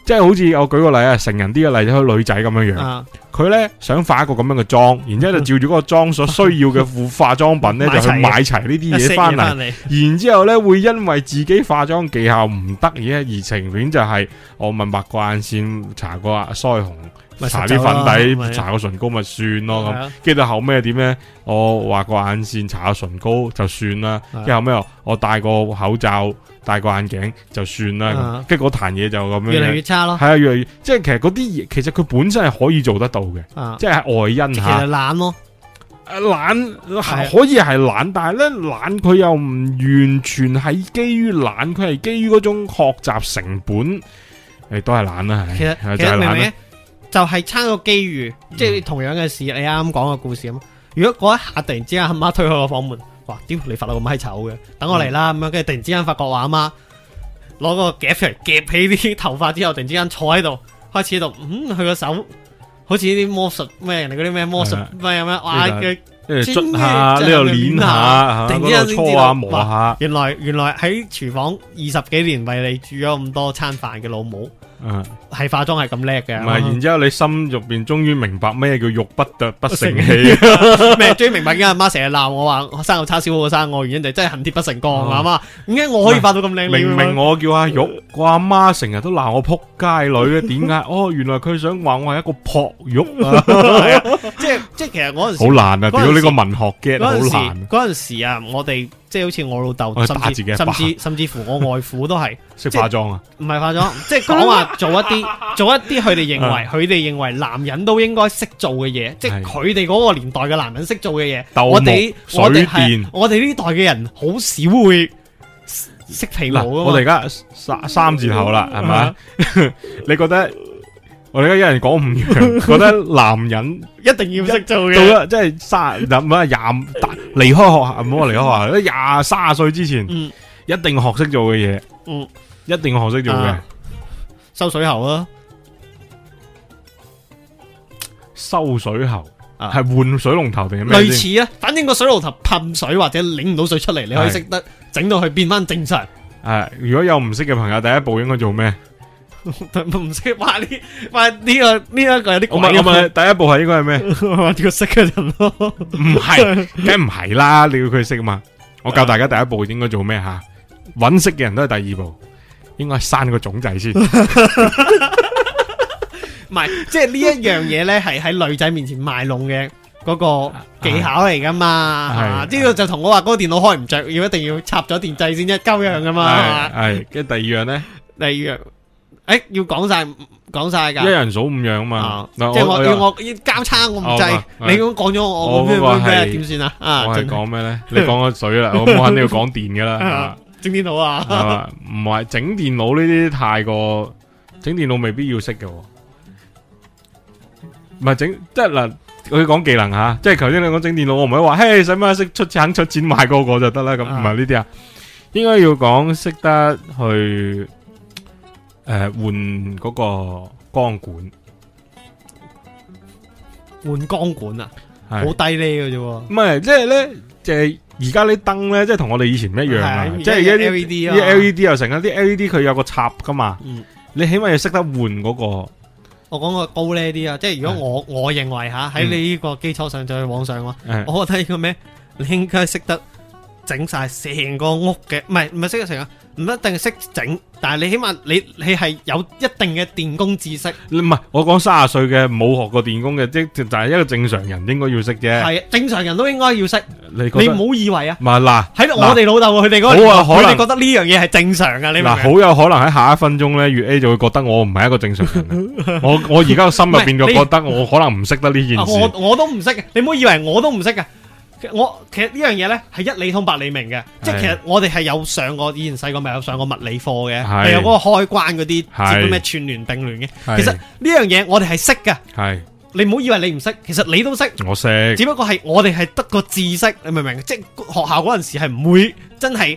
即係好似我舉個例啊，成人啲嘅例子，好似女仔咁樣樣，佢、uh huh. 呢想化一個咁樣嘅妝，然之後就照住嗰個妝所需要嘅副化妝品呢，uh huh. 就去買齊呢啲嘢翻嚟，然後之後咧會因為自己化妝技巧唔得嘅，而情願就係、是、我問白過眼線，搽過啊腮紅。搽啲粉底，搽個唇膏咪算咯咁。跟住到後尾點咧？我畫個眼線，搽個唇膏就算啦。跟住、啊、後尾我、啊、我戴個口罩，戴個眼鏡就算啦。跟住我彈嘢就咁樣，樣越嚟越差咯。係啊，越嚟越即係其實嗰啲，其實佢本身係可以做得到嘅，啊、即係外因吓。其實懶咯，懶係可以係懶，啊、但係咧懶佢又唔完全係基於懶，佢係基於嗰種學習成本，誒、欸、都係懶啦。其實就懶其實明唔就係差個機遇，即係同樣嘅事，你啱啱講個故事咁。如果嗰一下突然之間，阿媽推開個房門，哇！屌你發到咁閪醜嘅，等我嚟啦咁樣。跟住突然之間發覺話，阿媽攞個夾出嚟夾起啲頭髮之後，突然之間坐喺度，開始喺度，嗯，佢個手好似啲魔術咩？人哋？嗰啲咩魔術咩咩？哇！即係捽下，呢度捻下，這個、突然之間搓下、磨下。原來原來喺廚房二十幾年為你煮咗咁多餐飯嘅老母。嗯，係化妝係咁叻嘅，唔係，然之後你心入邊終於明白咩叫玉不得不成器，咩終於明白嘅阿媽成日鬧我話生我叉燒好生我，原因就真係恨鐵不成鋼啊！阿媽，點解我可以化到咁靚？明明我叫阿玉，個阿媽成日都鬧我扑街女咧，點解？哦，原來佢想話我係一個璞玉啊！即係即係，其實嗰陣好難啊！屌你個文學嘅，好難。嗰陣時啊，我哋。即係好似我老豆，甚至甚至甚至乎我外父都係識化妝啊，唔係化妝，即係講話做一啲做一啲佢哋認為，佢哋認為男人都應該識做嘅嘢，即係佢哋嗰個年代嘅男人識做嘅嘢。我哋我哋我哋呢代嘅人好少會識皮毛啊！我哋而家三三字頭啦，係咪？你覺得？我而家一人講五樣，覺得男人一定要識做嘅，到咗即係三唔係廿五大離開學校，唔好話離開學校，喺廿卅歲之前，一定學識做嘅嘢，一定學識做嘅，修水喉啦，修水喉係換水龍頭定係咩？類似啊，反正個水龍頭噴水或者擰唔到水出嚟，你可以識得整到佢變翻正常。誒，如果有唔識嘅朋友，第一步應該做咩？唔識拍呢拍呢個呢一、這個有啲第一步係應該係咩？要識嘅人咯。 唔係，梗唔係啦。你要佢識嘛？我教大家第一步應該做咩吓？搵識嘅人都係第二步，應該刪個種仔先。唔係，即係呢一樣嘢咧，係喺女仔面前賣弄嘅嗰個技巧嚟噶嘛？呢個、啊哎啊、就同我話嗰個電腦開唔着，要一定要插咗電掣先一鳩樣噶嘛？係、哎。跟、哎、住、哎、第二樣咧，第二樣。誒，要講晒講晒噶，一人數五樣啊嘛，即係我要我交差我唔制，你咁講咗我，我咩咩咩點算啊？啊，我講咩咧？你講個水啦，我冇肯定要講電噶啦，整電腦啊，唔係整電腦呢啲太過，整電腦未必要識嘅，唔係整即係嗱，佢講技能吓，即係頭先你講整電腦，我唔係話，嘿使乜識出錢出錢買個個就得啦，咁唔係呢啲啊，應該要講識得去。誒，換嗰個光管，換光管啊，好是的 低，低、就是、呢嘅啫，唔係即係咧，即係而家啲燈咧，即係同我哋以前唔一樣，即係一啲啲 L E D 又成，一啲 L E D 佢有個插噶嘛，嗯、你起碼要識得換嗰個。我講個高呢啲啊，即係如果我是的 我認為吓喺你呢個基礎上再往上咯，是的 我睇個咩，你應該識得。整晒成個屋嘅，唔係唔係識得成啊？唔一定識整，但係你起碼你你係有一定嘅電工知識。唔係我講三十歲嘅冇學過電工嘅，即就係一個正常人應該要識啫。係正常人都應該要識。你你唔好以為啊。唔係嗱喺我哋老豆佢哋嗰時，佢哋覺得呢樣嘢係正常噶。你嗱好有可能喺下一分鐘咧，月 A 就會覺得我唔係一個正常人。我我而家心入邊就覺得我可能唔識得呢件事。我我都唔識，你唔好以為我都唔識噶。我其實呢樣嘢呢係一理通百理明嘅，是的 即係其實我哋係有上過以前細個咪有上過物理課嘅，係是的 有嗰個開關嗰啲叫咩串聯並聯嘅，是的 其實呢樣嘢我哋係識嘅。係是的 你唔好以為你唔識，其實你都識。我識，只不過係我哋係得個知識，你明唔明？即係學校嗰陣時係唔會真係。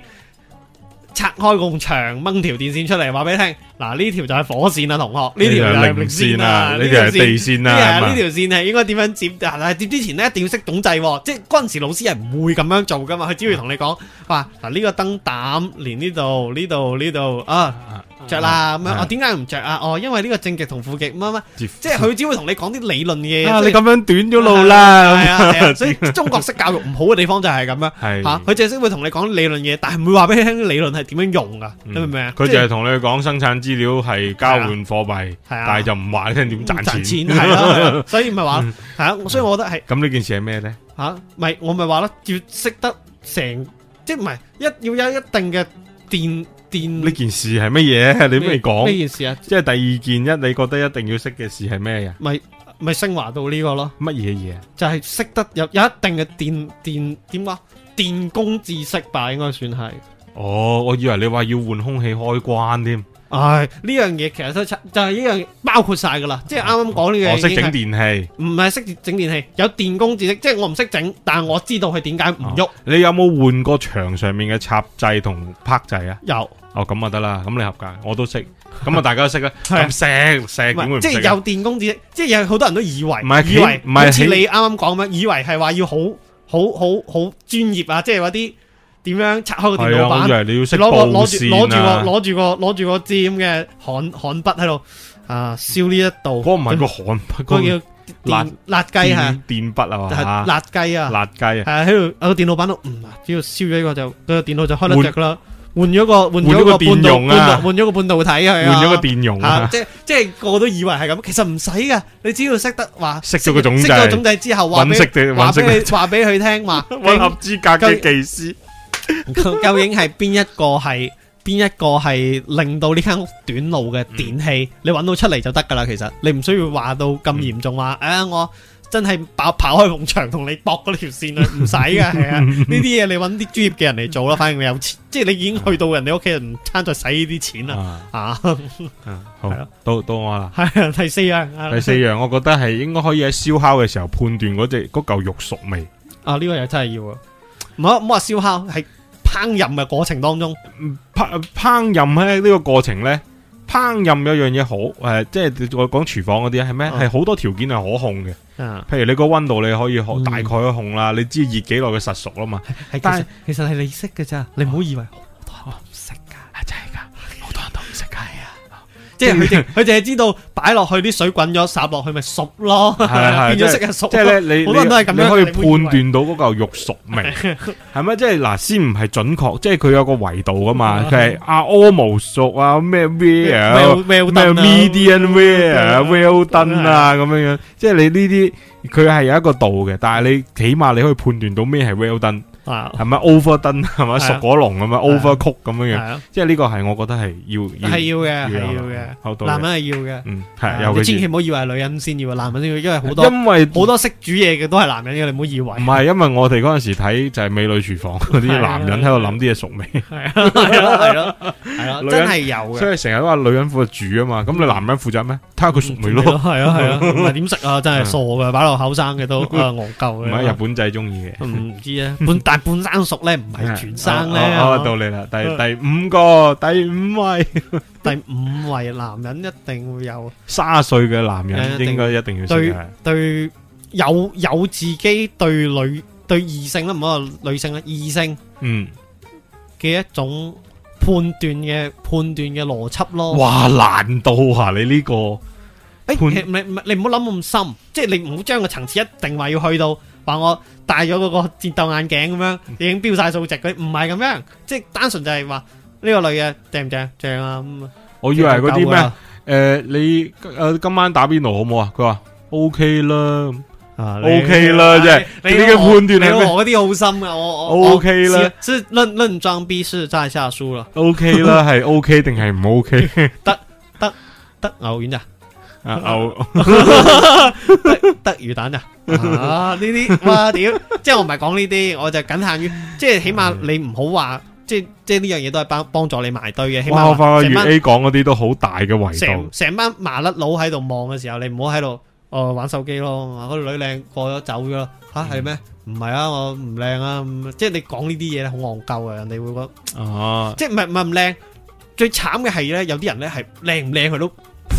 拆開咁長掹條電線出嚟，話俾你聽。嗱，呢條就係火線啊，同學，呢條係零線啊，呢條係地線啊。呢條線係應該點樣接？但係接之前咧，一定要識懂懂制。即係嗰陣時老師係唔會咁樣做噶嘛，佢只會同你講話。嗱，呢個燈膽連呢度、呢度、呢度啊。着啦咁樣，我點解唔着啊？哦，因為呢個正極同負極乜乜，即係佢只會同你講啲理論嘢。你咁樣短咗路啦，係啊，所以中國式教育唔好嘅地方就係咁樣，係吓佢淨係會同你講理論嘢，但係唔會話俾你聽啲理論係點樣用噶，你明唔明啊？佢淨係同你講生產資料係交換貨幣，係啊，但係就唔話你聽點賺錢，錢係啦。所以唔係話係啊，所以我覺得係咁呢件事係咩咧？吓，咪我咪話咯，要識得成，即係唔係一要有一定嘅電。呢電件事係乜嘢？你都未講呢件事啊！即係第二件一，你覺得一定要識嘅事係咩啊？咪咪升華到呢個咯？乜嘢嘢？就係識得有有一定嘅電電點講？電工知識吧，應該算係。哦，我以為你話要換空氣開關添。唉，呢樣嘢其實都就係呢樣，包括晒噶啦。即係啱啱講呢嘢。我識整電器，唔係識整電器，有電工知識。即係我唔識整，但係我知道佢點解唔喐。你有冇換過牆上面嘅插掣同拍掣啊？有。哦，咁啊得啦，咁你合格，我都識。咁啊，大家都識啊。咁石即係有電工知識，即係有好多人都以為，以為唔係似你啱啱講咩？以為係話要好好好好專業啊，即係嗰啲。點樣拆開個電腦板？攞個攞住攞住個攞住個攞住個尖嘅焊焊筆喺度啊！燒呢一度，嗰唔係個焊筆，佢叫電辣雞吓，電筆係嘛？辣雞啊！辣雞啊！喺度個電腦板度，只要燒咗一個就個電腦就開得着噶啦。換咗個換咗個半導，換咗個半導體啊！換咗個電容啊！即即係個個都以為係咁，其實唔使噶，你只要識得話識個總識個總制之後話俾話話俾佢聽嘛，搵合資格嘅技師。究竟係邊一個係邊一個係令到呢間屋短路嘅電器？你揾到出嚟就得噶啦，其實你唔需要話到咁嚴重話，哎呀、嗯啊、我真係爆開埲牆同你駁嗰條線啊，唔使噶係啊，呢啲嘢你揾啲專業嘅人嚟做啦。反正你有錢，即係你已經去到人哋屋企人唔差在使呢啲錢啦，啊，好到到我啦，係啊，第四樣，第四樣我覺得係應該可以喺燒烤嘅時候判斷嗰隻嗰嚿肉熟未啊？呢、這個嘢真係要啊，唔好唔好話燒烤係。烹飪嘅過程當中，烹烹飪咧呢個過程咧，烹飪有一樣嘢好，誒、呃，即係我講廚房嗰啲係咩？係好、嗯、多條件係可控嘅，嗯、譬如你個溫度你可以大概去控啦，嗯、你知熱幾耐佢實熟啊嘛。係其實係但你識嘅咋，哦、你唔好以為。.即係佢，佢淨係知道擺落去啲水滾咗，烚落去咪熟咯，變咗色啊熟。即係咧，好多人都係咁樣可以判斷到嗰嚿肉熟未係咪？即係嗱，先唔係準確，即係佢有個維度噶嘛。佢係啊，almost 熟啊，咩 rare 咩 medium rare，well done 啊，咁樣樣。即係你呢啲佢係有一個度嘅，但係你起碼你可以判斷到咩係 well done。係咪 over 燈？係咪熟果龍咁啊？over 曲咁樣樣，即係呢個係我覺得係要係要嘅，係要嘅。男人係要嘅，嗯係有。千祈唔好以為係女人先要，男人先要，因為好多因為好多識煮嘢嘅都係男人嘅，你唔好以為唔係。因為我哋嗰陣時睇，就係美女廚房嗰啲男人喺度諗啲嘢熟未，係啊係咯係咯係咯，真係有。所以成日都話女人負責煮啊嘛，咁你男人負責咩？睇下佢熟未咯，係啊係啊，唔係點食啊？真係傻噶，擺落口生嘅都啊惡夠嘅。唔係日本仔中意嘅，唔知啊，本大。半生熟咧，唔係全生咧、哦。哦，到你啦。哦、第第五個第五位， 第五位男人一定會有卅歲嘅男人，應該一定要對對，對有有自己對女對異性啦，唔好話女性啦，異性嗯嘅一種判斷嘅判斷嘅邏輯咯。哇，難度啊！你呢個誒、欸欸欸，你唔係唔係，你唔好諗咁深，即係你唔好將個層次一定話要去到話我。戴咗嗰個戰鬥眼鏡咁樣，已經標晒數值。佢唔係咁樣，即係單純就係話呢個女嘅正唔正？正啊咁啊。我以為嗰啲咩誒，你誒、呃、今晚打邊爐好唔好、OK、啊？佢話 OK 啦，OK 啦，即係你嘅判斷。你，斷你的我嗰啲好心啊，我我 OK 啦了。是論論裝逼是在下輸了。OK 啦，係 OK 定係唔 OK？ 得得得，得，牛丸咋。牛、uh oh. 得，得魚蛋啊！啊呢啲哇屌！ 即係我唔係講呢啲，我就僅限於 即係起碼你唔好話，即係即係呢樣嘢都係幫幫助你埋堆嘅。哇！起碼成班 A 講嗰啲都好大嘅維度，成班麻甩佬喺度望嘅時候，你唔好喺度哦玩手機咯。嗰個女靚過咗走咗吓係咩？唔、啊、係、嗯、啊，我唔靚啊！即係你講呢啲嘢好戇鳩啊！人哋會覺得， 即係唔係唔靚。最慘嘅係咧，有啲人咧係靚唔靚佢都。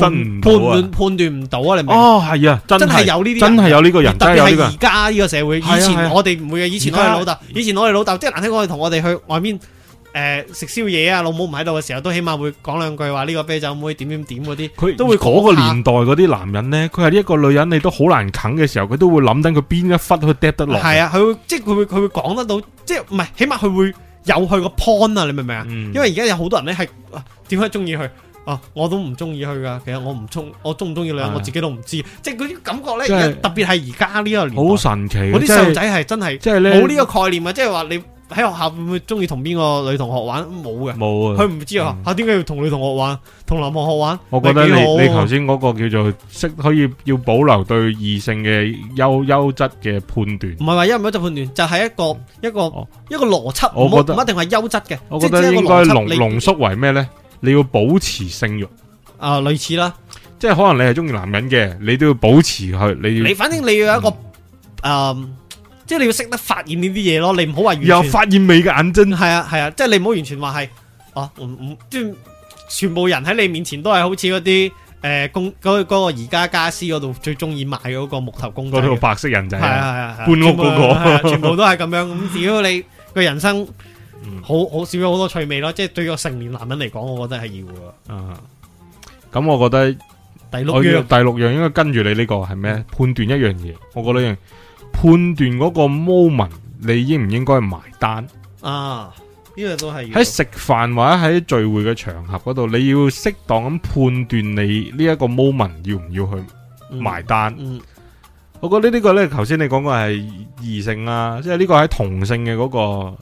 判判判斷唔到啊，啊！你明唔明、哦、啊？真係有呢啲，真係有呢個人。特別係而家呢個社會，啊、以前我哋唔會嘅，以前我哋老豆，啊、以前我哋老豆，嗯、即係難聽講，係同我哋去外面誒食、呃、宵夜啊！老母唔喺度嘅時候，都起碼會講兩句話。呢個啤酒妹點點點嗰啲，佢他都會。嗰個年代嗰啲男人咧，佢係呢一個女人，你都好難啃嘅時候，佢都會諗緊佢邊一忽佢釣得落。係啊，佢會即係佢會佢會講得到，即係唔係？起碼佢會有佢個 point 啊！你明唔明啊？嗯、因為而家有好多人咧，係點解中意佢？啊！我都唔中意去噶。其實我唔中，我中唔中意女人，我自己都唔知。即係嗰啲感覺咧，特別係而家呢個年代，好神奇。嗰啲細路仔係真係即係冇呢個概念啊！即係話你喺學校會唔會中意同邊個女同學玩？冇嘅，冇啊。佢唔知啊。吓，點解要同女同學玩？同男同學玩？我覺得你你頭先嗰個叫做識可以要保留對異性嘅優優質嘅判斷。唔係話優唔優質判斷，就係一個一個一個邏輯。唔一定係優質嘅。我覺得應該濃濃縮為咩咧？你要保持性欲，啊、呃，類似啦，即係可能你係中意男人嘅，你都要保持佢，你要你反正你要有一個，誒、嗯呃，即係你要識得發現呢啲嘢咯，你唔好話完全發現美嘅眼睛，係啊係啊，啊，即係你唔好完全話係，哦、啊嗯嗯，即係全部人喺你面前都係好似嗰啲，誒、呃，公嗰嗰、嗰個而家家私嗰度最中意買嗰個木頭公仔，個白色人仔、啊，係係係，搬屋嗰個全部，全部都係咁樣，咁只要你嘅人生。嗯、好好少有好多趣味咯，即、就、係、是、對個成年男人嚟講，我覺得係要嘅。啊、嗯，咁、嗯、我覺得第六樣，第六樣應該跟住你呢、這個係咩？判斷一樣嘢，我覺得應判斷嗰個 moment，你應唔應該埋單啊？呢、這個都係喺食飯或者喺聚會嘅場合度，你要適當咁判斷你呢一個 moment 要唔要去埋單。嗯嗯、我覺得呢個呢，頭先你講過係異性啊，即係呢個喺同性嘅嗰、那個。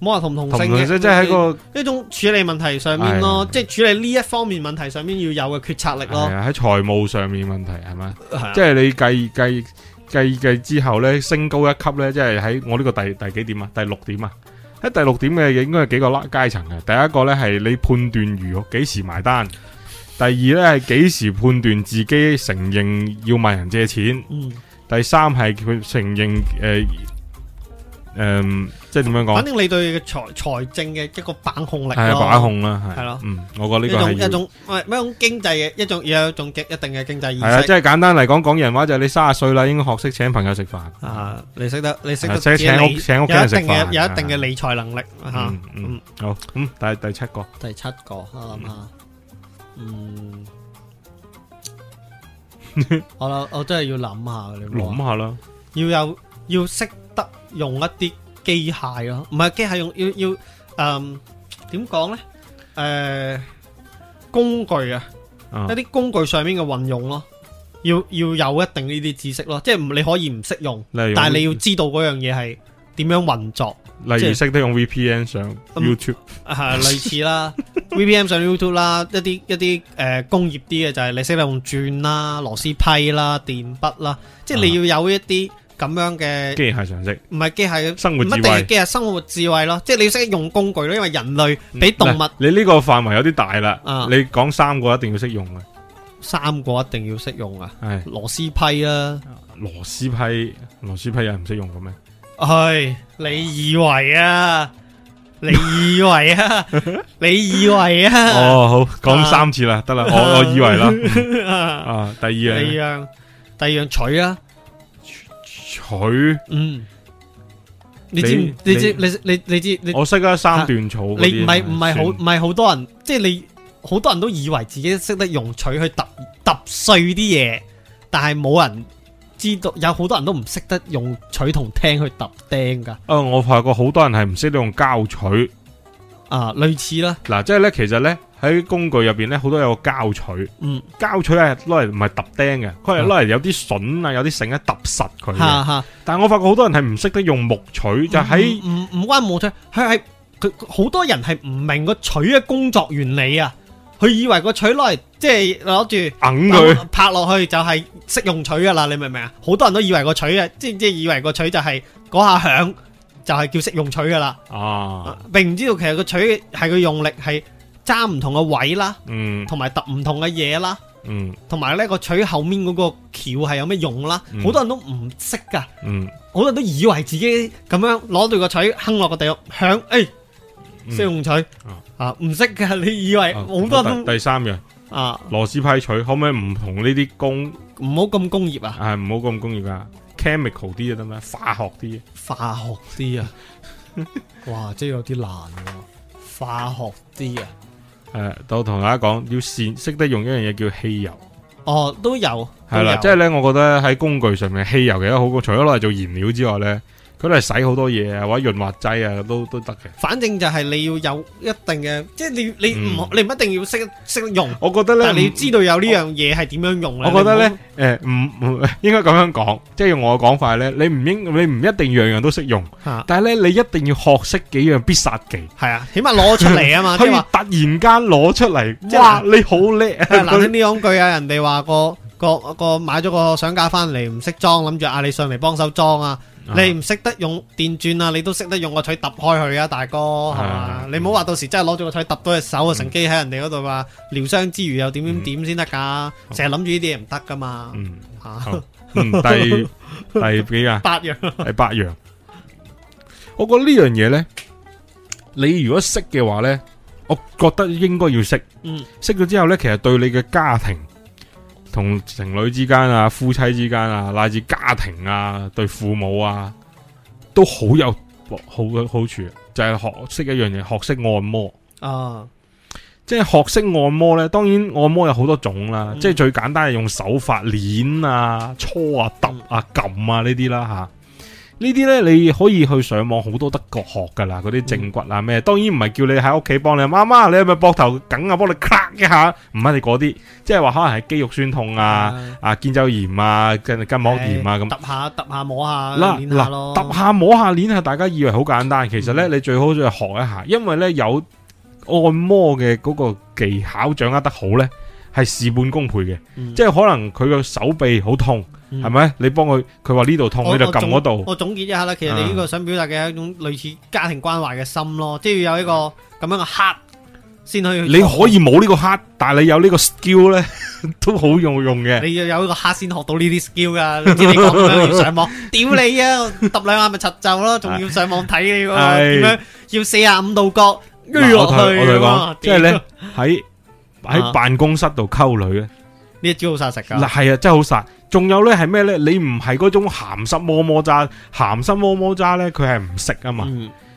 冇話同唔同性嘅，其實即係喺個一種處理問題上面咯，是是是即係處理呢一方面問題上面要有嘅決策力咯。喺財務上面問題係咪？是啊、即係你計計計計之後咧，升高一級咧，即係喺我呢個第第幾點啊？第六點啊？喺第六點嘅應該係幾個啦階層啊，第一個咧係你判斷如何幾時埋單，第二咧係幾時判斷自己承認要問人借錢，嗯、第三係佢承認誒。呃誒，即係點樣講？反正你對財財政嘅一個把控力係把控啦，係係咯，嗯，我覺呢個係一種一種咩種經濟嘅一種，有一種一定嘅經濟意識。係即係簡單嚟講，講人話就係你卅歲啦，應該學識請朋友食飯啊！你識得，你識得請屋請屋企人食飯，有一定嘅理財能力吓。嗯，好，嗯，第第七個，第七個，我諗下，嗯，好啦，我真係要諗下嘅，你諗下啦，要有要識。用一啲機械啊，唔係機械用要要，嗯，點講呢？誒、呃，工具啊，嗯、一啲工具上面嘅運用咯，要要有一定呢啲知識咯，即係你可以唔識用，用但係你要知道嗰樣嘢係點樣運作。你即例如識得用 VPN 上 YouTube 啊、嗯， 類似啦，VPN 上 YouTube 啦，一啲一啲誒、呃、工業啲嘅就係你識得用轉啦、螺絲批啦、電筆啦，即係你要有一啲。嗯咁樣嘅機械常識，唔係機械嘅生活智慧，唔一定係機械生活智慧咯。即係你要識得用工具咯，因為人類比動物。你呢個範圍有啲大啦。你講三個一定要識用啊，三個一定要識用啊。係螺絲批啊，螺絲批，螺絲批係唔識用嘅咩？係你以為啊？你以為啊？你以為啊？哦，好，講三次啦，得啦，我我以為啦。啊，第二樣，第二樣，第二樣，取啊！取嗯，你知你知你你你知，我識得三段草、啊。你唔係唔係好唔係好多人，即係你好多人都以為自己識得用錘去揼揼碎啲嘢，但係冇人知道有好多人都唔識得用錘同聽去揼釘噶。誒，我發覺好多人係唔識得用膠錘啊，類似啦。嗱、啊，即係咧，其實咧。喺工具入邊咧，好多有個膠錘，膠錘係攞嚟，唔係揼釘嘅，佢係攞嚟，有啲筍啊，有啲剩啊，揼實佢。嗯嗯、但係我發覺好多人係唔識得用木錘，嗯、就喺唔唔關木錘，佢係佢好多人係唔明個錘嘅工作原理啊！佢以為個錘攞嚟，即係攞住揞佢拍落去就係識用錘噶啦！你明唔明啊？好多人都以為個錘啊，即係即係以為個錘就係嗰下響就係、是、叫識用錘噶啦！嗯、啊，並唔知道其實個錘係佢用力係。它 uh, 啊揸唔同嘅位啦，嗯，同埋揼唔同嘅嘢啦，嗯，同埋呢個錘後面嗰個橋係有咩用啦？好多人都唔識噶，嗯，好多人都以為自己咁樣攞住個錘，哼落個地，響，誒，識用錘，啊，唔識噶，你以為好多？第三樣啊，螺絲批錘可唔可以唔同呢啲工？唔好咁工業啊，係唔好咁工業噶，chemical 啲啊得咩？化學啲，化學啲啊，哇，即係有啲難啊，化學啲啊。誒，都同大家講，要善識得用一樣嘢叫汽油。哦，都有係啦，即係咧，我覺得喺工具上面，汽油其實好過除咗攞嚟做燃料之外咧。佢都係使好多嘢啊，或者潤滑劑啊，都都得嘅。反正就係你要有一定嘅，即係你你唔你唔一定要識識用。我覺得咧，你知道有呢樣嘢係點樣用咧。我覺得咧，誒唔唔應該咁樣講，即係用我嘅講法咧，你唔應你唔一定樣樣都識用，但係咧你一定要學識幾樣必殺技。係啊，起碼攞出嚟啊嘛，可以突然間攞出嚟，哇！你好叻。嗱，聽呢兩句啊，人哋話個個個買咗個相架翻嚟唔識裝，諗住嗌你上嚟幫手裝啊。你唔識得用電鑽啊，你都識得用個錘揼開佢啊，大哥係嘛？啊、吧你唔好話到時真係攞咗個錘揼到隻手啊，乘機喺人哋嗰度啊療傷之餘又點點點先得噶，成日諗住呢啲嘢唔得噶嘛。嗯，吓、 嗯，第第幾啊？八樣第八樣。八樣 我覺得呢樣嘢咧，你如果識嘅話咧，我覺得應該要識。嗯，識咗之後咧，其實對你嘅家庭，同情侶之間啊、夫妻之間啊，乃至家庭啊，對父母啊，都好有好嘅好處，就係、是、學識一樣嘢，學識按摩啊。即係學識按摩呢，當然按摩有好多種啦、啊，嗯、即係最簡單係用手法捻啊、搓啊、揼啊、撳啊呢啲啦吓。啊呢啲呢，你可以去上網好多德國學噶啦，嗰啲正骨啊咩，當然唔係叫你喺屋企幫你媽媽、嗯，你係咪膊頭梗啊？幫你咔一下，唔係你嗰啲，即係話可能係肌肉酸痛啊、嗯、啊肩周炎啊、筋膜炎啊咁，欸、揼下揼下摸下，捻下摸下捻下，下，下，大家以為好簡單，其實呢，嗯、你最好就學一下，因為呢，有按摩嘅嗰個技巧掌握得好呢，係事半功倍嘅，嗯、即係可能佢個手臂好痛。係咪？你幫佢？佢話呢度痛，你就撳嗰度。我總結一下啦，其實你呢個想表達嘅係一種類似家庭關懷嘅心咯，即係要有一個咁樣嘅黑先去。你可以冇呢個黑，但係你有呢個 skill 咧，都好用用嘅。你要有呢個黑先學到呢啲 skill 噶，知你咁樣要上網屌你啊，揼兩下咪插就咯，仲要上網睇你喎，點樣要四啊五度角淤落去啊？即係咧喺喺辦公室度溝女咧，呢招好殺食噶。嗱係啊，真係好殺。仲有咧係咩咧？你唔係嗰種鹹濕摸摸渣，鹹濕摸摸渣咧佢係唔識啊嘛！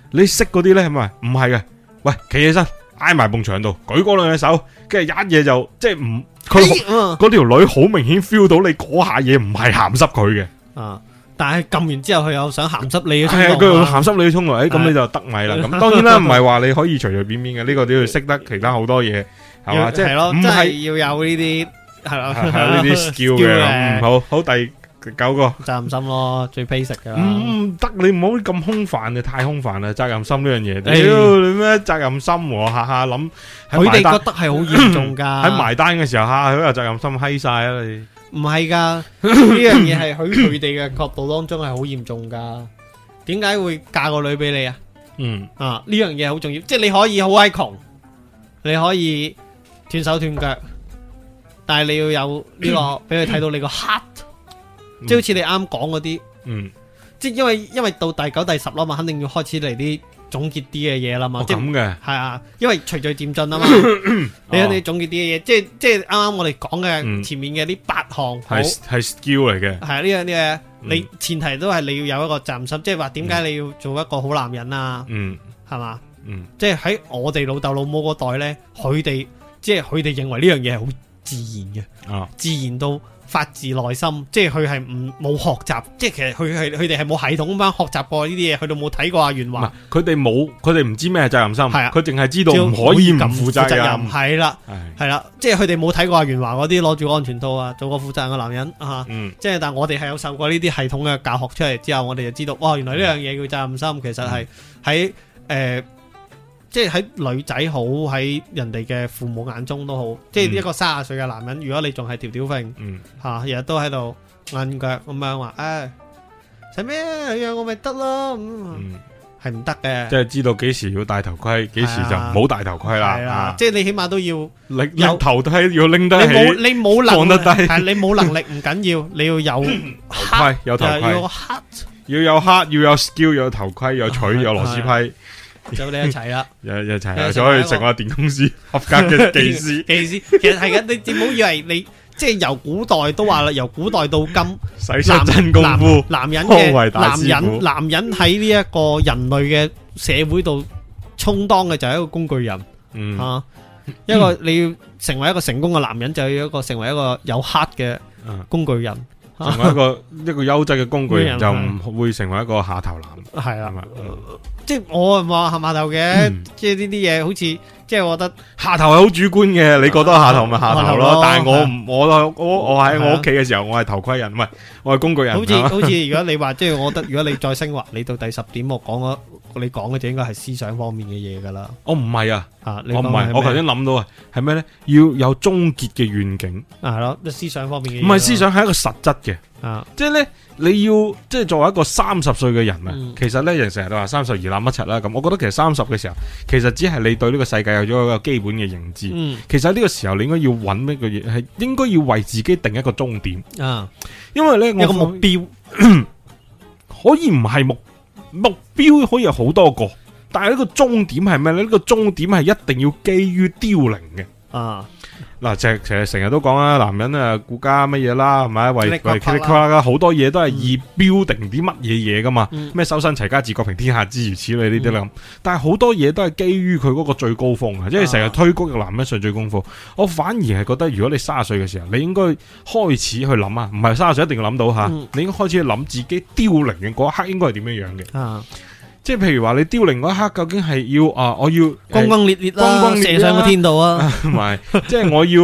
你識嗰啲咧係咪？唔係嘅，喂，企起身，挨埋埲牆度，舉嗰兩隻手，跟住一嘢就即係唔，佢嗰條女好明顯 feel 到你嗰下嘢唔係鹹濕佢嘅。啊！但係撳完之後佢又想鹹濕你嘅，係啊，佢鹹濕你衝落，誒，咁你就得米啦。咁當然啦，唔係話你可以隨隨便便嘅，呢個都要識得其他好多嘢，係嘛？即係唔係要有呢啲。係啦，係呢啲叫嘅。嗯，好好，第九個責任心咯，最 basic 嘅。唔得，你唔好咁空泛啊！太空泛啦，責任心呢樣嘢。屌你咩責任心？下下諗，佢哋覺得係好嚴重噶。喺埋單嘅時候，下下都有責任心，嗨晒啦你。唔係噶，呢樣嘢係喺佢哋嘅角度當中係好嚴重噶。點解會嫁個女俾你啊？嗯啊，呢樣嘢好重要，即係你可以好威窮，你可以斷手斷腳。但係你要有呢個俾佢睇到你個 heart，即係好似你啱講嗰啲，嗯，即係因為因為到第九第十咯嘛，肯定要開始嚟啲總結啲嘅嘢啦嘛，咁嘅係啊，因為循序漸進啊嘛，你肯定總結啲嘅嘢，即係即係啱啱我哋講嘅前面嘅啲八項係係 skill 嚟嘅，係呢樣嘢，你前提都係你要有一個責任心，即係話點解你要做一個好男人啊？嗯，係嘛？嗯，即係喺我哋老豆老母嗰代呢，佢哋即係佢哋認為呢樣嘢係好。自然嘅，哦、自然到發自內心，即係佢係唔冇學習，即係其實佢係佢哋係冇系統咁樣學習過呢啲嘢，佢哋冇睇過阿袁華，佢哋冇，佢哋唔知咩係責任心，佢淨係知道唔可以唔負責任，係啦，係啦，即係佢哋冇睇過阿袁華嗰啲攞住個安全套過啊，做個負責嘅男人啊，即係但係我哋係有受過呢啲系統嘅教學出嚟，之後，我哋就知道，哦，原來呢樣嘢叫責任心，其實係喺誒。嗯嗯即係喺女仔好，喺人哋嘅父母眼中都好。即係一個三十歲嘅男人，如果你仲係條條揈，吓日日都喺度硬腳咁樣話，誒，使咩你養我咪得咯？咁係唔得嘅。即係知道幾時要戴頭盔，幾時就唔好戴頭盔啦。即係你起碼都要拎頭盔要拎得起，你冇能力，但係你冇能力唔緊要，你要有頭盔，有頭盔要有黑，要有黑，要有 skill，有頭盔，有取，有螺絲批。走你一齊啦，一一齊，再可以成為電公司合格嘅技師。技師其實係嘅，你你唔好以為你即係由古代都話啦，由古代到今，男男男人嘅男人男人喺呢一個人類嘅社會度充當嘅就係一個工具人，啊，一個你要成為一個成功嘅男人就要一個成為一個有黑嘅工具人，成為一個一個優質嘅工具人就唔會成為一個下頭男，係啦。即係我話下頭嘅，嗯、即係呢啲嘢好似。即係我覺得下頭係好主觀嘅，你覺得下頭咪下頭咯。但係我我我喺我屋企嘅時候，我係頭盔人，唔係我係工具人。好似好似，如果你話即係我覺得，如果你再升華，你到第十點，我講咗你講嘅就應該係思想方面嘅嘢㗎啦。我唔係啊，我唔係，我頭先諗到啊，係咩呢？要有終結嘅願景係咯，思想方面嘅。唔係思想係一個實質嘅。即係呢，你要即係作為一個三十歲嘅人啊，其實呢，人成日都話三十而立乜柒啦咁。我覺得其實三十嘅時候，其實只係你對呢個世界。有咗一個基本嘅認知，嗯、其實呢個時候你應該要揾一個嘢，係應該要為自己定一個終點啊。因為呢我個目標 可以唔係目目標可以有好多個，但係呢、這個終點係咩咧？呢個終點係一定要基於凋零嘅啊。嗱，成成日成日都講啦，男人啊顧家乜嘢啦，係咪？為為其好多嘢都係以標定啲乜嘢嘢噶嘛？咩修、嗯、身齊家治國平天下之如此類呢啲啦。嗯、但係好多嘢都係基於佢嗰個最高峰啊，即係成日推高個男人上最功夫。啊、我反而係覺得，如果你三十歲嘅時候，你應該開始去諗啊，唔係三十歲一定要諗到吓，啊嗯、你應該開始去諗自己凋零嘅嗰一刻應該係點樣樣嘅。啊即係譬如話你凋零嗰一刻，究竟係要啊？我要轟轟烈烈射上個天度啊！唔係，即係我要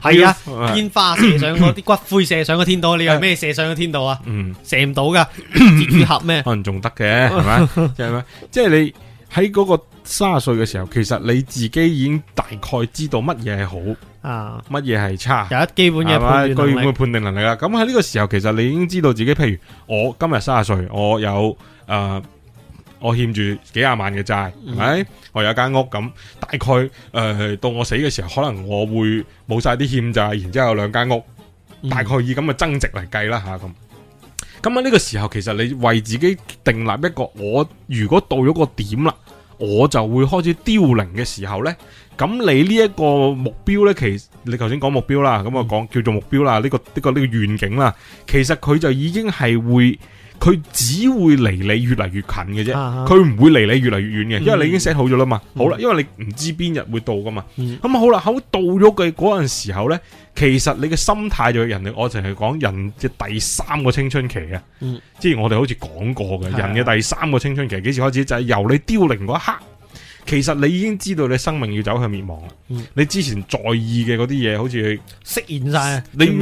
係啊，煙花射上個，啲骨灰射上個天度。你又咩射上個天度啊？嗯，射唔到噶，結合咩？可能仲得嘅，係咪？即係咩？即係你喺嗰個卅歲嘅時候，其實你自己已經大概知道乜嘢係好啊，乜嘢係差，有一基本嘅判基定能力判定能力啦。咁喺呢個時候，其實你已經知道自己，譬如我今日卅歲，我有誒。我欠住幾十萬嘅債，係咪？ 我有間屋咁，大概誒、呃、到我死嘅時候，可能我會冇晒啲欠債，然之後有兩間屋， 大概以咁嘅增值嚟計啦吓咁。咁喺呢個時候，其實你為自己訂立一個，我如果到咗個點啦，我就會開始凋零嘅時候呢。咁你呢一個目標呢，其實你頭先講目標啦，咁我講叫做目標啦、呢、呢個呢、呢個呢、呢個呢個願景啦，其實佢就已經係會。佢只會離你越嚟越近嘅啫，佢唔、啊、會離你越嚟越遠嘅，嗯、因為你已經 set 好咗啦嘛。嗯、好啦，因為你唔知邊日會到噶嘛。咁好啦，好到咗嘅嗰陣時候呢，其實你嘅心態就係人哋我淨係講人嘅第三個青春期嘅。即、嗯、之前我哋好似講過嘅，嗯、人嘅第三個青春期幾時開始？嗯、就係由你凋零嗰一刻。其實你已經知道你生命要走向滅亡啦，嗯、你之前在意嘅嗰啲嘢，好似釋然晒。你你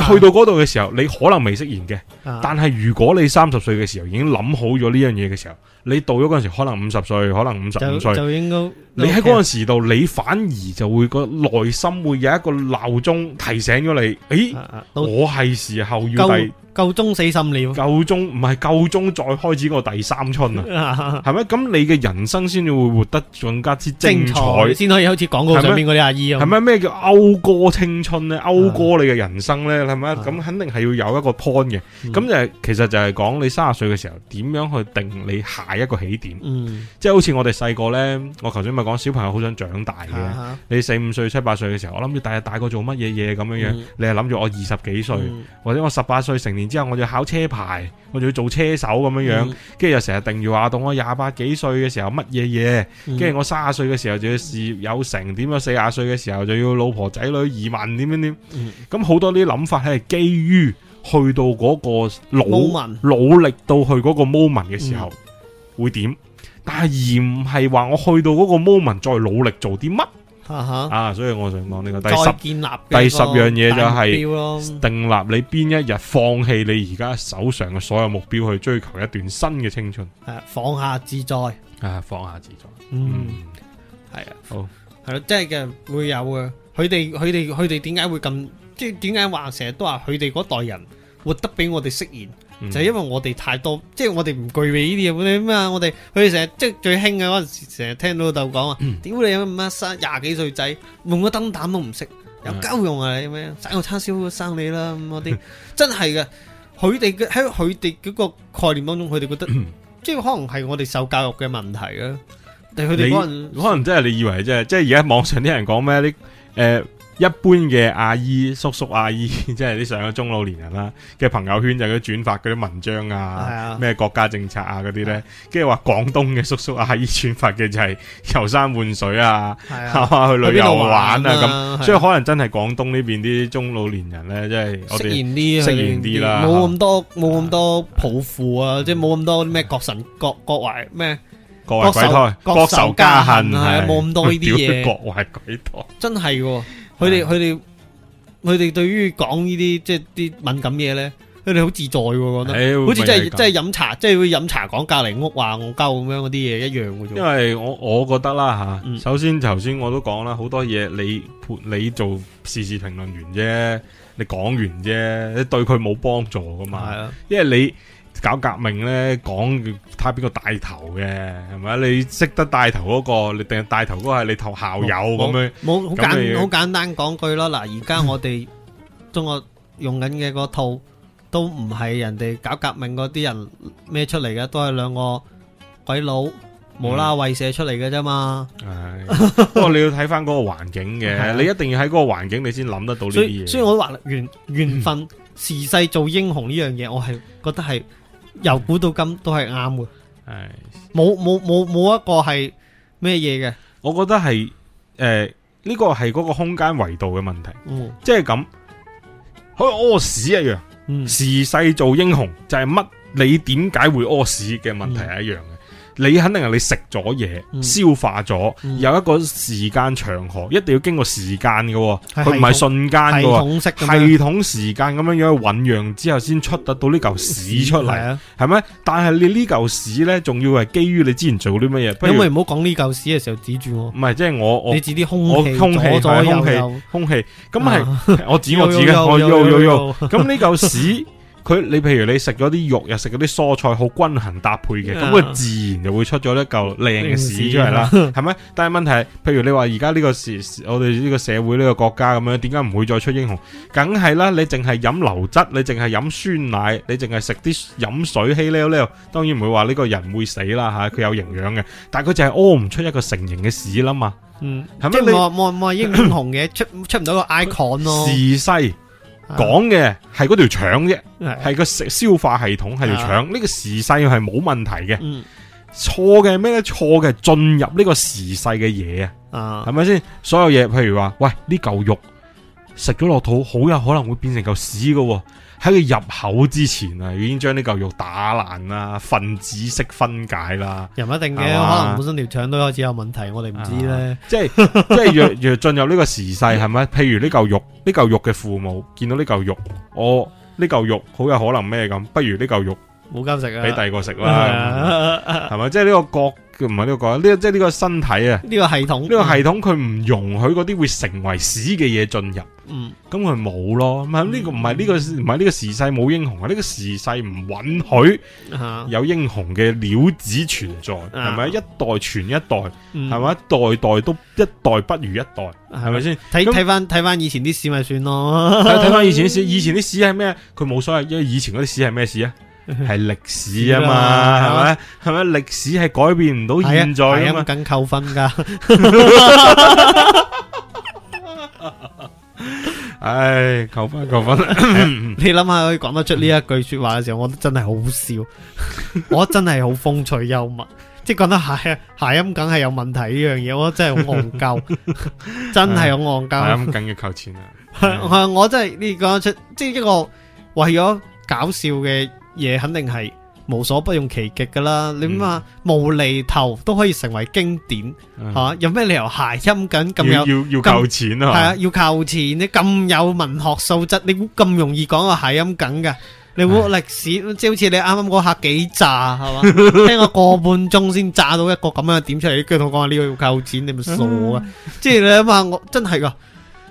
去到嗰度嘅時候，你可能未釋然嘅，啊、但係如果你三十歲嘅時候已經諗好咗呢樣嘢嘅時候。你到咗嗰陣時，可能五十歲，可能五十五歲就，就應該、啊、你喺嗰陣時度，你反而就會個內心會有一個鬧鐘提醒咗你，誒，啊、我係時候要夠夠鐘死心了，夠鐘唔係夠鐘再開始個第三春啊哈哈，係咪？咁你嘅人生先至會活得更加之精彩，先可以好似廣告上邊啲阿姨咁，係咪咩叫謳歌青春咧？謳歌你嘅人生呢？係咪？咁、啊啊、肯定係要有一個 point 嘅，咁就係其實就係講你三十歲嘅時候點樣去定你係一個起點，嗯，即係好似我哋細個咧，我頭先咪講小朋友好想長大嘅。你四五歲、七八歲嘅時候，我諗住大日大個做乜嘢嘢咁樣樣。你係諗住我二十幾歲，或者我十八歲成年之後，我就要考車牌，我就要做車手咁樣樣。跟住又成日定住話，到我廿八幾歲嘅時候乜嘢嘢。跟住我三十歲嘅時候就要事業有成，點樣四十歲嘅時候就要老婆仔女移民點樣點。咁好多啲諗法係基於去到嗰個努努力到去嗰個 moment 嘅時候。會點？但係而唔係話我去到嗰個 moment 再努力做啲乜啊，所以我想講呢個第十第十樣嘢就係定立你邊一日放棄你而家手上嘅所有目標去追求一段新嘅青春。係放下自在，係放下自在。嗯，係啊，好係咯，即係嘅會有啊。佢哋佢哋佢哋點解會咁？即係點解話成日都話佢哋嗰代人活得比我哋釋然？就係因為我哋太多，即係我哋唔具備呢啲嘢。咩啊？我哋佢哋成日即係最興嘅嗰陣時，成日聽到老豆講話：屌、嗯、你啊！乜三廿幾歲仔，換個燈膽都唔識，有鳩用啊你！的你咩？生個叉燒生你啦咁嗰啲， 真係㗎。佢哋喺佢哋嗰個概念當中，佢哋覺得 即係可能係我哋受教育嘅問題啊。但佢哋可能可能真係你以為啫，即係而家網上啲人講咩啲誒？一般嘅阿姨、叔叔、阿姨，即係啲上咗中老年人啦嘅朋友圈就佢轉發嗰啲文章啊，咩國家政策啊嗰啲咧，跟住話廣東嘅叔叔阿姨轉發嘅就係遊山玩水啊，去旅遊玩啊咁，所以可能真係廣東呢邊啲中老年人咧，即係我哋，啲，適應啲啦，冇咁多冇咁多抱負啊，即係冇咁多咩國神國國懷咩國懷鬼胎國仇家恨，係冇咁多呢啲嘢，國懷鬼胎真係嘅。佢哋佢哋佢哋對於講呢啲即係啲敏感嘢咧，佢哋好自在喎，覺得的好似真係真係飲茶，即係會飲茶講隔籬屋話我交咁樣嗰啲嘢一樣嘅。因為我我覺得啦吓，首先頭先、嗯、我都講啦，好多嘢你你做時事評論員啫，你講完啫，你對佢冇幫助噶嘛。係啊，因為你。搞革命咧，講睇邊個帶頭嘅，係咪啊？你識得帶頭嗰個，你定帶頭嗰個係你校校友咁樣。冇好簡好簡單講句咯。嗱，而家我哋中國用緊嘅嗰套，都唔係人哋搞革命嗰啲人孭出嚟嘅，都係兩個鬼佬無啦啦喂寫出嚟嘅啫嘛。唉，不過你要睇翻嗰個環境嘅，你一定要喺嗰個環境你先諗得到呢啲嘢。所以我話緣緣分時勢做英雄呢樣嘢，我係覺得係。由古到今都係啱嘅，係冇冇冇冇一個係咩嘢嘅，我覺得係誒呢個係個空間維度嘅問題，嗯、即係咁好似屙屎一樣，嗯、時勢造英雄就係乜你點解會屙屎嘅問題係一樣。嗯你肯定係你食咗嘢，消化咗，有一個時間長河，一定要經過時間嘅，佢唔係瞬間嘅，系統時間咁樣樣醞釀之後先出得到呢嚿屎出嚟，係咪？但係你呢嚿屎咧，仲要係基於你之前做啲乜嘢？咁你唔好講呢嚿屎嘅時候指住我，唔係即係我，你指啲空氣左左右右空氣，咁係我指我指嘅，咁呢嚿屎。佢你譬如你食咗啲肉又食咗啲蔬菜好均衡搭配嘅，咁佢自然就會出咗一嚿靚嘅屎出嚟啦，係咪事、啊？但係問題係，譬如你話而家呢個時，我哋呢個社會呢、這個國家咁樣，點解唔會再出英雄？梗係啦，你淨係飲流質，你淨係飲酸奶，你淨係食啲飲水，嘿唥唥，當然唔會話呢個人會死啦吓，佢有營養嘅，但係佢就係屙唔出一個成型嘅屎啦嘛。嗯，係咩嗎？冇你英雄嘅， 出出唔到個 icon 咯、啊。時勢。講嘅係嗰條腸啫，係個食消化系統係條腸，呢個時勢係冇問題嘅。錯嘅係咩咧？錯嘅係進入呢個時勢嘅嘢啊，係咪先？所有嘢，譬如話，喂呢嚿肉食咗落肚，好有可能會變成嚿屎噶。喺佢入口之前啊，已經將呢嚿肉打爛啦，分子式分解啦，又唔一定嘅，吧可能本身條腸都開始有問題，我哋唔知咧、啊。即係 即係若若進入呢個時勢係咪？譬如呢嚿肉，呢嚿肉嘅父母見到呢嚿肉，哦，呢嚿肉好有可能咩咁，不如呢嚿肉冇間食啊，俾第二個食啦，係咪？ 即係呢個角。佢唔係呢個啊，呢個即係呢個身體啊，呢個系統，呢個系統佢唔容許嗰啲會成為屎嘅嘢進入。嗯，咁佢冇咯，係呢、嗯呢個唔係呢個唔係呢個時勢冇英雄啊，呢、呢個時勢唔允許有英雄嘅料子存在，係咪、啊？一代傳一代，係咪、啊？是是一代代都一代不如一代，係咪先？睇睇翻睇翻以前啲屎咪算咯。睇睇翻以前啲屎，以前啲屎係咩？佢冇所謂，因為以前嗰啲屎係咩屎啊？係歷史啊嘛，係咪？係咪歷史係改變唔到現在啊嘛？梗扣分噶，唉，扣分扣分。你諗下，可以講得出呢一句說話嘅時候，我真係好笑，我真係好風趣幽默，即係講得係啊，諧音梗係有問題呢樣嘢，我真係好戇鳩，真係好戇鳩。諧音梗要扣錢啊！我真係你講得出，即係一個為咗搞笑嘅。嘢肯定係無所不用其極噶啦，你諗下無厘頭都可以成為經典吓，有咩理由諧音梗咁樣？要要要扣錢啊！係啊，要扣錢，你咁有文學素質，你估咁容易講個諧音梗噶？你估歷史即係好似你啱啱嗰下幾炸係嘛？聽我個半鐘先炸到一個咁樣點出嚟，跟住同我講，話呢個要扣錢，你咪傻啊！即係你諗下，我真係噶。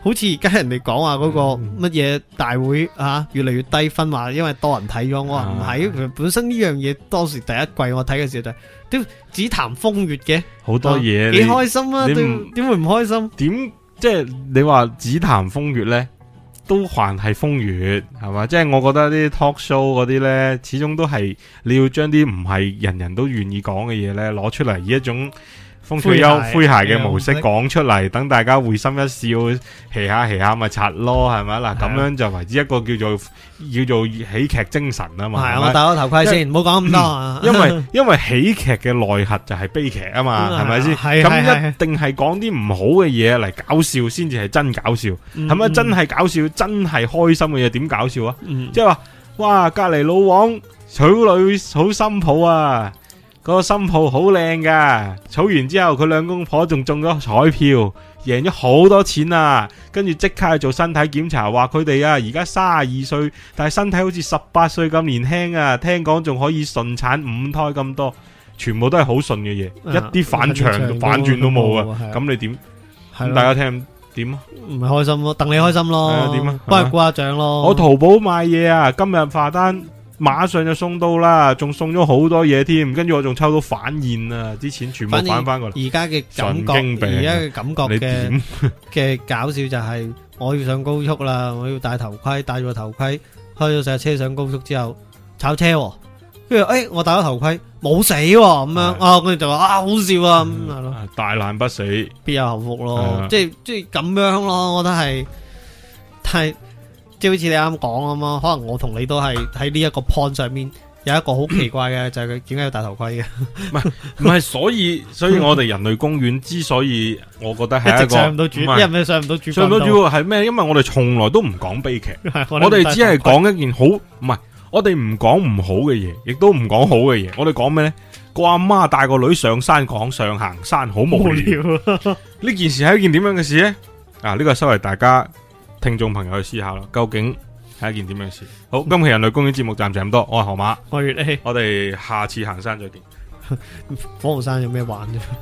好似而家人哋講話嗰個乜嘢大會啊，越嚟越低分，話因為多人睇咗。我話唔係，本身呢樣嘢當時第一季我睇嘅時候就都只談風月嘅，好多嘢幾、啊、你開心啊！點點會唔開心？點即係你話只談風月呢，都還係風月係嘛？即係我覺得啲 talk show 嗰啲呢，始終都係你要將啲唔係人人都願意講嘅嘢呢攞出嚟以一種。灰休灰鞋嘅模式講出嚟，等大家會心一笑，皮下皮下咪拆咯，係咪啊嗱？咁樣就為之一個叫做叫做喜劇精神啊嘛。係我戴個頭盔先，唔好講咁多啊。因為因為喜劇嘅內核就係悲劇啊嘛，係咪先？咁一定係講啲唔好嘅嘢嚟搞笑，先至係真搞笑。係咪真係搞笑？真係開心嘅嘢點搞笑啊？即係話哇，隔籬老王娶女好新抱啊！個新抱好靚噶，娶完之後佢兩公婆仲中咗彩票，贏咗好多錢啊！跟住即刻去做身體檢查，話佢哋啊而家三十二歲，但係身體好似十八歲咁年輕啊！聽講仲可以順產五胎咁多，全部都係好順嘅嘢，一啲反常反轉都冇啊！咁你點？啊、大家聽點？唔係、啊、開心咯、啊，等你開心咯，點啊？不過估下獎咯。我淘寶買嘢啊，今日化單。馬上就送到啦，仲送咗好多嘢添，跟住我仲抽到反現啊，啲錢全部返翻過嚟。而家嘅感覺，而家嘅感覺嘅嘅搞笑就係我要上高速啦，我要戴頭盔，戴住個頭盔開咗成日車上高速之後，炒車，哦，跟住誒我戴咗頭盔冇死咁、哦、樣，的啊佢哋就話啊好笑啊咁咯，嗯、樣大難不死，必有後福咯，的即係即係咁樣咯，我覺得係係。即好似你啱啱講咁咯，可能我同你都係喺呢一個 point 上面有一個好奇怪嘅。 就係佢點解要戴頭盔嘅？唔係唔係，所以所以我哋人類公園之所以，我覺得係一個一上唔到主，一唔係上唔到主，唔係上唔到主係咩？上唔到主因為我哋從來都唔講悲劇，我哋只係講一件好唔係，我哋唔講唔好嘅嘢，亦都唔講好嘅嘢，我哋講咩咧？個阿媽帶個女上山講上行山，好無聊。呢、啊、件事係一件點樣嘅事咧？啊，呢、這個係收圍大家。聽眾朋友去思考啦，究竟係一件點樣事？好，今期人類公園節目暫時咁多，我係河馬，我係月呢，我哋下次行山再見。 火龍山有咩玩啫？